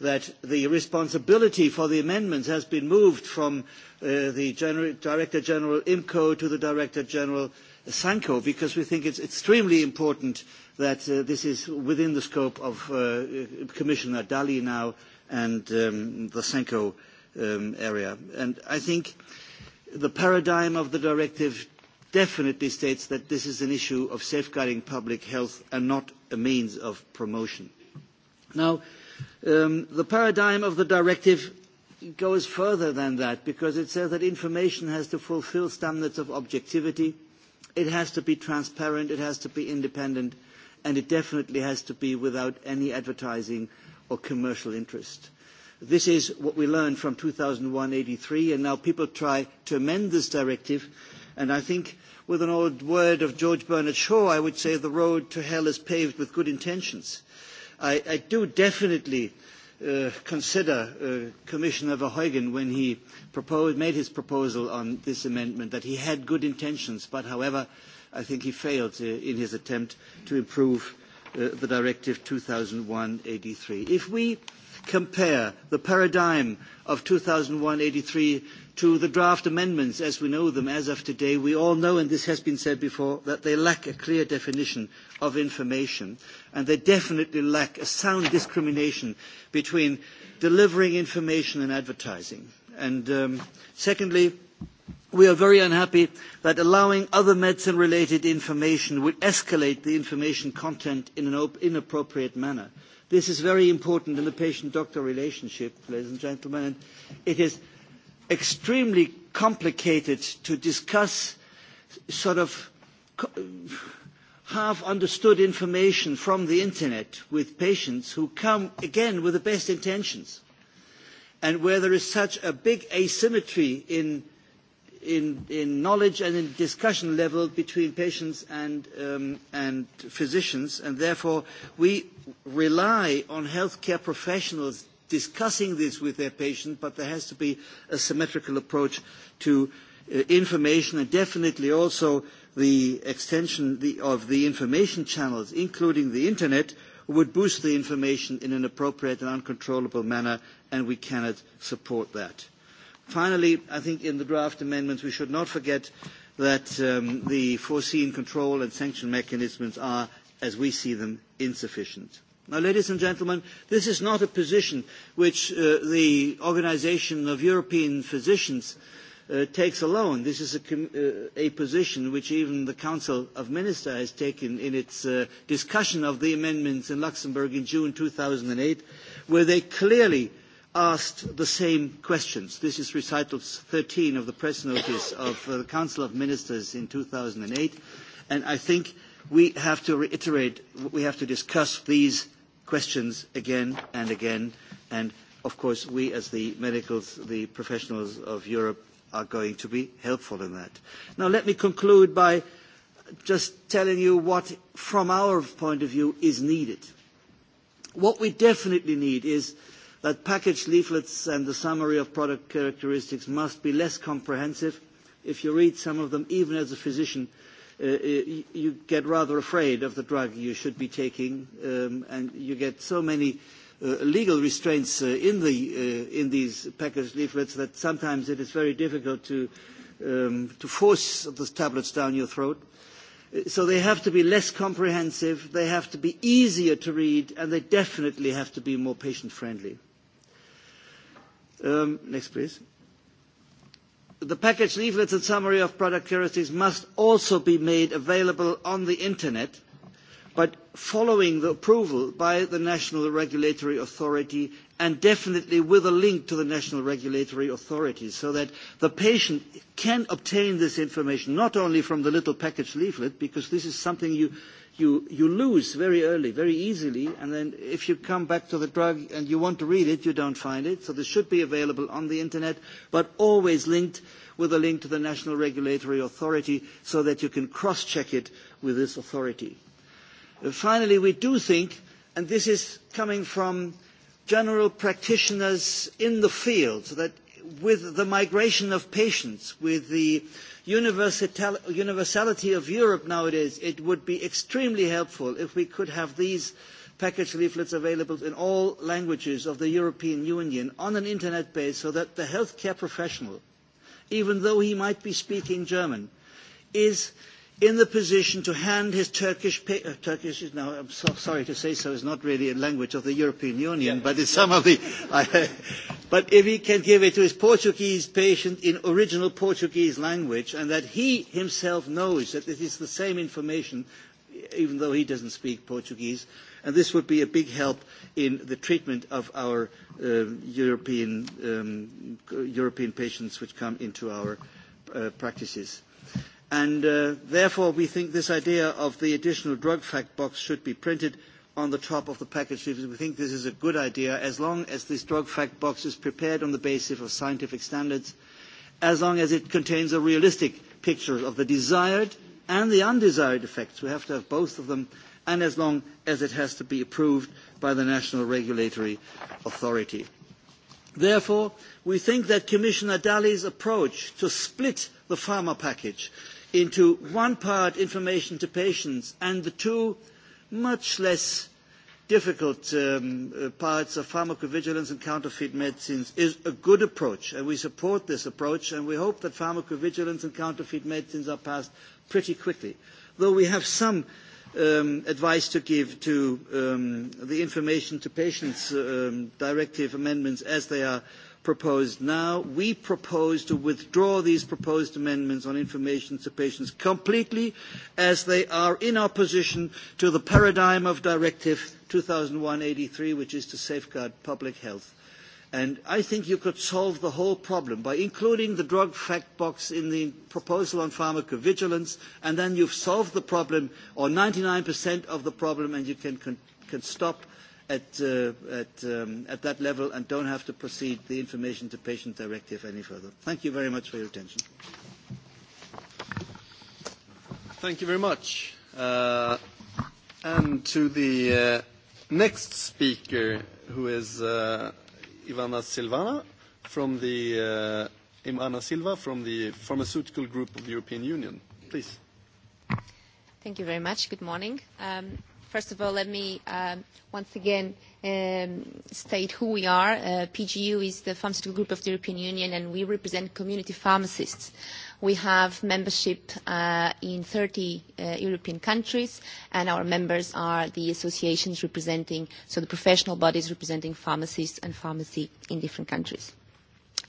that the responsibility for the amendments has been moved from the Director General IMCO to the Director General Sanco because we think it is extremely important that this is within the scope of Commissioner Dalli now and the Sanco area. I think the paradigm of the directive definitely states that this is an issue of safeguarding public health and not a means of promotion. Now, the paradigm of the directive goes further than that because it says that information has to fulfil standards of objectivity, it has to be transparent, it has to be independent, and it definitely has to be without any advertising or commercial interest. This is what we learned from 2001-83, and now people try to amend this directive, and I think with an old word of George Bernard Shaw, I would say the road to hell is paved with good intentions I, I do definitely consider Commissioner Verheugen when he made his proposal on this amendment that he had good intentions, but however, I think he failed in his attempt to improve the Directive two thousand one eighty three. If we compare the paradigm of two thousand one eighty three to the draft amendments as we know them as of today, we all know, and this has been said before, that they lack a clear definition of information, and they definitely lack a sound discrimination between delivering information and advertising. And secondly, we are very unhappy that allowing other medicine related information would escalate the information content in an inappropriate manner. This is very important in the patient-doctor relationship, ladies and gentlemen, and it is extremely complicated to discuss sort of half understood information from the internet with patients who come again with the best intentions and where there is such a big asymmetry in in, in knowledge and in discussion level between patients and, um, and physicians, and therefore we rely on healthcare professionals discussing this with their patient, but there has to be a symmetrical approach to information and definitely also the extension of the information channels, including the internet, would boost the information in an appropriate and uncontrollable manner, and we cannot support that. Finally, I think in the draft amendments we should not forget that the foreseen control and sanction mechanisms are, as we see them, insufficient. Now, ladies and gentlemen, this is not a position which uh, the Organization of European Physicians uh, takes alone. This is a, com- uh, a position which even the Council of Ministers has taken in its uh, discussion of the amendments in Luxembourg in June 2008, where they clearly asked the same questions. This is recital 13 of the press notice of the Council of Ministers in 2008, and I think we have to reiterate, we have to discuss these questions again and again. And of course, we as the medicals, the professionals of Europe are going to be helpful in that. Now, let me conclude by just telling you what, from our point of view, is needed. What we definitely need is that package leaflets and the summary of product characteristics must be less comprehensive. If you read some of them, even as a physician, you get rather afraid of the drug you should be taking, and you get so many legal restraints in, these packaged leaflets that sometimes it is very difficult to, force the tablets down your throat. So they have to be less comprehensive, they have to be easier to read, and they definitely have to be more patient-friendly. next, please the package leaflets and summary of product characteristics must also be made available on the internet but following the approval by the national regulatory authority and definitely with a link to the national regulatory Authority so that the patient can obtain this information not only from the little package leaflet because this is something you you, you lose very early, very easily, and then if you come back to the drug and you want to read it, you don't find it. So this should be available on the internet, but always linked with a link to the national regulatory authority so that you can cross-check it with this authority. Finally, we do think, and this is coming from general practitioners in the field, that with the migration of patients, with the universality of Europe nowadays, it would be extremely helpful if we could have these package leaflets available in all languages of the European Union on an internet base so that the healthcare professional, even though he might be speaking German, is in the position to hand his Turkish uh, Turkish is now I'm so, sorry to say so is not really a language of the European Union, but it's some of the. I, but if he can give it to his Portuguese patient in original Portuguese language, and that he himself knows that it is the same information, even though he doesn't speak Portuguese, and this would be a big help in the treatment of our uh, European um, European patients which come into our uh, practices. And therefore, we think this idea of the additional drug fact box should be printed on the top of the package. We think this is a good idea as long as this drug fact box is prepared on the basis of scientific standards, as long as it contains a realistic picture of the desired and the undesired effects. We have to have both of them, and as long as it has to be approved by the national regulatory authority. Therefore, we think that Commissioner Dalli's approach to split the pharma package into one part information to patients and the two much less difficult parts of pharmacovigilance and counterfeit medicines is a good approach, and we support this approach, and we hope that pharmacovigilance and counterfeit medicines are passed pretty quickly. Though we have some advice to give to the information to patients directive amendments as they are proposed now. We propose to withdraw these proposed amendments on information to patients completely as they are in opposition to the paradigm of Directive two thousand one eighty three, which is to safeguard public health. And I think you could solve the whole problem by including the drug fact box in the proposal on pharmacovigilance, and then you've solved the problem, or ninety 99% of the problem, and you can, can stop at, uh, at, um, at that level and don't have to proceed the information to patient directive any further. Thank you very much for your attention. Thank you very much. Uh, and to the uh, next speaker, who is uh, Ivana Silvana from the uh, Ivana Silva from the Pharmaceutical Group of the European Union. Please. Thank you very much. Good morning. Um, First of all, let me um, once again um, state who we are. Uh, PGU is the pharmaceutical group of the European Union, and we represent community pharmacists. We have membership uh, in 30 uh, European countries, and our members are the associations representing, so the professional bodies representing pharmacists and pharmacy in different countries.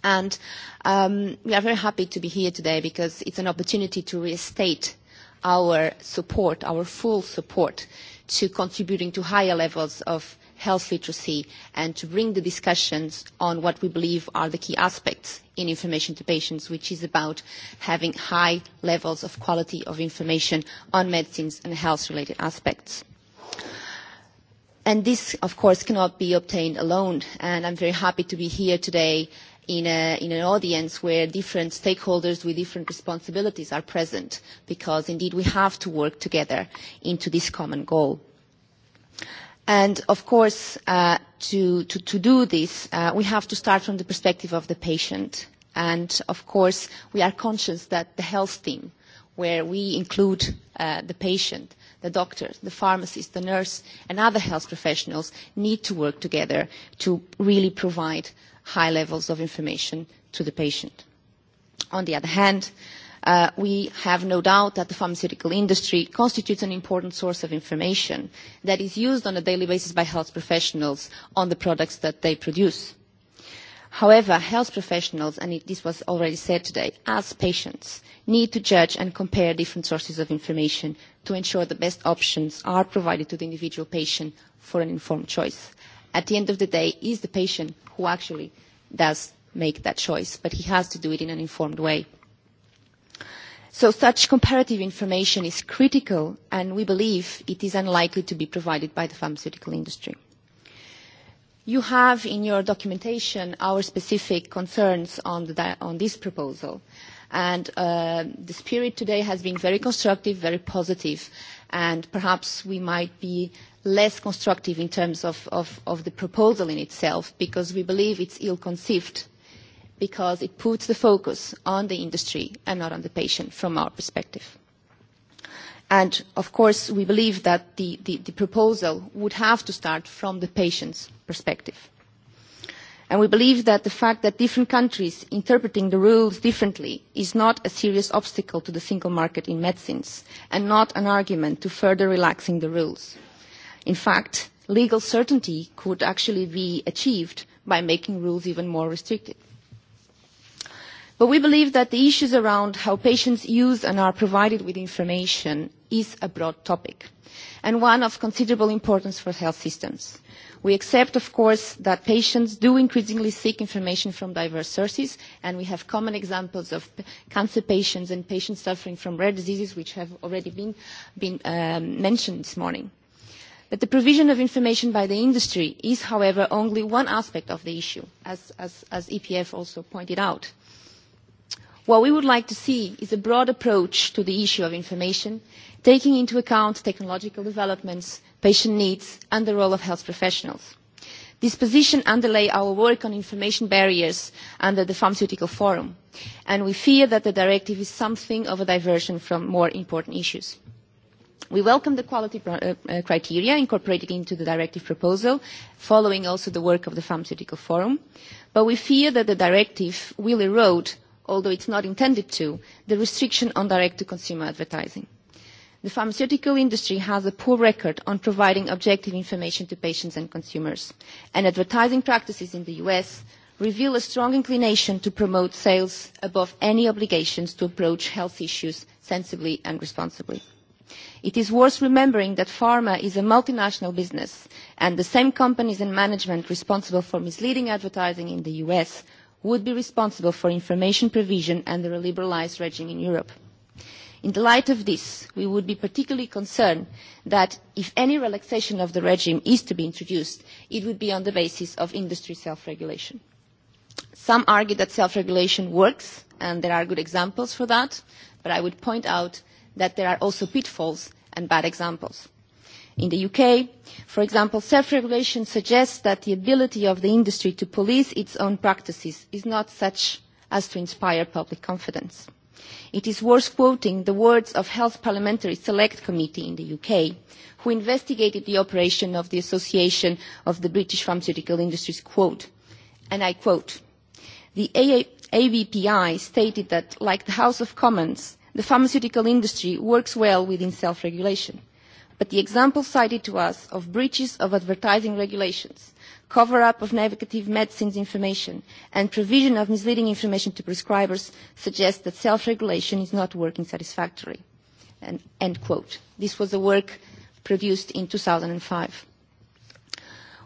And um, we are very happy to be here today because it's an opportunity to restate our support, our full support to contributing to higher levels of health literacy and to bring the discussions on what we believe are the key aspects in information to patients, which is about having high levels of quality of information on medicines and health-related aspects. And this, of course, cannot be obtained alone, and I'm very happy to be here today in, a, in an audience where different stakeholders with different responsibilities are present, because indeed we have to work together into this common goal. And of course, uh, to, to, to do this, uh, we have to start from the perspective of the patient. And of course, we are conscious that the health team, where we include uh, the patient, the doctor, the pharmacist, the nurse, and other health professionals, need to work together to really provide high levels of information to the patient. On the other hand, uh, we have no doubt that the pharmaceutical industry constitutes an important source of information that is used on a daily basis by health professionals on the products that they produce. However, health professionals, and this was already said today, as patients, need to judge and compare different sources of information to ensure the best options are provided to the individual patient for an informed choice at the end of the day, is the patient who actually does make that choice, but he has to do it in an informed way. So such comparative information is critical, and we believe it is unlikely to be provided by the pharmaceutical industry. You have in your documentation our specific concerns on, the, on this proposal. And uh, the spirit today has been very constructive, very positive, and perhaps we might be less constructive in terms of, of, of the proposal in itself because we believe it's ill-conceived because it puts the focus on the industry and not on the patient from our perspective. And of course, we believe that the, the, the proposal would have to start from the patient's perspective. And we believe that the fact that different countries interpreting the rules differently is not a serious obstacle to the single market in medicines and not an argument to further relaxing the rules In fact, legal certainty could actually be achieved by making rules even more restrictive. But we believe that the issues around how patients use and are provided with information is a broad topic and one of considerable importance for health systems. We accept, of course, that patients do increasingly seek information from diverse sources, and we have common examples of cancer patients and patients suffering from rare diseases, which have already been, been um, mentioned this morning. But the provision of information by the industry is, however, only one aspect of the issue, as, as, as EPF also pointed out. What we would like to see is a broad approach to the issue of information, taking into account technological developments, patient needs, and the role of health professionals. This position underlay our work on information barriers under the Pharmaceutical Forum, and we fear that the directive is something of a diversion from more important issues. We welcome the quality criteria incorporated into the directive proposal, following also the work of the Pharmaceutical Forum, but we fear that the directive will erode, although it's not intended to, the restriction on direct-to-consumer advertising. The pharmaceutical industry has a poor record on providing objective information to patients and consumers, and advertising practices in the US reveal a strong inclination to promote sales above any obligations to approach health issues sensibly and responsibly. It is worth remembering that pharma is a multinational business, and the same companies and management responsible for misleading advertising in the US would be responsible for information provision under a liberalised regime in Europe. In the light of this, we would be particularly concerned that if any relaxation of the regime is to be introduced, it would be on the basis of industry self-regulation. Some argue that self-regulation works, and there are good examples for that, but I would point out that there are also pitfalls and bad examples. In the UK, for example, self-regulation suggests that the ability of the industry to police its own practices is not such as to inspire public confidence. It is worth quoting the words of Health Parliamentary Select Committee in the UK, who investigated the operation of the Association of the British Pharmaceutical Industries, quote, and I quote, the ABPI stated that, like the House of Commons, The pharmaceutical industry works well within self-regulation, but the example cited to us of breaches of advertising regulations, cover-up of negative medicines information, and provision of misleading information to prescribers suggests that self-regulation is not working satisfactorily." And, end quote. This was a work produced in 2005.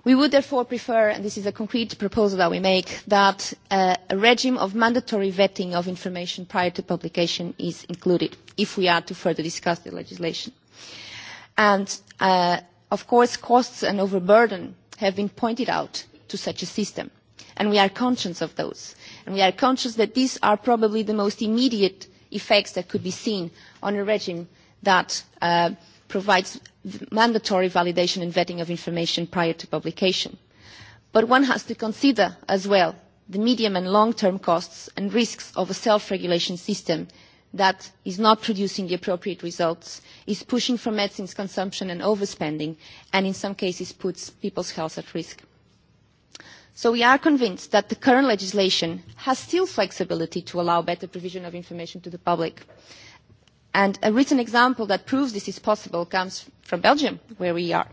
We would therefore prefer, and this is a concrete proposal that we make, that a regime of mandatory vetting of information prior to publication is included, if we are to further discuss the legislation. And, of course, costs and overburden have been pointed out to such a system, and we are conscious of those. And we are conscious that these are probably the most immediate effects that could be seen on a regime that provides mandatory validation and vetting of information prior to publication. But one has to consider as well the medium and long-term costs and risks of a self-regulation system that is not producing the appropriate results, is pushing for medicines consumption and overspending, and in some cases puts people's health at risk. So we are convinced that the current legislation has still flexibility to allow better provision of information to the public And a written example that proves this is possible comes from Belgium, where we are,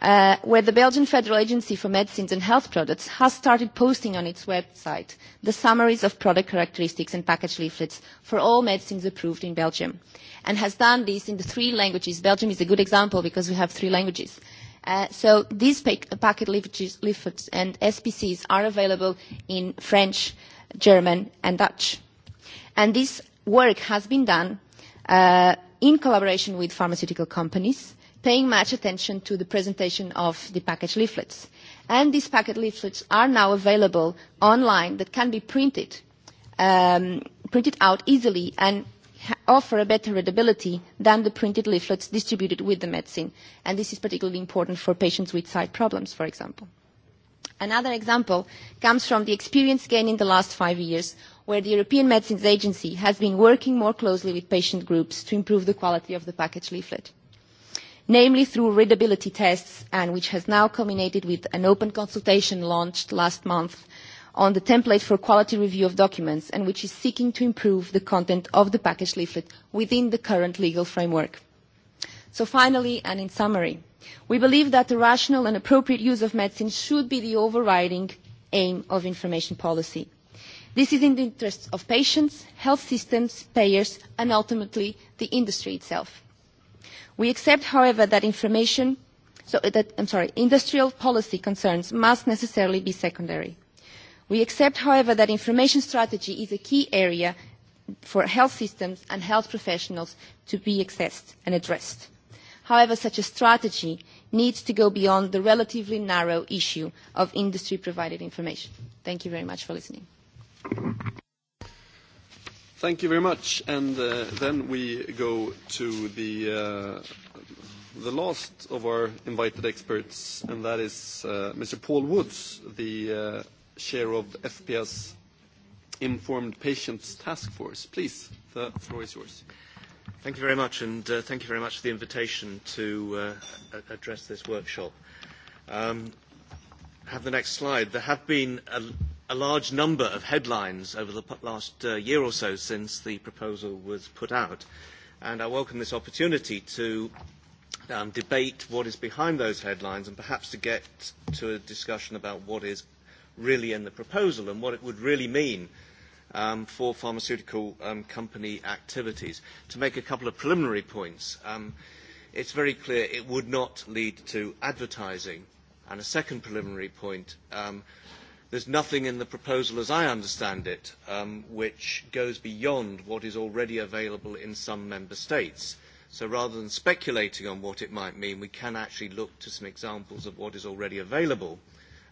uh, where the Belgian Federal Agency for Medicines and Health Products has started posting on its website the summaries of product characteristics and package leaflets for all medicines approved in Belgium, and has done this in the three languages. Belgium is a good example because we have three languages. Uh, so these packet leaflets and SPCs are available in French, German, and Dutch. And this work has been done uh, in collaboration with pharmaceutical companies, paying much attention to the presentation of the package leaflets. And these packet leaflets are now available online that can be printed, um, printed out easily and offer a better readability than the printed leaflets distributed with the medicine. And this is particularly important for patients with side problems, for example. Another example comes from the experience gained in the last five years where the European Medicines Agency has been working more closely with patient groups to improve the quality of the package leaflet, namely through readability tests, and which has now culminated with an open consultation launched last month on the template for quality review of documents and which is seeking to improve the content of the package leaflet within the current legal framework. So finally, and in summary, we believe that the rational and appropriate use of medicine should be the overriding aim of information policy This is in the interests of patients, health systems, payers, and ultimately the industry itself. We accept, however, that information, so that, I'm sorry, industrial policy concerns must necessarily be secondary. We accept, however, that information strategy is a key area for health systems and health professionals to be accessed and addressed. However, such a strategy needs to go beyond the relatively narrow issue of industry-provided information. Thank you very much for listening. Thank you very much. then we go to the, last of our invited experts, and that is Mr. Paul Woods, the chair of FPS Informed Patients Task Force. Please, the floor is yours. Thank you very much, and thank you very much for the invitation to address this workshop. have the next slide. There have been a large number of headlines over the last uh, year or so since the proposal was put out. And I welcome this opportunity to um, debate what is behind those headlines and perhaps to get to a discussion about what is really in the proposal and what it would really mean um, for pharmaceutical um, company activities. To make a couple of preliminary points, um, it's very clear it would not lead to advertising. And a second preliminary point, um, There's nothing in the proposal, as I understand it, um, which goes beyond what is already available in some member states. So rather than speculating on what it might mean, we can actually look to some examples of what is already available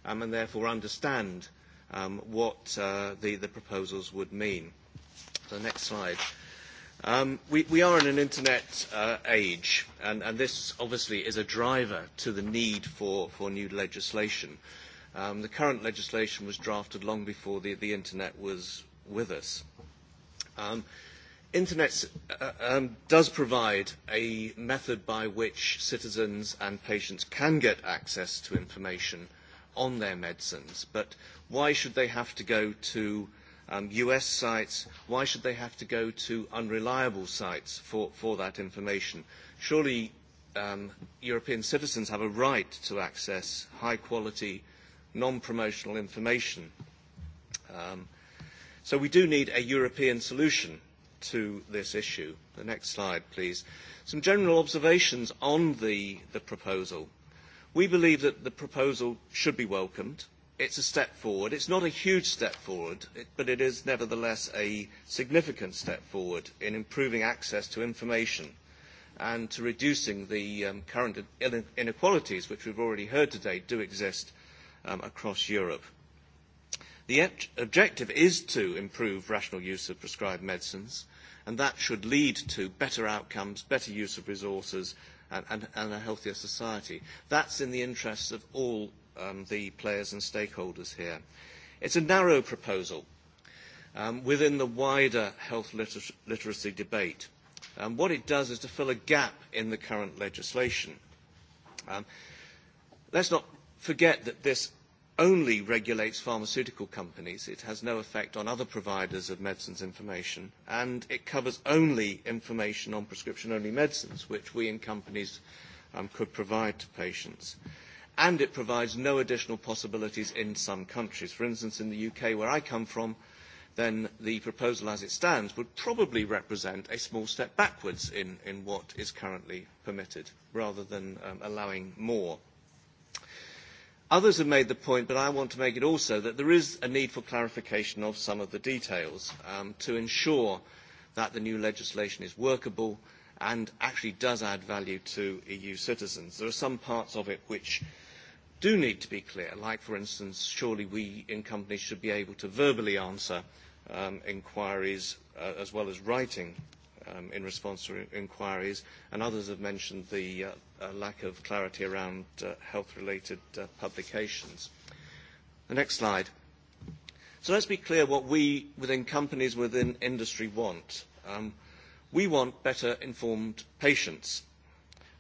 um, and therefore understand um, what uh, the, the proposals would mean. So next slide. Um, we, we are in an internet uh, age, and, and this obviously is a driver to the need for, for new legislation. Uh, Um, the current legislation was drafted long before the, the internet was with us. Um, internet uh, um, does provide a method by which citizens and patients can get access to information on their medicines, but why should they have to go to um, US sites, why should they have to go to unreliable sites for, for that information? Surely um, European citizens have a right to access high quality non-promotional information. Um, so we do need a European solution to this issue. The next slide, please. Some general observations on the, the proposal. We believe that the proposal should be welcomed. It's a step forward. It's not a huge step forward, but it is nevertheless a significant step forward in improving access to information and to reducing the current inequalities, which we've already heard today do exist um, across Europe. The objective is to improve rational use of prescribed medicines, and that should lead to better outcomes, better use of resources, and, and, and a healthier society. That's in the interests of all um, the players and stakeholders here. It's a narrow proposal um, within the wider health liter- literacy debate. Um, what it does is to fill a gap in the current legislation. Um, let's not forget that this only regulates pharmaceutical companies. It has no effect on other providers of medicines information, and it covers only information on prescription-only medicines, which we in companies um, could provide to patients. And it provides no additional possibilities in some countries. For instance, in the UK, where I come from, then the proposal as it stands would probably represent a small step backwards in, in what is currently permitted, rather than um, allowing more Others have made the point, but I want to make it also, that there is a need for clarification of some of the details to ensure that the new legislation is workable and actually does add value to EU citizens. There are some parts of it which do need to be clear, like, for instance, surely we in companies should be able to verbally answer inquiries as well as writing um, in response to inquiries, and others have mentioned the uh, uh, lack of clarity around uh, health-related uh, publications. The next slide. So let's be clear what we within companies within industry want. Um, we want better informed patients.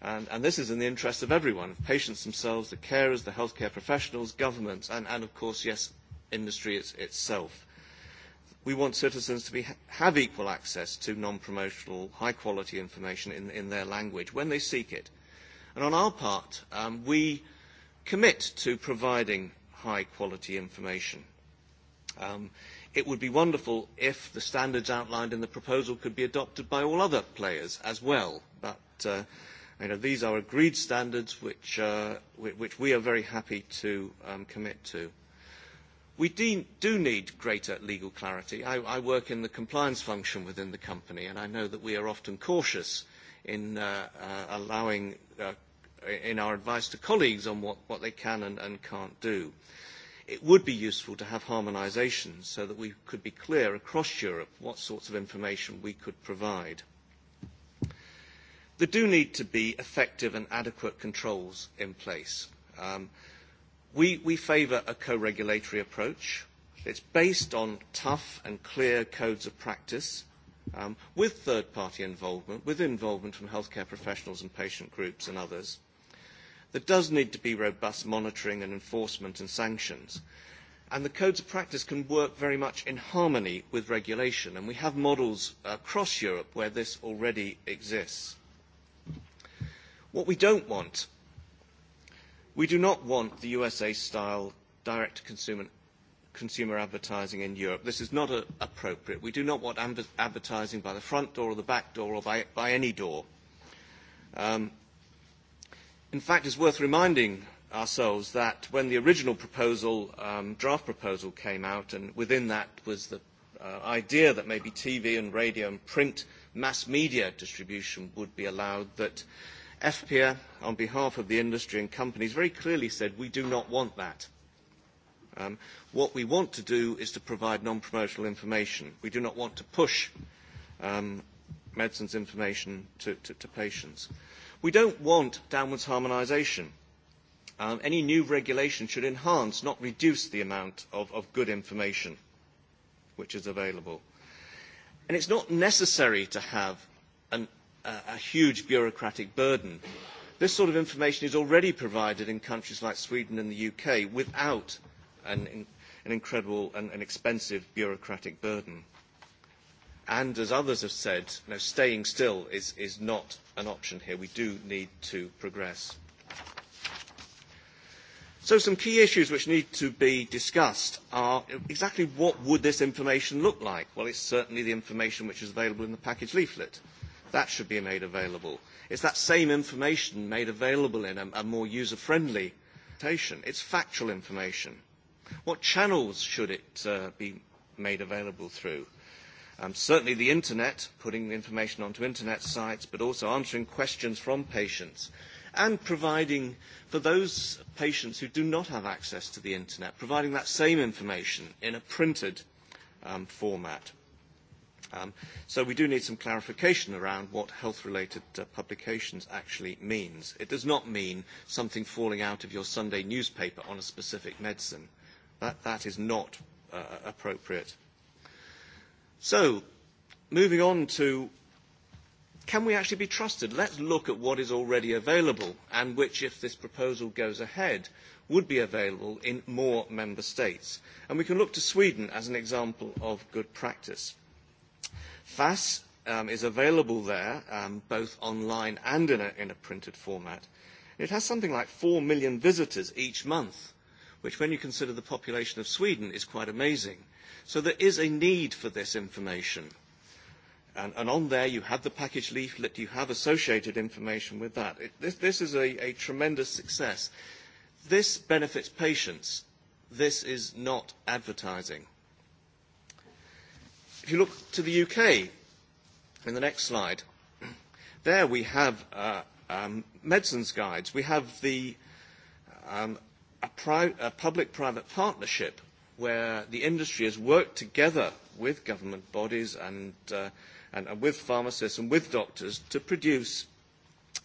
And, and this is in the interest of everyone, of patients themselves, the carers, the healthcare professionals, governments, and, and of course, yes, industry it's, itself we want citizens to be, have equal access to non-promotional, high-quality information in, in their language when they seek it. And on our part, um, we commit to providing high-quality information. Um, it would be wonderful if the standards outlined in the proposal could be adopted by all other players as well. But uh, you know, these are agreed standards which, uh, which we are very happy to um, commit to. We do need greater legal clarity. I, I work in the compliance function within the company, and I know that we are often cautious in uh, uh, allowing, uh, in our advice to colleagues on what, what they can and, and can't do. It would be useful to have harmonisation so that we could be clear across Europe what sorts of information we could provide. There do need to be effective and adequate controls in place. Um, We, favour a co-regulatory approach. It's based on tough and clear codes of practice with third-party involvement, with involvement from healthcare professionals and patient groups and others. There does need to be robust monitoring and enforcement and sanctions. And the codes of practice can work very much in harmony with regulation, and we have models across Europe where this already exists. What we don't want We do not want the USA-style direct-to-consumer consumer advertising in Europe. This is not a, appropriate. We do not want amb- advertising by the front door or the back door or by, by any door. Um, in fact, it's worth reminding ourselves that when the original proposal, um, draft proposal came out, and within that was the uh, idea that maybe TV and radio and print mass media distribution would be allowed, that uh, FPA, on behalf of the industry and companies, very clearly said we do not want that. Um, what we want to do is to provide non-promotional information. We do not want to push um, medicines information to, to, to patients. We don't want downwards harmonisation. Um, any new regulation should enhance, not reduce the amount of, of good information which is available. And it's not necessary to have an a huge bureaucratic burden. This sort of information is already provided in countries like Sweden and the UK without an, an incredible and an expensive bureaucratic burden. And as others have said, you know, staying still is, is not an option here. We do need to progress. So some key issues which need to be discussed are exactly what would this information look like? Well, it's certainly the information which is available in the package leaflet. That should be made available. It's that same information made available in a, a more user-friendly presentation. It's factual information. What channels should it uh, be made available through? Um, certainly the internet, putting the information onto internet sites, but also answering questions from patients and providing for those patients who do not have access to the internet, providing that same information in a printed um, format so we do need some clarification around what health-related publications actually means. It does not mean something falling out of your Sunday newspaper on a specific medicine. That, that is not appropriate. So, moving on to can we actually be trusted? Let's look at what is already available and which, if this proposal goes ahead, would be available in more member states. And we can look to Sweden as an example of good practice. FAS um, is available there, um, both online and in a, in a printed format. It has something like 4 million visitors each month, which, when you consider the population of Sweden, is quite amazing. So there is a need for this information. And, and on there, you have the package leaflet, you have associated information with that. It, this, this is a, a tremendous success. This benefits patients. This is not advertising If you look to the UK, in the next slide, there we have uh, um, medicines guides. We have the um, a, pri- a public-private partnership where the industry has worked together with government bodies and, uh, and, and with pharmacists and with doctors to produce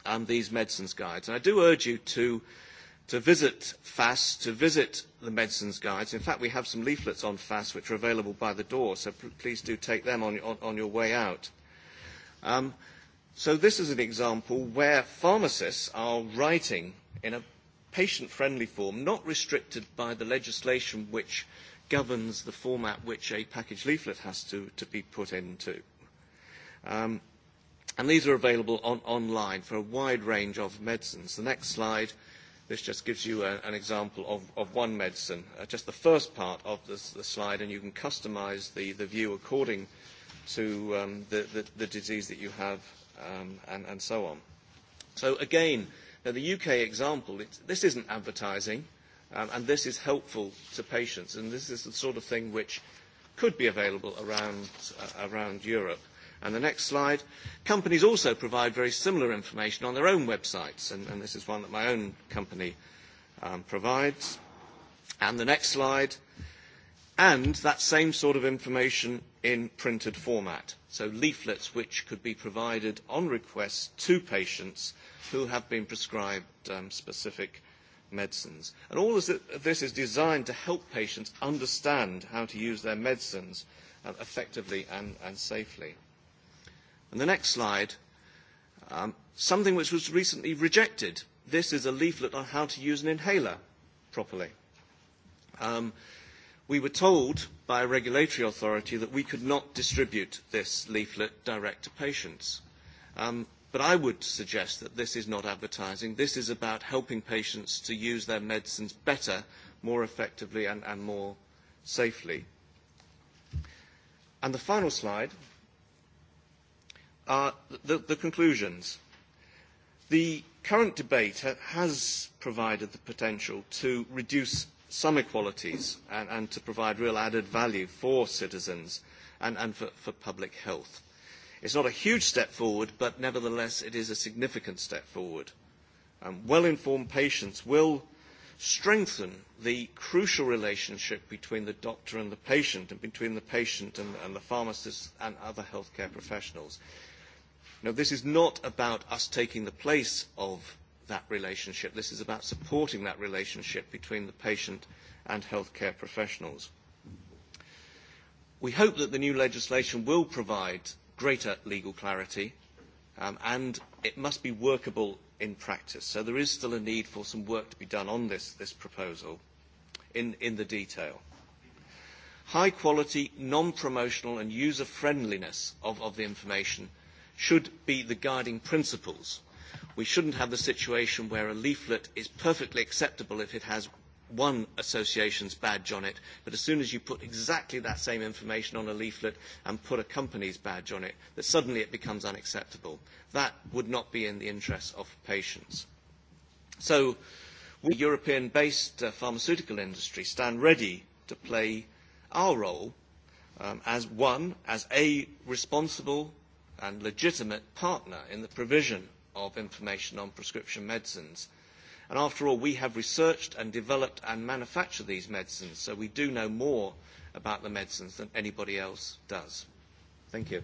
um, these medicines guides. And I do urge you to, to visit FAS, to visit the medicines guides. In fact, we have some leaflets on FAS which are available by the door, so please do take them on, on, on your way out. Um, so this is an example where pharmacists are writing in a patient-friendly form, not restricted by the legislation which governs the format which a package leaflet has to, to be put into. Um, and these are available on, online for a wide range of medicines. The next slide This just gives you a, an example of, of one medicine, uh, just the first part of this, the slide, and you can customize the, the view according to um, the, the, the disease that you have um, and, and so on. So again, now the UK example, it's, this isn't advertising, um, and this is helpful to patients, and this is the sort of thing which could be available around, uh, around Europe. And the next slide. Companies also provide very similar information on their own websites, and, and this is one that my own company um, provides. And the next slide. And that same sort of information in printed format. So leaflets which could be provided on request to patients who have been prescribed um, specific medicines. And all of this is designed to help patients understand how to use their medicines effectively and, and safely. And the next slide, um, something which was recently rejected. This is a leaflet on how to use an inhaler properly. Um, we were told by a regulatory authority that we could not distribute this leaflet direct to patients. Um, but I would suggest that this is not advertising. This is about helping patients to use their medicines better, more effectively, and, and more safely. And the final slide are the, the conclusions. The current debate has provided the potential to reduce some inequalities and, and to provide real added value for citizens and, and for, for public health. It's not a huge step forward, but nevertheless it is a significant step forward. Um, well-informed patients will strengthen the crucial relationship between the doctor and the patient and between the patient and, and the pharmacist and other healthcare professionals this is not about us taking the place of that relationship. This is about supporting that relationship between the patient and healthcare professionals. We hope that the new legislation will provide greater legal clarity um, and it must be workable in practice. So there is still a need for some work to be done on this, this proposal in, in the detail. High quality, non-promotional and user friendliness of, of the information should be the guiding principles. We shouldn't have the situation where a leaflet is perfectly acceptable if it has one association's badge on it, but as soon as you put exactly that same information on a leaflet and put a company's badge on it, that suddenly it becomes unacceptable. That would not be in the interests of patients. So we, European-based uh, pharmaceutical industry, stand ready to play our role um, as one, as a responsible and legitimate partner in the provision of information on prescription medicines. And after all, we have researched and developed and manufactured these medicines, so we do know more about the medicines than anybody else does. Thank you.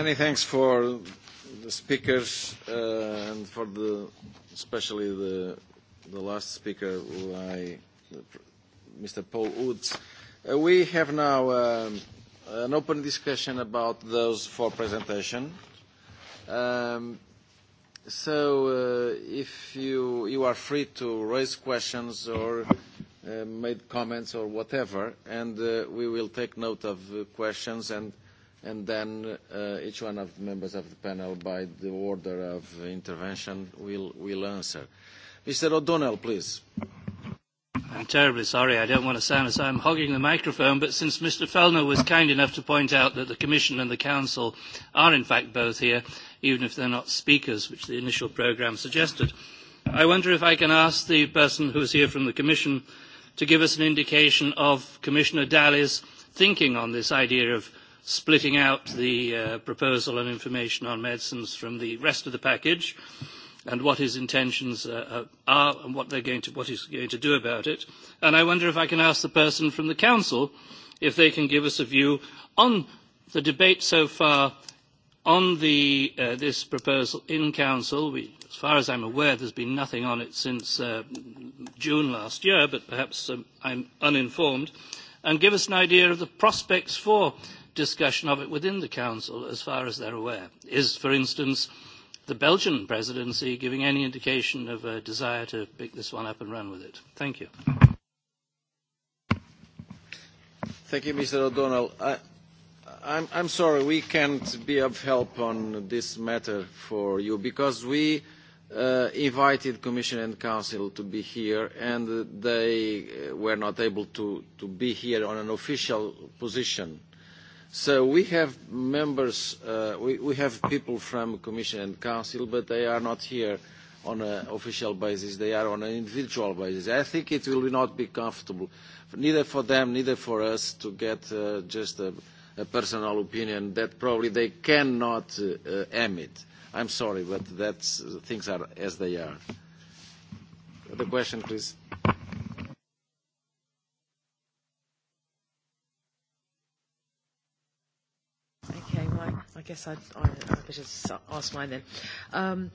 Many thanks for the speakers uh, and for the, especially the, the last speaker, who I, Mr. Paul Woods. Uh, we have now um, an open discussion about those four presentations. Um, so uh, if you, you are free to raise questions or uh, make comments or whatever, and uh, we will take note of uh, questions and and then each one of the members of the panel, by the order of intervention, will answer. Mr. O'Donnell, please. I'm terribly sorry. I don't want to sound as I'm hogging the microphone, but since Mr. Fellner was kind enough to point out that the Commission and the Council are in fact both here, even if they're not speakers, which the initial programme suggested, I wonder if I can ask the person who is here from the Commission to give us an indication of Commissioner Dalli's thinking on this idea of splitting out the proposal on information on medicines from the rest of the package and what his intentions are and what, they're going to, what he's going to do about it. And I wonder if I can ask the person from the Council if they can give us a view on the debate so far on the, uh, this proposal in Council. We, as far as I'm aware, there's been nothing on it since uh, June last year, but perhaps um, I'm uninformed. And give us an idea of the prospects for discussion of it within the Council, as far as they're aware. Is, for instance, the Belgian presidency giving any indication of a desire to pick this one up and run with it? Thank you. Thank you, Mr. O'Donnell. I, I'm, I'm sorry, we can't be of help on this matter for you because we uh, invited Commission and Council to be here and they were not able to, to be here on an official position So we have members, we have people from Commission and Council, but they are not here on an official basis. They are on an individual basis. I think it will not be comfortable, neither for them, neither for us, to get just a personal opinion that probably they cannot emit. I'm sorry, but that's things are as they are. The question, please. I guess I, I, I better ask mine then. Um,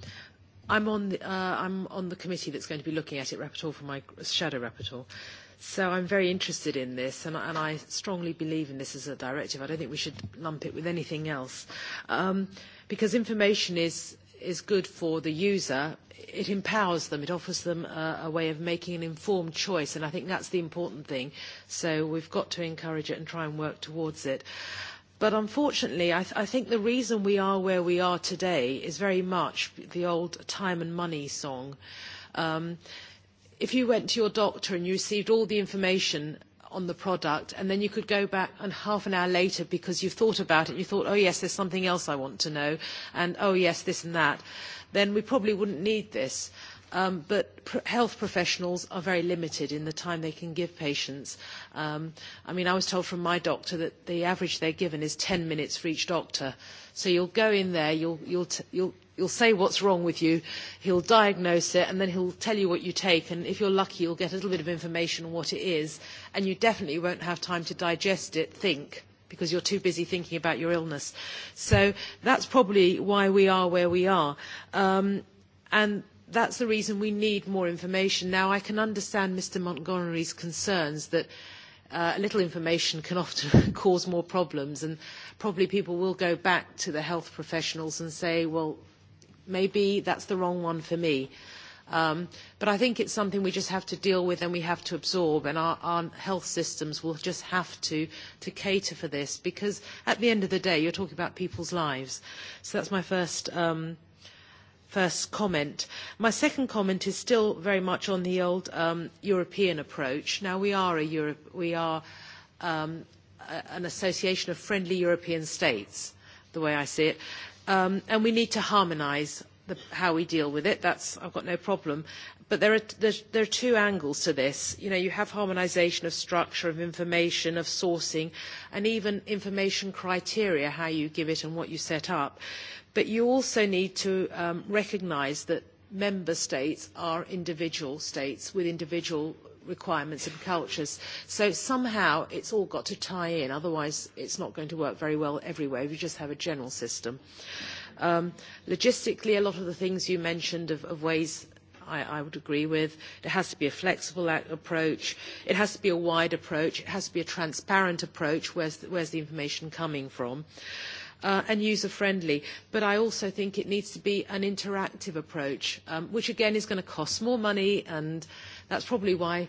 I'm on the, uh, I'm on the committee that's going to be looking at it, rapporteur for my shadow rapporteur. So I'm very interested in this, and, and I strongly believe in this as a directive. I don't think we should lump it with anything else, um, because information is is good for the user. It empowers them. It offers them a, a way of making an informed choice, and I think that's the important thing. So we've got to encourage it and try and work towards it. But unfortunately, I, th- I think the reason we are where we are today is very much the old time and money song. Um, if you went to your doctor and you received all the information on the product and then you could go back and half an hour later because you thought about it, you thought, oh yes, there's something else I want to know and oh yes, this and that, then we probably wouldn't need this but health professionals are very limited in the time they can give patients. Um, I mean, I was told from my doctor that the average they're given is 10 minutes for each doctor. So you'll go in there, you'll, you'll, t- you'll, you'll say what's wrong with you, he'll diagnose it, and then he'll tell you what you take. And if you're lucky, you'll get a little bit of information on what it is, and you definitely won't have time to digest it, think because you're too busy thinking about your illness. So that's probably why we are where we are. Um, and that's the reason we need more information. Now, I can understand Mr. Montgomery's concerns that uh, little information can often cause more problems, and probably people will go back to the health professionals and say, well, maybe that's the wrong one for me. Um, but I think it's something we just have to deal with and we have to absorb, and our, our health systems will just have to, to cater for this because at the end of the day, you're talking about people's lives. So that's my first um, first comment. My second comment is still very much on the old European approach. Now, we are, a Europe, we are an association of friendly European states, the way I see it, and we need to harmonise the, how we deal with it. That's, I've got no problem. But there are, there's, there are two angles to this. You know, you have harmonisation of structure, of information, of sourcing, and even information criteria, how you give it and what you set up. But you also need to recognise that member states are individual states with individual requirements and cultures. So somehow it's all got to tie in, otherwise it's not going to work very well everywhere if you just have a general system. logistically, a lot of the things you mentioned of, ways I, would agree with. It has to be a flexible approach. It has to be a wide approach. It has to be a transparent approach. Where's the, where's the information coming from? and user friendly. But I also think it needs to be an interactive approach, which again is going to cost more money, and that's probably why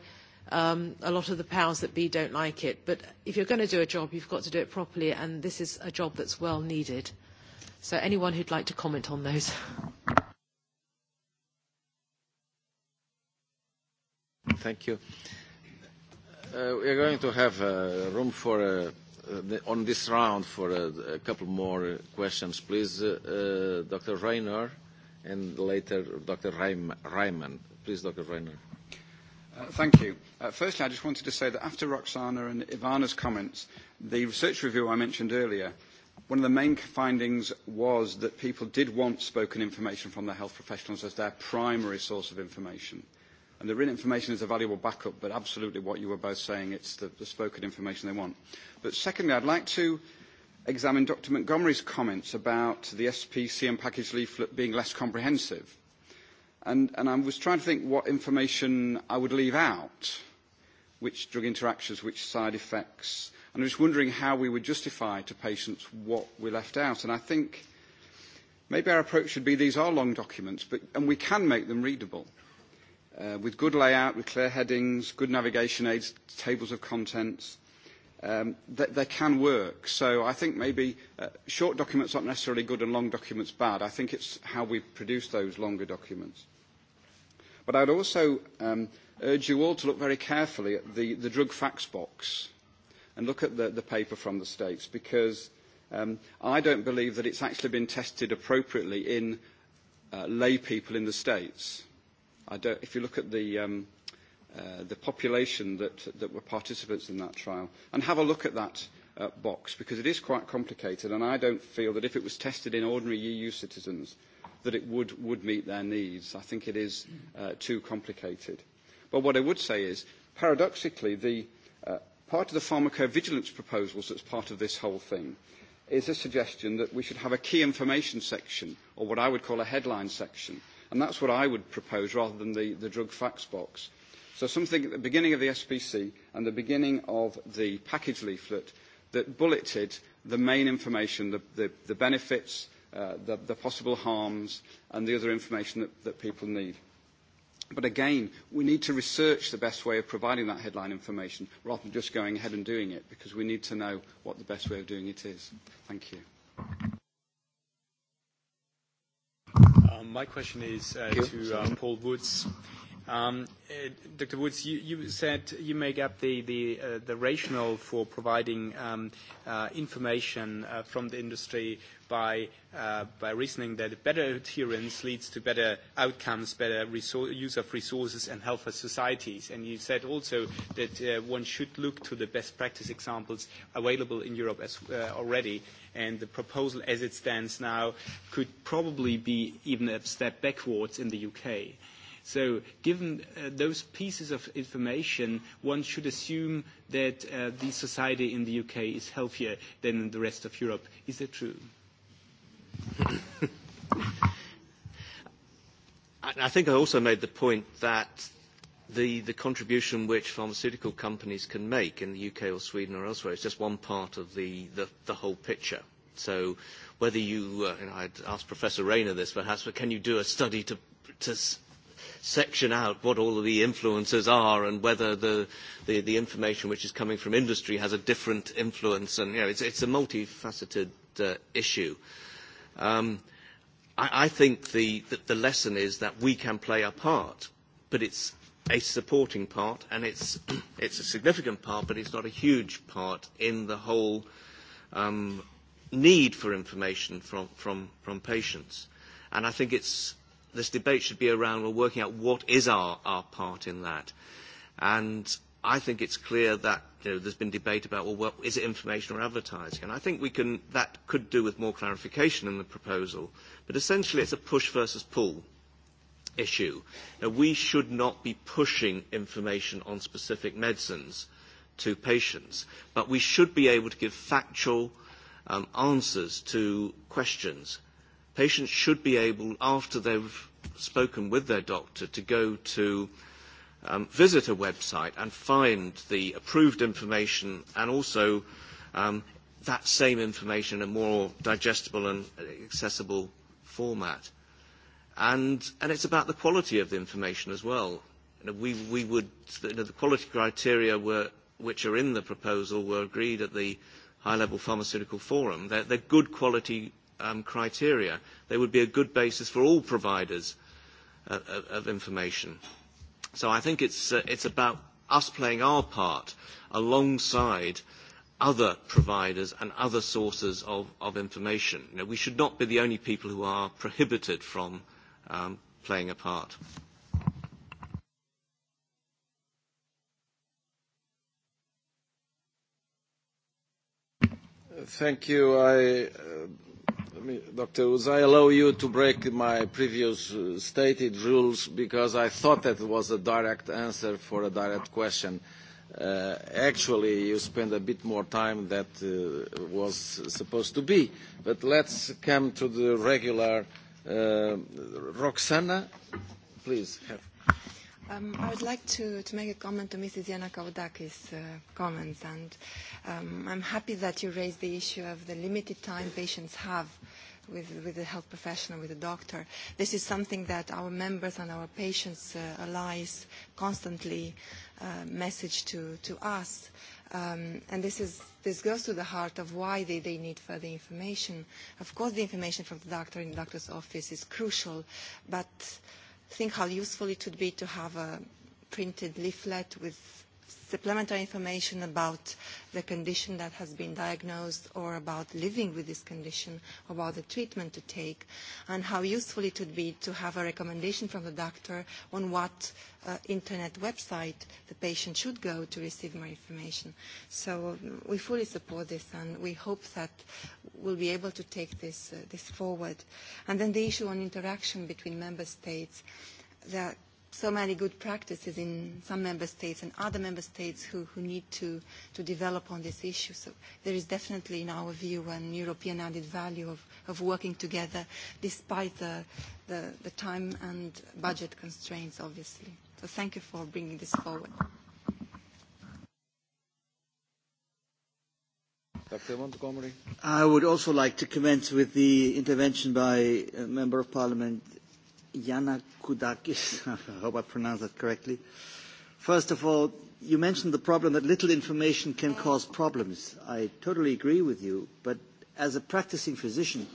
a lot of the powers that be don't like it. But if you're going to do a job, you've got to do it properly, and this is a job that's well needed. So anyone who'd like to comment on those. Thank you. Uh, we are going to have uh, room for uh, on this round for a couple more questions, please, Dr. Reiner, and later Dr. Reimann. Please, Dr. Reiner. Thank you. Firstly, I just wanted to say that after Roxana and Ivana's comments, the research review I mentioned earlier, one of the main findings was that people did want spoken information from their health professionals as their primary source of information. And the written information is a valuable backup, but absolutely what you were both saying, it's the, the spoken information they want. But secondly, I'd like to examine Dr Montgomery's comments about the SPCM package leaflet being less comprehensive. And, and I was trying to think what information I would leave out, which drug interactions, which side effects. And I was wondering how we would justify to patients what we left out. And I think maybe our approach should be these are long documents, but, and we can make them readable with good layout, with clear headings, good navigation aids, tables of contents, um, that they can work. So I think maybe uh, short documents aren't necessarily good and long documents bad. I think it's how we produce those longer documents. But I'd also um, urge you all to look very carefully at the, the drug facts box and look at the, the paper from the States because um, I don't believe that it's actually been tested appropriately in uh, lay people in the States I don't, if you look at the, um, uh, the population that, that were participants in that trial, and have a look at that uh, box, because it is quite complicated, and I don't feel that if it was tested in ordinary EU citizens, that it would, would meet their needs. I think it is uh, too complicated. But what I would say is, paradoxically, the, uh, part of the pharmacovigilance proposals that's part of this whole thing is a suggestion that we should have a key information section, or what I would call a headline section, And that's what I would propose rather than the, the drug facts box. So something at the beginning of the SPC and the beginning of the package leaflet that bulleted the main information, the, the, the benefits, uh, the, the possible harms, and the other information that, that people need. But again, we need to research the best way of providing that headline information rather than just going ahead and doing it because we need to know what the best way of doing it is. Thank you. My question is to Paul Woods. Dr. Woods, you said you make up the rationale for providing information from the industry by reasoning that better adherence leads to better outcomes, better use of resources, and healthier societies. And you said also that one should look to the best practice examples available in Europe as already, and the proposal as it stands now could probably be even a step backwards in the U.K. So given uh those pieces of information, one should assume that uh the society in the UK is healthier than in the rest of Europe. Is that true? I think I also made the point that the, the contribution which pharmaceutical companies can make in the UK or Sweden or elsewhere is just one part of the, the, the whole picture. So whether you, uh, and I'd asked Professor Rayner this perhaps, but can you do a study to, to section out what all of the influences are and whether the, the, the information which is coming from industry has a different influence. And, you know, it's, it's a multifaceted uh, issue. Um, I, I think the, the, the lesson is that we can play a part, but it's a supporting part and it's, it's a significant part, but it's not a huge part in the whole um, need for information from, from, from patients. And I think it's this debate should be around well, working out what is our, our part in that. And I think it's clear that you know, there's been debate about, well, what, is it information or advertising? And I think we can, that could do with more clarification in the proposal. But essentially, it's a push versus pull issue. Now, we should not be pushing information on specific medicines to patients, but we should be able to give factual um, answers to questions Patients should be able, after they've spoken with their doctor, to go to um, visit a website and find the approved information and also um, that same information in a more digestible and accessible format. And, and it's about the quality of the information as well. You know, we, we would, you know, the quality criteria were, which are in the proposal were agreed at the High Level Pharmaceutical Forum. They're, they're good quality criteria, they would be a good basis for all providers of information. So I think it's, uh, it's about us playing our part alongside other providers and other sources of, of information. You know, we should not be the only people who are prohibited from um, playing a part. Thank you. I Dr. Uz, I allow you to break my previous stated rules because I thought that it was a direct answer for a direct question. Actually, you spent a bit more time than was supposed to be. But let's come to the regular. Roxana, please have. Um, I would like to, to make a comment to Mrs. Yana Kaudakis' uh, comments, and um, I'm happy that you raised the issue of the limited time patients have with, with the health professional, with the doctor. This is something that our members and our patients, uh, allies, constantly uh, message to, to us. Um, and this, is, this goes to the heart of why they, they need further information. Of course, the information from the doctor in the doctor's office is crucial, but think how useful it would be to have a printed leaflet with supplementary information about the condition that has been diagnosed or about living with this condition, about the treatment to take, and how useful it would be to have a recommendation from the doctor on what uh, internet website the patient should go to receive more information. So we fully support this and we hope that we'll be able to take this, uh, this forward. And then the issue on interaction between member states, that so many good practices in some member states and other member states who, who need to, to develop on this issue. So there is definitely, in our view, an European added value of, of working together despite the, the, the time and budget constraints, obviously. So thank you for bringing this forward. Dr. Montgomery. I would also like to commence with the intervention by a Member of Parliament Yanakoudakis, I hope I pronounced that correctly. First of all, you mentioned the problem that little information can cause problems. I totally agree with you, but as a practicing physician,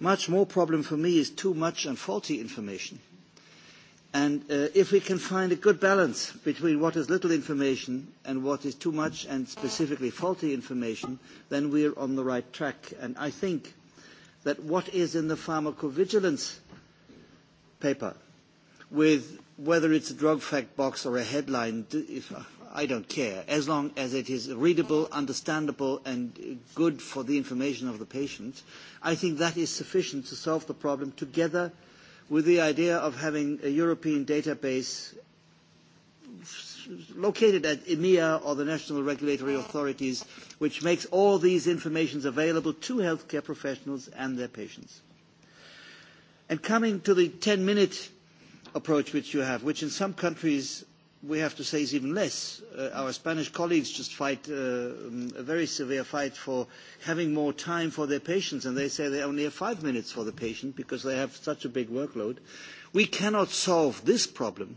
much more problem for me is too much and faulty information. And if we can find a good balance between what is little information and what is too much and specifically faulty information, then we are on the right track. And I think that what is in the pharmacovigilance paper with whether it's a drug fact box or a headline, if, I don't care, as long as it is readable, understandable, and good for the information of the patient, I think that is sufficient to solve the problem together with the idea of having a European database located at EMEA or the national regulatory authorities, which makes all these informations available to healthcare professionals and their patients. And coming to the ten minute approach which you have, which in some countries we have to say is even less. our Spanish colleagues just fight a very severe fight for having more time for their patients, and they say they only have five minutes for the patient because they have such a big workload. We cannot solve this problem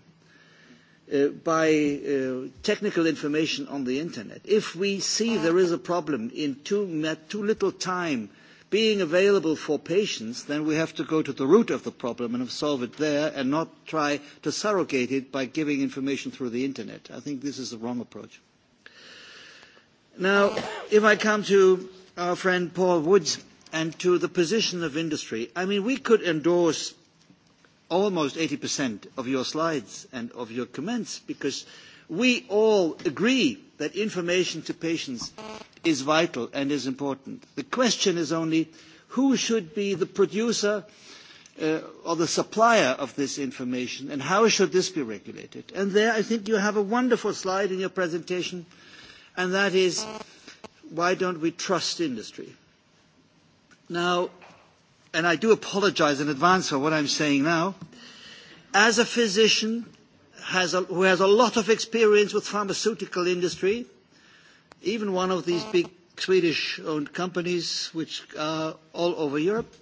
by technical information on the internet. If we see there is a problem in too, too little time being available for patients, then we have to go to the root of the problem and solve it there and not try to surrogate it by giving information through the internet. I think this is the wrong approach. Now, if I come to our friend Paul Woods and to the position of industry, I mean, we could endorse almost 80% of your slides and of your comments because We all agree that information to patients is vital and is important. The question is only who should be the producer or the supplier of this information and how should this be regulated? And there I think you have a wonderful slide in your presentation and that is why don't we trust industry? Now, and I do apologise in advance for what I'm saying now, as a physician, has a, who has a lot of experience with pharmaceutical industry, even one of these big Swedish-owned companies which are all over Europe,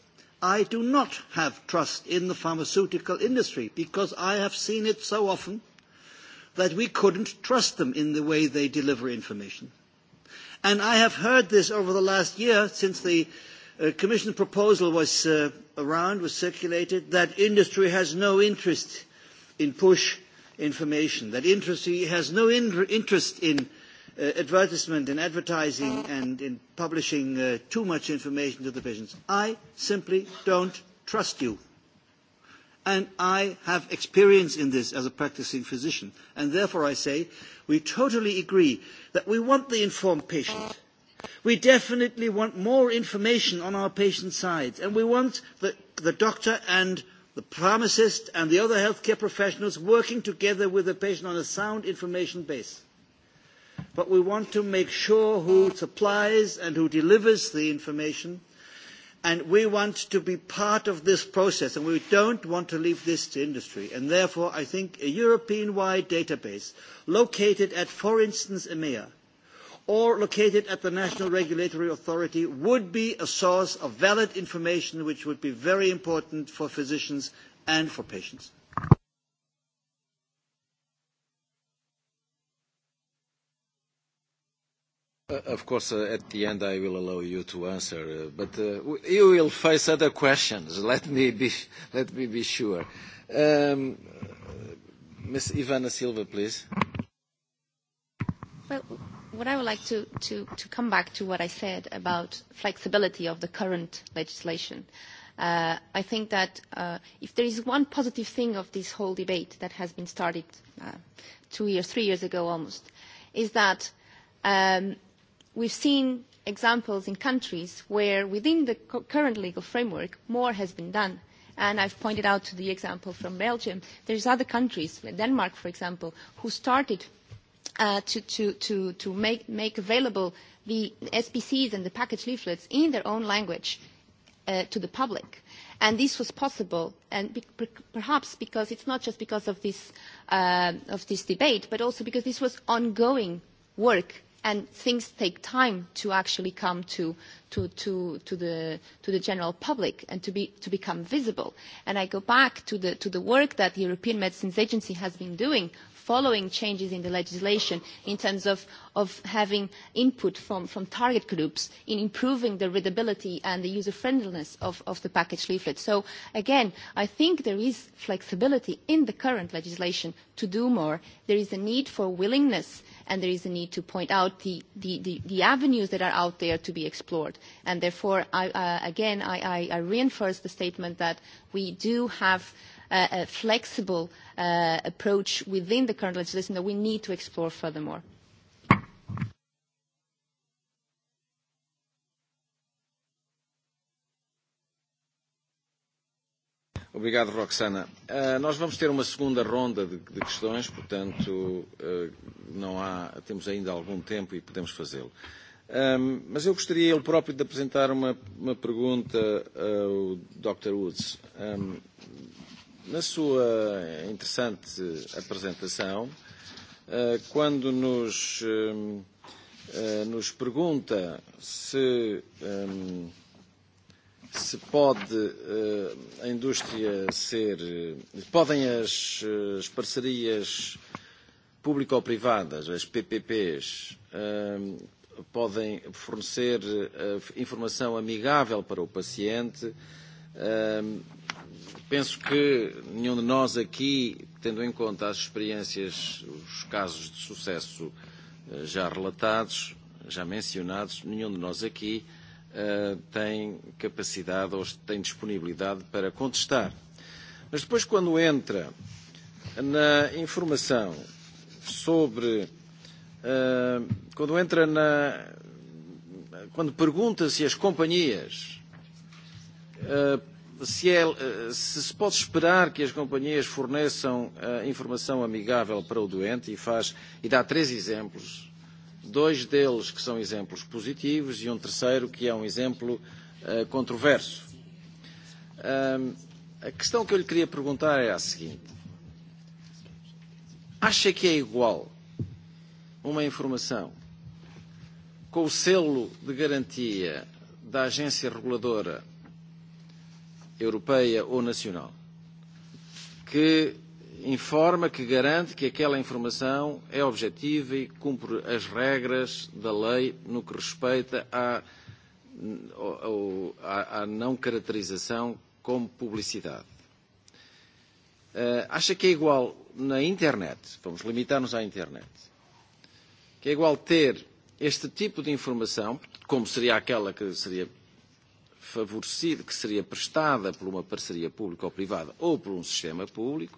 I do not have trust in the pharmaceutical industry because I have seen it so often that we couldn't trust them in the way they deliver information. And I have heard this over the last year since the Commission proposal was around, was circulated, that industry has no interest in push information, that industry has no interest in advertisement and advertising and in publishing too much information to the patients. I simply don't trust you. And I have experience in this as a practising physician. And therefore I say we totally agree that we want the informed patient. We definitely want more information on our patient side. And we want the, the doctor and the pharmacist and the other healthcare professionals working together with the patient on a sound information base. But we want to make sure who supplies and who delivers the information, and we want to be part of this process, and we don't want to leave this to industry. And therefore, I think a European-wide database located at, for instance, EMEA, or located at the national regulatory authority would be a source of valid information which would be very important for physicians and for patients. Of course, at the end, I will allow you to answer, but you will face other questions. Let me be, let me be sure. Ms. Ivana Silva, please. Well, What I would like to, to, to come back to what I said about flexibility of the current legislation. Uh, I think that uh, if there is one positive thing of this whole debate that has been started uh, two years, three years ago almost, is that um, we've seen examples in countries where within the current legal framework more has been done and I've pointed out to the example from Belgium. There's other countries, Denmark, for example, who started to, to, to, to make, make available the SPCs and the package leaflets in their own language uh, to the public. And this was possible, and perhaps because it's not just because of this, uh, of this debate, but also because this was ongoing work and things take time to actually come to, to, to, to, the, to the general public and to, be, to become visible. And I go back to the, to the work that the European Medicines Agency has been doing following changes in the legislation in terms of, of having input from, from target groups in improving the readability and the user-friendliness of, of the package leaflet. So again, I think there is flexibility in the current legislation to do more. There is a need for willingness and there is a need to point out the, the, the, the avenues that are out there to be explored. And therefore, I, uh, again, I, I, I reinforce the statement that we do have a flexible approach within the current legislation that we need to explore furthermore. Obrigado, Roxana. Uh, nós vamos ter uma segunda ronda de, de questões, portanto, uh, não há, temos ainda algum tempo e podemos fazê-lo. Um, mas eu gostaria, ele próprio, de apresentar uma, uma pergunta ao Dr. Woods. Um, na sua interessante apresentação, quando nos, nos pergunta se, se pode a indústria ser. podem as, as parcerias público-privadas, as PPPs, podem fornecer informação amigável para o paciente Penso que nenhum de nós aqui, tendo em conta as experiências, os casos de sucesso já relatados, já mencionados, nenhum de nós aqui tem capacidade ou tem disponibilidade para contestar. Mas depois, quando entra na informação sobre. Quando entra na. Quando pergunta se as companhias se, se pode esperar que as companhias forneçam informação amigável para o doente e faz e dá três exemplos, dois deles que são exemplos positivos e um terceiro que é um exemplo controverso. a questão que eu lhe queria perguntar é a seguinte: acha que é igual uma informação com o selo de garantia da agência reguladora europeia ou nacional, que informa, que garante que aquela informação é objetiva e cumpre as regras da lei no que respeita à, à, à não caracterização como publicidade. Uh, acha que é igual na internet, vamos limitar-nos à internet, que é igual ter este tipo de informação, como seria aquela que seria favorecida, que seria prestada por uma parceria pública ou privada ou por um sistema público,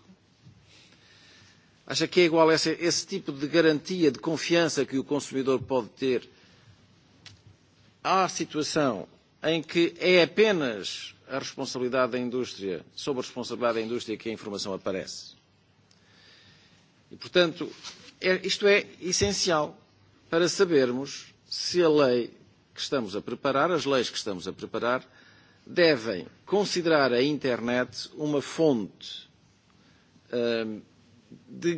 acha que é igual esse, esse tipo de garantia de confiança que o consumidor pode ter à situação em que é apenas a responsabilidade da indústria, sob a responsabilidade da indústria que a informação aparece. E, portanto, é, isto é essencial para sabermos se a lei que estamos a preparar, as leis que estamos a preparar, devem considerar a internet uma fonte de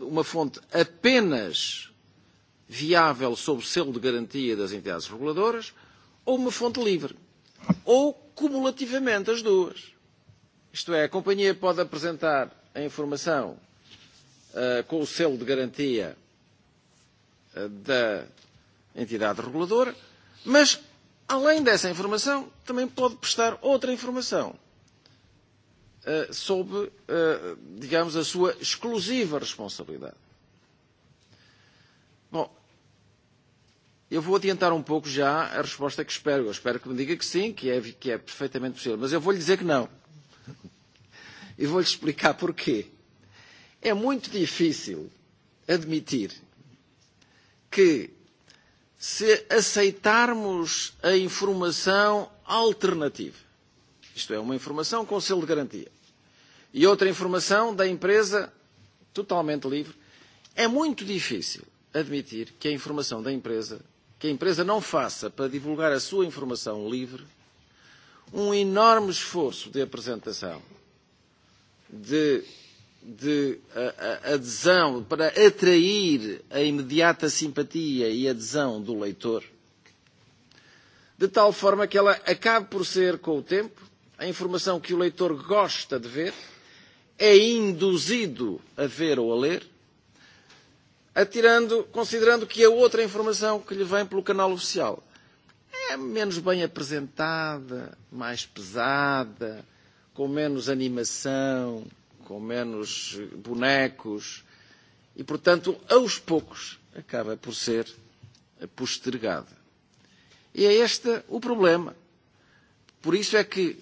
uma fonte apenas viável sob selo de garantia das entidades reguladoras ou uma fonte livre, ou cumulativamente as duas. Isto é, a companhia pode apresentar a informação uh, com o selo de garantia uh, da entidade reguladora Mas, além dessa informação, também pode prestar outra informação uh, sobre, uh, digamos, a sua exclusiva responsabilidade. Bom, eu vou adiantar um pouco já a resposta que espero. Eu espero que me diga que sim, que é, que é perfeitamente possível. Mas eu vou-lhe dizer que não. E vou-lhe explicar porquê. É muito difícil admitir que se aceitarmos a informação alternativa. Isto é, uma informação com selo de garantia. E outra informação da empresa totalmente livre. É muito difícil admitir que a informação da empresa, que a empresa não faça para divulgar a sua informação livre, um enorme esforço de apresentação de de adesão, para atrair a imediata simpatia e adesão do leitor, de tal forma que ela acabe por ser, com o tempo, a informação que o leitor gosta de ver, é induzido a ver ou a ler, atirando, considerando que a outra informação que lhe vem pelo canal oficial é menos bem apresentada, mais pesada, com menos animação, com menos bonecos, e, portanto, aos poucos, acaba por ser postergada. E é este o problema. Por isso é que,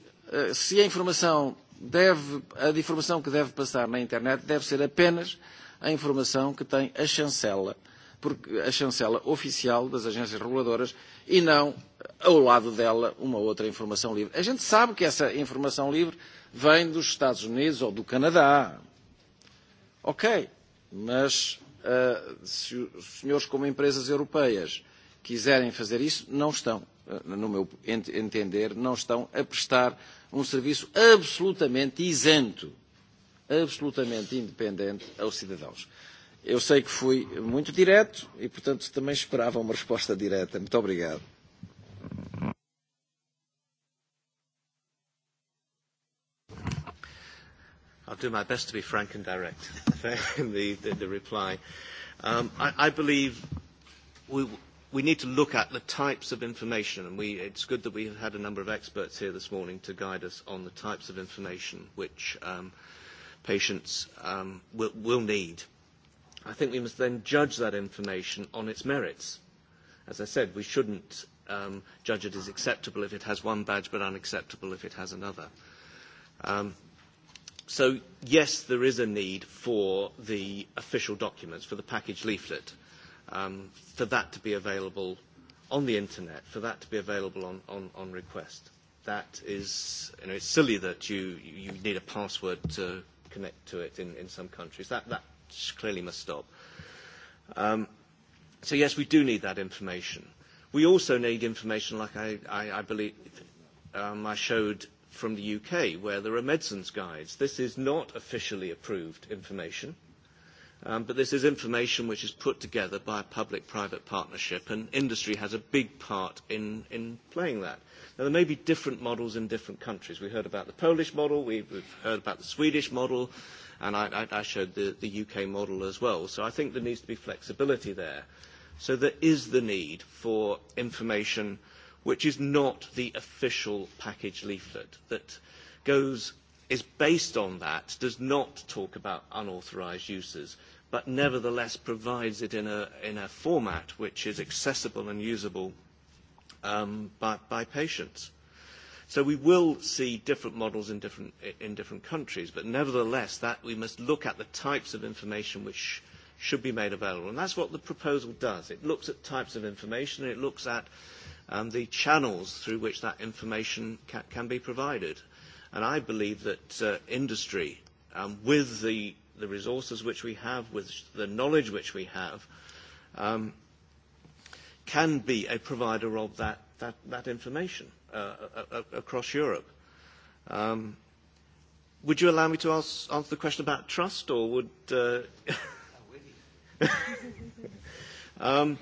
se a informação deve, a informação que deve passar na internet deve ser apenas a informação que tem a chancela, porque a chancela oficial das agências reguladoras e não ao lado dela uma outra informação livre. A gente sabe que essa informação livre vem dos Estados Unidos ou do Canadá. Ok, mas se os senhores, como empresas europeias, quiserem fazer isso, não estão, no meu entender, não estão a prestar um serviço absolutamente isento, absolutamente independente aos cidadãos. Eu sei que fui muito direto e, portanto, também esperava uma resposta direta. Muito obrigado. I'll do my best to be frank and direct in the, the, the reply. Um, I, I believe we, we need to look at the types of information, and we, it's good that we have had a number of experts here this morning to guide us on the types of information which um, patients um, will, will need. I think we must then judge that information on its merits. As I said, we shouldn't um, judge it as acceptable if it has one badge, but unacceptable if it has another. Um, So yes, there is a need for the official documents, for the package leaflet, um, for that to be available on the internet, for that to be available on, on, on request. That is, you know, it's silly that you, you need a password to connect to it in, in some countries. That, that clearly must stop. Um, so yes, we do need that information. We also need information like I, I, I believe um, I showed from the UK where there are medicines guides. This is not officially approved information, um, but this is information which is put together by a public-private partnership, and industry has a big part in, in playing that. Now, there may be different models in different countries. We heard about the Polish model, we've, we've heard about the Swedish model, and I, I, I showed the, the UK model as well. So I think there needs to be flexibility there. So there is the need for information – which is not the official package leaflet that goes is based on that, does not talk about unauthorised uses, but nevertheless provides it in a, in a format which is accessible and usable um, by, by patients. So we will see different models in different, in different countries, but nevertheless that we must look at the types of information which should be made available. And that's what the proposal does. It looks at types of information and it looks at and the channels through which that information ca- can be provided. And I believe that uh, industry, um, with the, the resources which we have, with the knowledge which we have, um, can be a provider of that, that, that information uh, uh, across Europe. Um, would you allow me to ask, answer the question about trust, or would... Uh, um,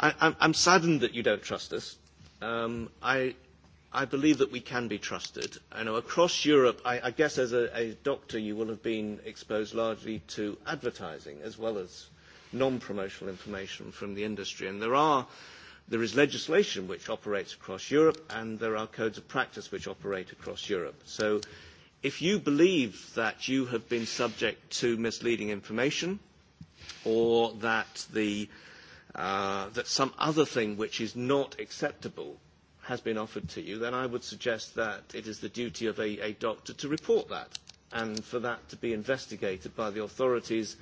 I, I'm, I'm saddened that you don't trust us um, I, I believe that we can be trusted. I know across Europe, I, I guess as a, a doctor, you will have been exposed largely to advertising as well as non-promotional information from the industry. And there are there is legislation which operates across Europe, and there are codes of practice which operate across Europe. So if you believe that you have been subject to misleading information or that the uh, that some other thing which is not acceptable has been offered to you, then I would suggest that it is the duty of a, a doctor to report that and for that to be investigated by the authorities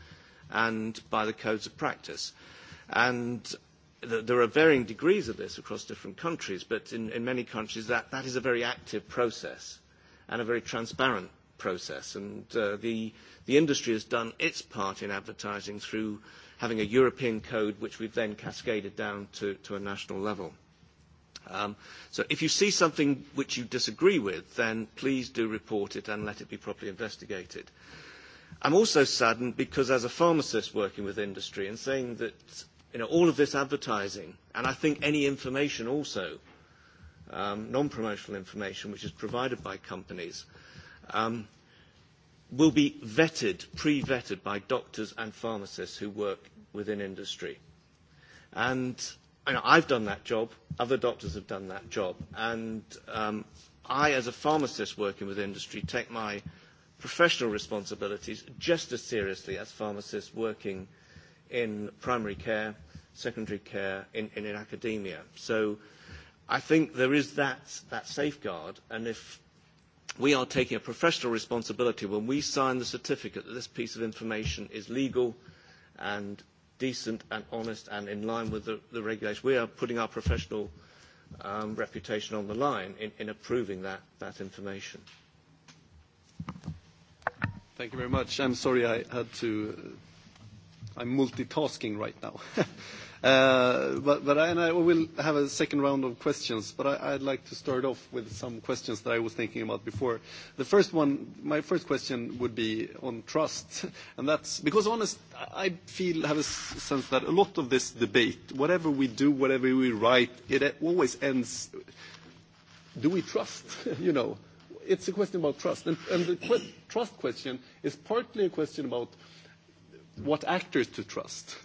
and by the codes of practice. And th- there are varying degrees of this across different countries, but in, in many countries that, that is a very active process and a very transparent process. And uh, the, the industry has done its part in advertising through having a European code which we've then cascaded down to, to a national level. Um, so if you see something which you disagree with, then please do report it and let it be properly investigated. I'm also saddened because as a pharmacist working with industry and saying that you know, all of this advertising, and I think any information also, um, non-promotional information which is provided by companies, um, will be vetted, pre-vetted by doctors and pharmacists who work within industry. And you know, I've done that job, other doctors have done that job, and um, I, as a pharmacist working with industry, take my professional responsibilities just as seriously as pharmacists working in primary care, secondary care, in, in, in academia. So I think there is that, that safeguard, and if we are taking a professional responsibility when we sign the certificate that this piece of information is legal and decent and honest and in line with the, the regulation. We are putting our professional um, reputation on the line in, in approving that, that information. Thank you very much. I'm sorry I had to. I'm multitasking right now. But I I will have a second round of questions, but I'd like to start off with some questions that I was thinking about before. The first one, my first question would be on trust, and that's because honest, I feel, have a sense that a lot of this debate, whatever we do, whatever we write, it always ends, do we trust? You know, it's a question about trust. And the trust question is partly a question about what actors to trust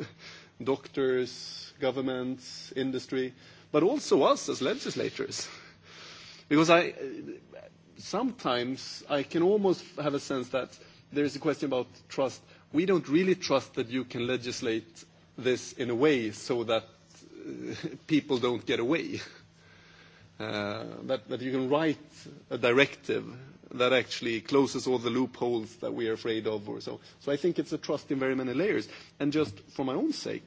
doctors, governments, industry, but also us as legislators. Because I, sometimes I can almost have a sense that there is a question about trust. We don't really trust that you can legislate this in a way so that people don't get away. Uh, that, that you can write a directive that actually closes all the loopholes that we are afraid of or so. So I think it's a trust in very many layers. And just for my own sake,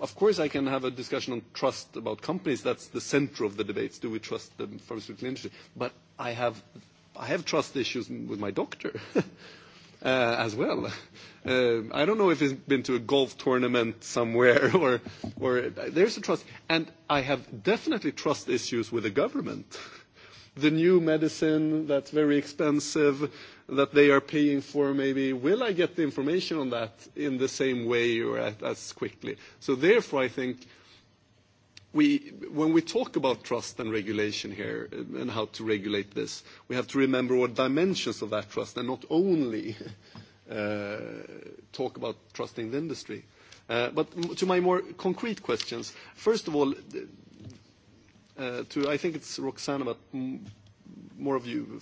of course I can have a discussion on trust about companies. That's the center of the debates. Do we trust the pharmaceutical industry? But I have, I have trust issues with my doctor uh, as well. Uh, I don't know if he's been to a golf tournament somewhere or, or there's a trust. And I have definitely trust issues with the government the new medicine that's very expensive that they are paying for maybe will I get the information on that in the same way or as quickly? So therefore, I think we when we talk about trust and regulation here and how to regulate this, we have to remember what dimensions of that trust and not only talk about trusting the industry. But to my more concrete questions, first of all, uh, to, I think it's Roxana, but m- more of you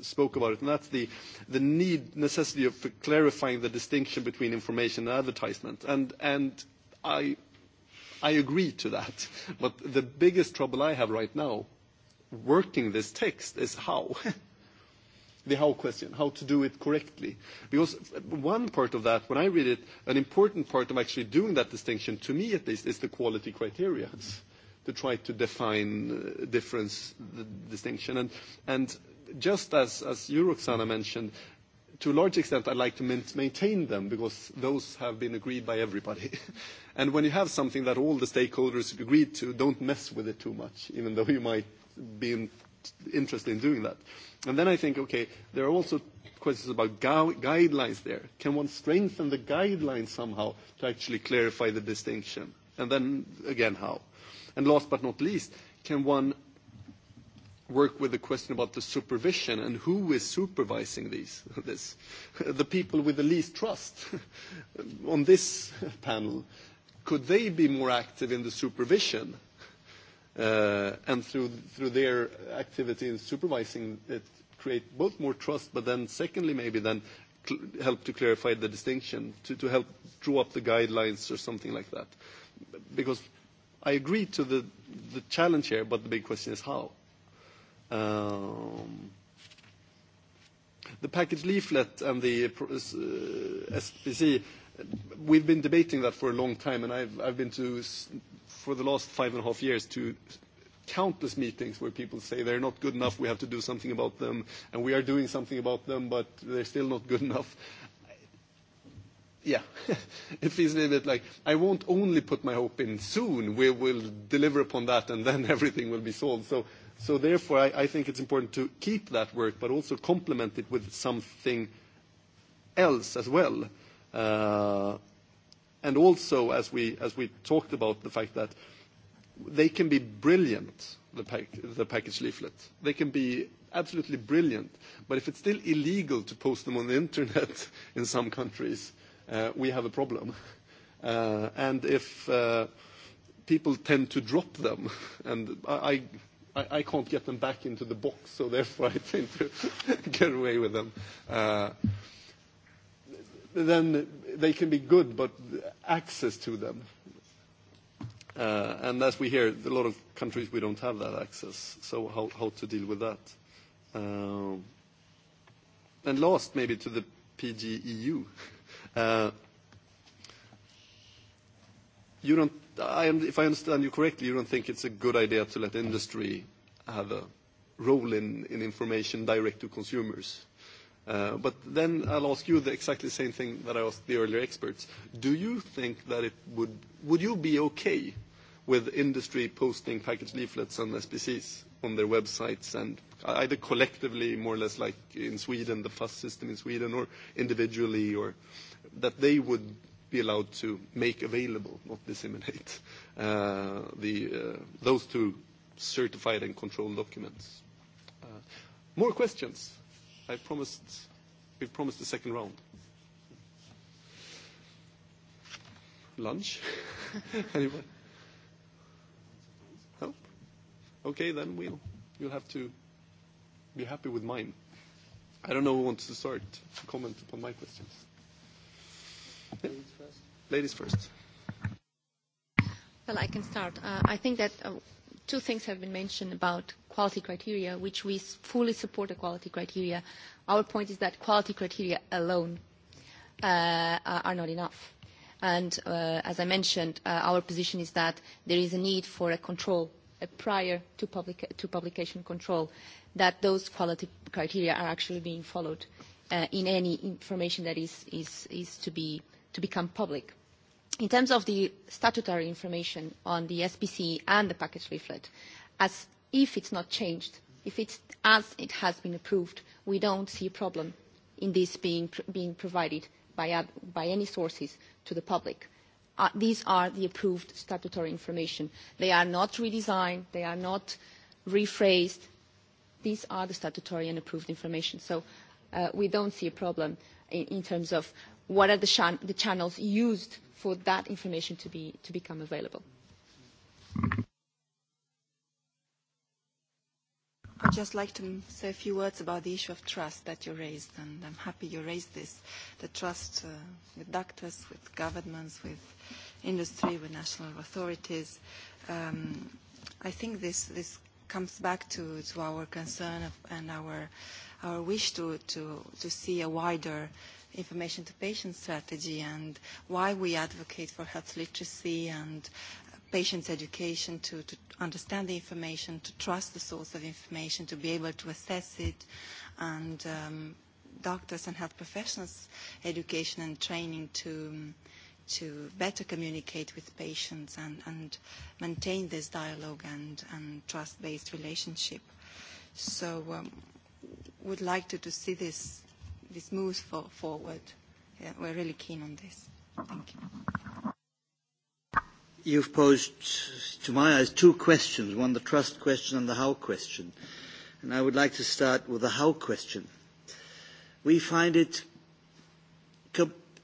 spoke about it, and that's the, the need, necessity of clarifying the distinction between information and advertisement. And, and I, I agree to that. But the biggest trouble I have right now working this text is how. the how question, how to do it correctly. Because one part of that, when I read it, an important part of actually doing that distinction, to me at least, is the quality criteria to try to define difference, the distinction. And, and just as, as you, Roxana, mentioned, to a large extent, I'd like to maintain them because those have been agreed by everybody. and when you have something that all the stakeholders agreed to, don't mess with it too much, even though you might be in, interested in doing that. And then I think, okay, there are also questions about gu- guidelines there. Can one strengthen the guidelines somehow to actually clarify the distinction? And then again, how? And last but not least, can one work with the question about the supervision and who is supervising these, this? The people with the least trust on this panel, could they be more active in the supervision and through, through their activity in supervising it, create both more trust, but then secondly, maybe then help to clarify the distinction, to help draw up the guidelines or something like that? Because I agree to the, the challenge here, but the big question is how. Um, the package leaflet and the uh, SPC, we've been debating that for a long time, and I've, I've been to, for the last five and a half years, to countless meetings where people say they're not good enough, we have to do something about them, and we are doing something about them, but they're still not good enough yeah, it feels a little bit like I won't only put my hope in soon. We will deliver upon that, and then everything will be solved. So, so therefore, I, I think it's important to keep that work, but also complement it with something else as well. Uh, and also, as we as we talked about, the fact that they can be brilliant, the, pack, the package leaflet. They can be absolutely brilliant, but if it's still illegal to post them on the internet in some countries we have a problem. And if people tend to drop them, and I I can't get them back into the box, so therefore I tend to get away with them. Then they can be good, but access to them. And as we hear, a lot of countries, we don't have that access, so how how to deal with that? And last, maybe to the PGEU You don't, I, if I understand you correctly, you don't think it's a good idea to let industry have a role in, in information direct to consumers. Uh, but then I'll ask you the exactly same thing that I asked the earlier experts. Do you think that it would, would you be okay with industry posting package leaflets and SPCs on their websites and either collectively, more or less like in Sweden, the FUS system in Sweden, or individually, or that they would be allowed to make available, not disseminate, uh, the, uh, those two certified and controlled documents. Uh, more questions? I promised, we promised a second round. Lunch? Anyone? No? Okay, then we'll, you'll have to be happy with mine. I don't know who wants to start to comment upon my questions. Ladies first. Well, I can start. Uh, I think that uh, two things have been mentioned about quality criteria, which we fully support the quality criteria. Our point is that quality criteria alone uh, are not enough. And uh, as I mentioned, uh, our position is that there is a need for a control a prior to, public, to publication control, that those quality criteria are actually being followed uh, in any information that is, is, is to be uh, to become public. In terms of the statutory information on the SPC and the package leaflet, as if it's not changed, if it's as it has been approved, we don't see a problem in this being, being provided by, by any sources to the public. Uh, these are the approved statutory information. They are not redesigned, they are not rephrased. These are the statutory and approved information. So uh, we don't see a problem in, in terms of what are the, chan the channels used for that information to, be, to become available. I'd just like to say a few words about the issue of trust that you raised, and I'm happy you raised this, the trust uh, with doctors, with governments, with industry, with national authorities. Um, I think this, this comes back to, to our concern and our, our wish to, to, to see a wider information to patient strategy and why we advocate for health literacy and patients' education to, to understand the information, to trust the source of information, to be able to assess it, and um, doctors and health professionals' education and training to to better communicate with patients and, and maintain this dialogue and, and trust-based relationship. So um, would like to, to see this this moves for forward. Yeah, we're really keen on this. Thank you. You've posed, to my eyes, two questions, one the trust question and the how question. And I would like to start with the how question. We find it,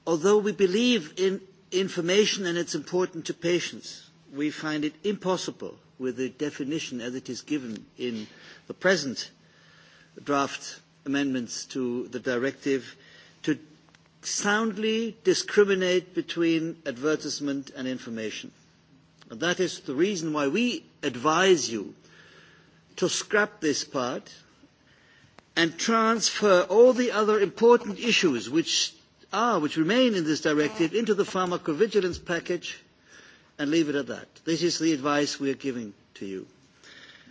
although we believe in information and it's important to patients, we find it impossible with the definition as it is given in the present draft amendments to the directive to soundly discriminate between advertisement and information. And that is the reason why we advise you to scrap this part and transfer all the other important issues which are, which remain in this directive into the pharmacovigilance package and leave it at that. This is the advice we are giving to you.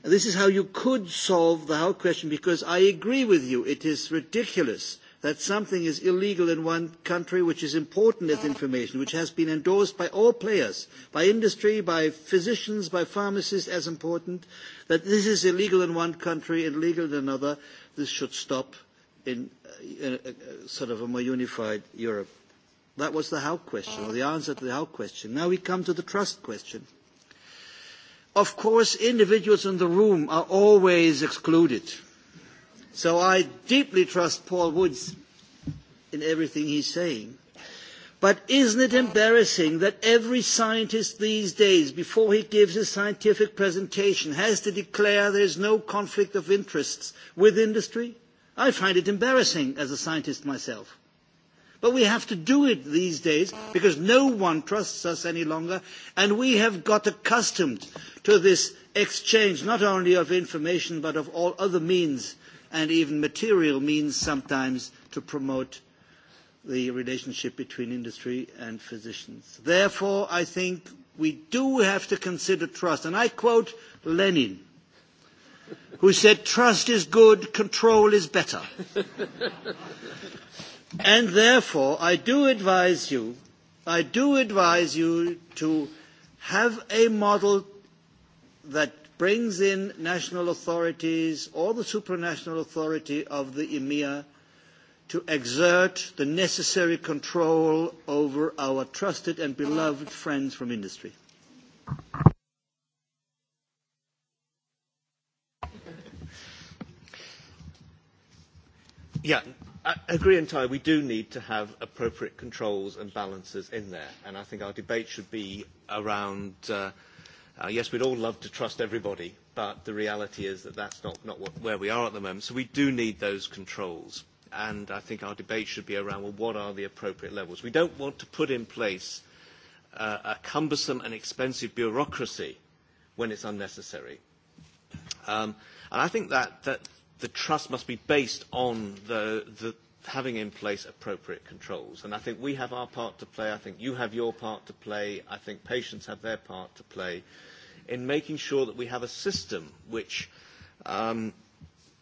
This is how you could solve the whole question because I agree with you. It is ridiculous that something is illegal in one country which is important as information, which has been endorsed by all players, by industry, by physicians, by pharmacists as important, that this is illegal in one country and legal in another. This should stop in, in a, sort of a more unified Europe. That was the how question, or the answer to the how question. Now we come to the trust question. Of course, individuals in the room are always excluded. So I deeply trust Paul Woods in everything he's saying. But isn't it embarrassing that every scientist these days, before he gives his scientific presentation, has to declare there is no conflict of interests with industry? I find it embarrassing as a scientist myself. But we have to do it these days because no one trusts us any longer, and we have got accustomed to this exchange, not only of information but of all other means and even material means sometimes to promote the relationship between industry and physicians. Therefore, I think we do have to consider trust. And I quote Lenin, who said, trust is good, control is better. And therefore, I do advise you, I do advise you to have a model that brings in national authorities or the supranational authority of the EMEA to exert the necessary control over our trusted and beloved friends from industry. I agree entirely. We do need to have appropriate controls and balances in there. And I think our debate should be around, uh, uh, yes, we'd all love to trust everybody, but the reality is that that's not, not what, where we are at the moment. So we do need those controls. And I think our debate should be around, well, what are the appropriate levels? We don't want to put in place uh, a cumbersome and expensive bureaucracy when it's unnecessary. Um, and I think that, that the trust must be based on the, the, having in place appropriate controls. And I think we have our part to play. I think you have your part to play. I think patients have their part to play in making sure that we have a system which um,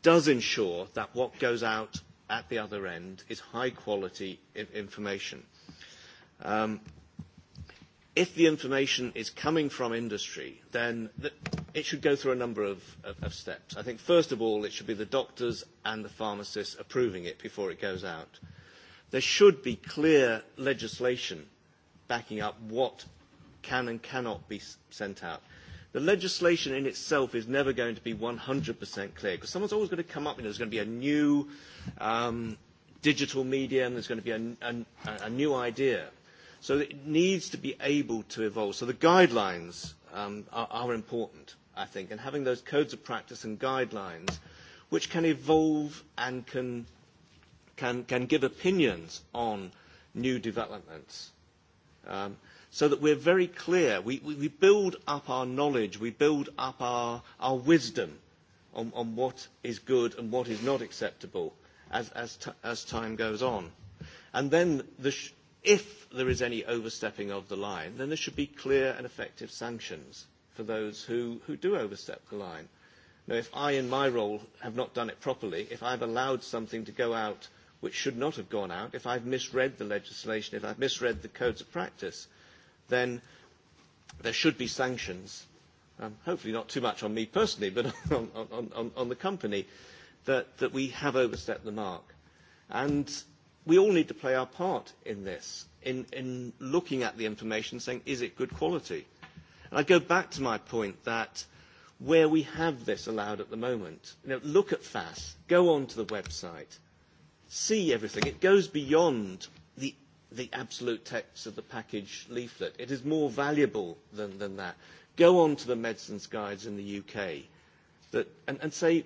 does ensure that what goes out at the other end is high quality information. Um, if the information is coming from industry, then th- it should go through a number of, of, of steps. I think, first of all, it should be the doctors and the pharmacists approving it before it goes out. There should be clear legislation backing up what can and cannot be sent out. The legislation in itself is never going to be 100% clear because someone's always going to come up and there's going to be a new um, digital medium and there's going to be a, a, a new idea. So it needs to be able to evolve. So the guidelines um, are, are important, I think, and having those codes of practice and guidelines which can evolve and can, can, can give opinions on new developments. Um, so that we're very clear, we, we, we build up our knowledge, we build up our, our wisdom on, on what is good and what is not acceptable as, as, t- as time goes on. And then the, sh- if there is any overstepping of the line, then there should be clear and effective sanctions for those who, who do overstep the line. Now, if I, in my role, have not done it properly, if I've allowed something to go out which should not have gone out, if I've misread the legislation, if I've misread the codes of practice, then there should be sanctions. Um, hopefully not too much on me personally, but on, on, on, on the company, that, that we have overstepped the mark. And we all need to play our part in this, in, in looking at the information and saying, is it good quality? And I go back to my point that where we have this allowed at the moment, you know, look at FAS, go onto the website, see everything. It goes beyond the, the absolute text of the package leaflet. It is more valuable than, than that. Go on to the medicines guides in the UK that, and, and say,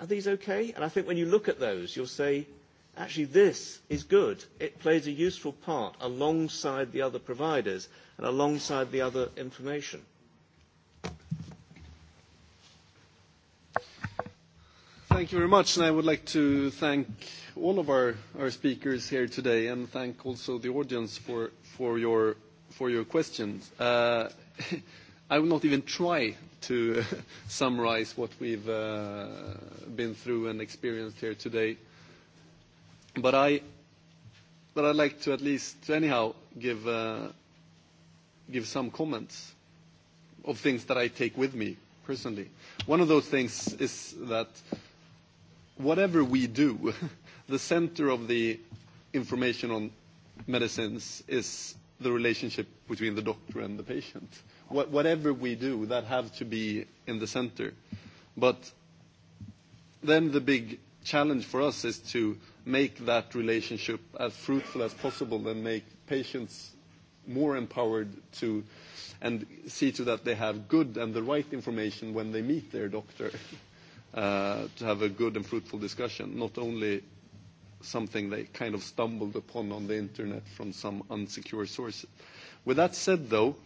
are these okay? And I think when you look at those, you'll say, Actually, this is good. It plays a useful part alongside the other providers and alongside the other information. Thank you very much. and I would like to thank all of our our speakers here today and thank also the audience for for your for your questions. I will not even try to summarize what we've uh been through and experienced here today But I but I'd like to at least anyhow give uh, give some comments of things that I take with me personally. One of those things is that whatever we do, the center of the information on medicines is the relationship between the doctor and the patient. What, whatever we do, that have to be in the center. But then the big challenge for us is to make that relationship as fruitful as possible and make patients more empowered to and see to that they have good and the right information when they meet their doctor uh, to have a good and fruitful discussion, not only something they kind of stumbled upon on the internet from some unsecure sources. With that said, though,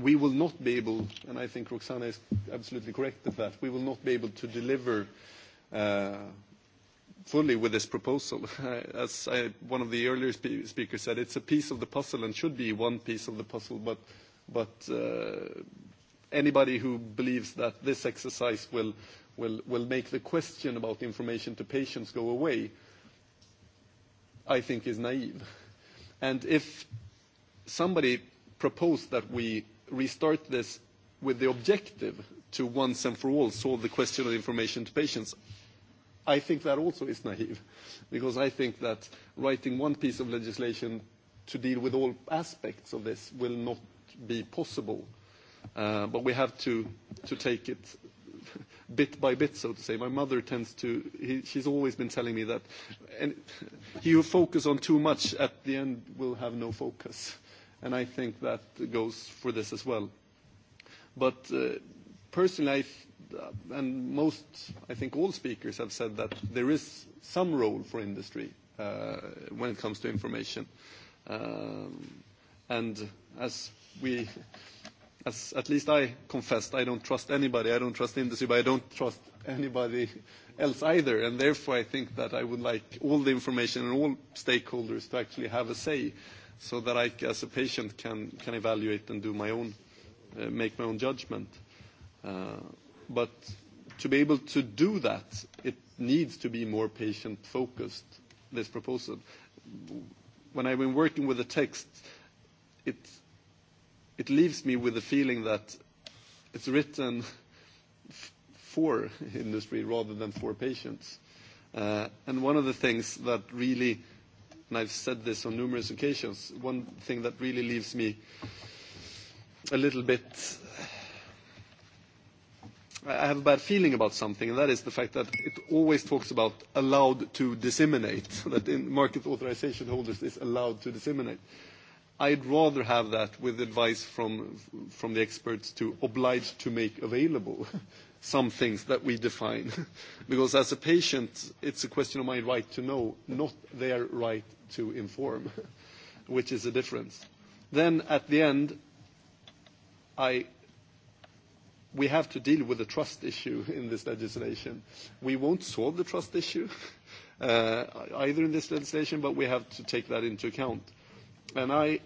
we will not be able, and I think Roxana is absolutely correct with that, we will not be able to deliver uh, fully with this proposal. As one of the earlier speakers said, it's a piece of the puzzle and should be one piece of the puzzle, but but anybody who believes that this exercise will will will make the question about information to patients go away, I think is naive. And if somebody proposed that we restart this with the objective to once and for all solve the question of information to patients, I think that also is naive, because I think that writing one piece of legislation to deal with all aspects of this will not be possible. But we have to take it bit by bit, so to say. My mother tends to, he, she's always been telling me that and he who on too much at the end will have no focus. And I think that goes for this as well. But uh, personally, I and most, I think all speakers have said that there is some role for industry uh, when it comes to information. Um, and as we, as at least I confessed, I don't trust anybody. I don't trust industry, but I don't trust anybody else either. And therefore, I think that I would like all the information and all stakeholders to actually have a say so that I, as a patient, can, can evaluate and do my own, uh, make my own judgment. Uh, But to be able to do that, it needs to be more patient-focused, this proposal. When I've been working with the text, it it leaves me with the feeling that it's written for industry rather than for patients. Uh, and one of the things that really, and I've said this on numerous occasions, one thing that really leaves me a little bit I have a bad feeling about something, and that is the fact that it always talks about allowed to disseminate, that in market authorization holders is allowed to disseminate. I'd rather have that with advice from the experts to oblige to make available some things that we define. Because as a patient, it's a question of my right to know, not their right to inform, which is a difference. Then at the end, I we have to deal with the trust issue in this legislation. We won't solve the trust issue uh, either in this legislation, but we have to take that into account. And I,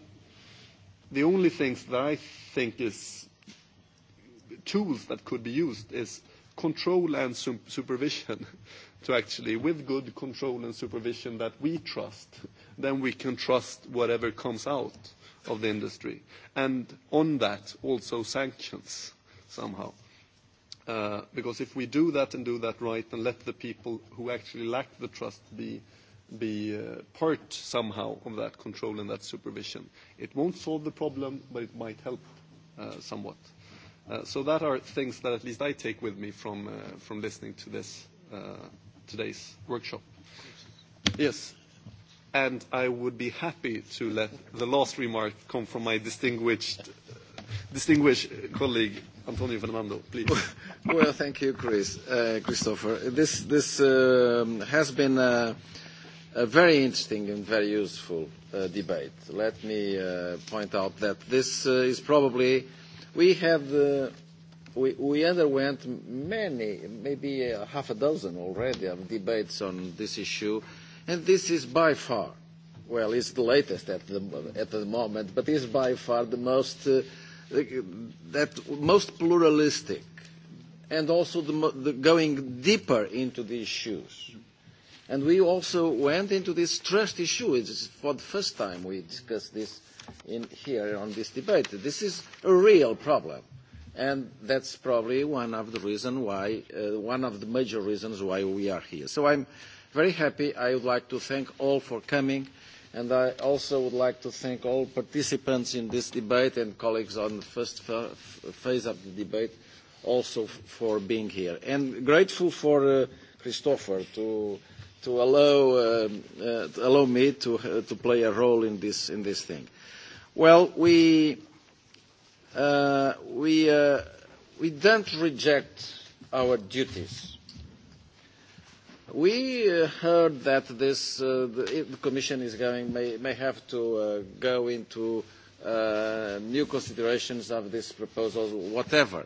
the only things that I think is tools that could be used is control and su- supervision to actually, with good control and supervision that we trust, then we can trust whatever comes out of the industry. And on that, also sanctions somehow. Uh, because if we do that and do that right and let the people who actually lack the trust be, be uh, part somehow of that control and that supervision, it won't solve the problem, but it might help uh, somewhat. Uh, so that are things that at least I take with me from, uh, from listening to this, uh, today's workshop. Yes and I would be happy to let the last remark come from my distinguished, distinguished colleague, Antonio Fernando, please. Well, thank you, Chris, uh, Christopher. This, this uh has been a, a very interesting and very useful uh, debate. Let me uh, point out that this uh, is probably, we have uh we, we underwent many, maybe uh, half a dozen already of debates on this issue, and this is by far, well, it's the latest at the, at the moment, but is by far the most uh, that most pluralistic and also the, the going deeper into the issues. And we also went into this trust issue. It's for the first time we discussed this in here on this debate. This is a real problem. And that's probably one of the reasons why, uh, one of the major reasons why we are here. So I'm very happy. I would like to thank all for coming And I also would like to thank all participants in this debate and colleagues on the first phase of the debate also for being here. And grateful for uh, Christopher to, to, allow, to allow me to, uh, to play a role in this, in this thing. Well, we, uh, we, uh, we don't reject our duties We heard that this, the Commission is going, may, may have to go into new considerations of this proposal, whatever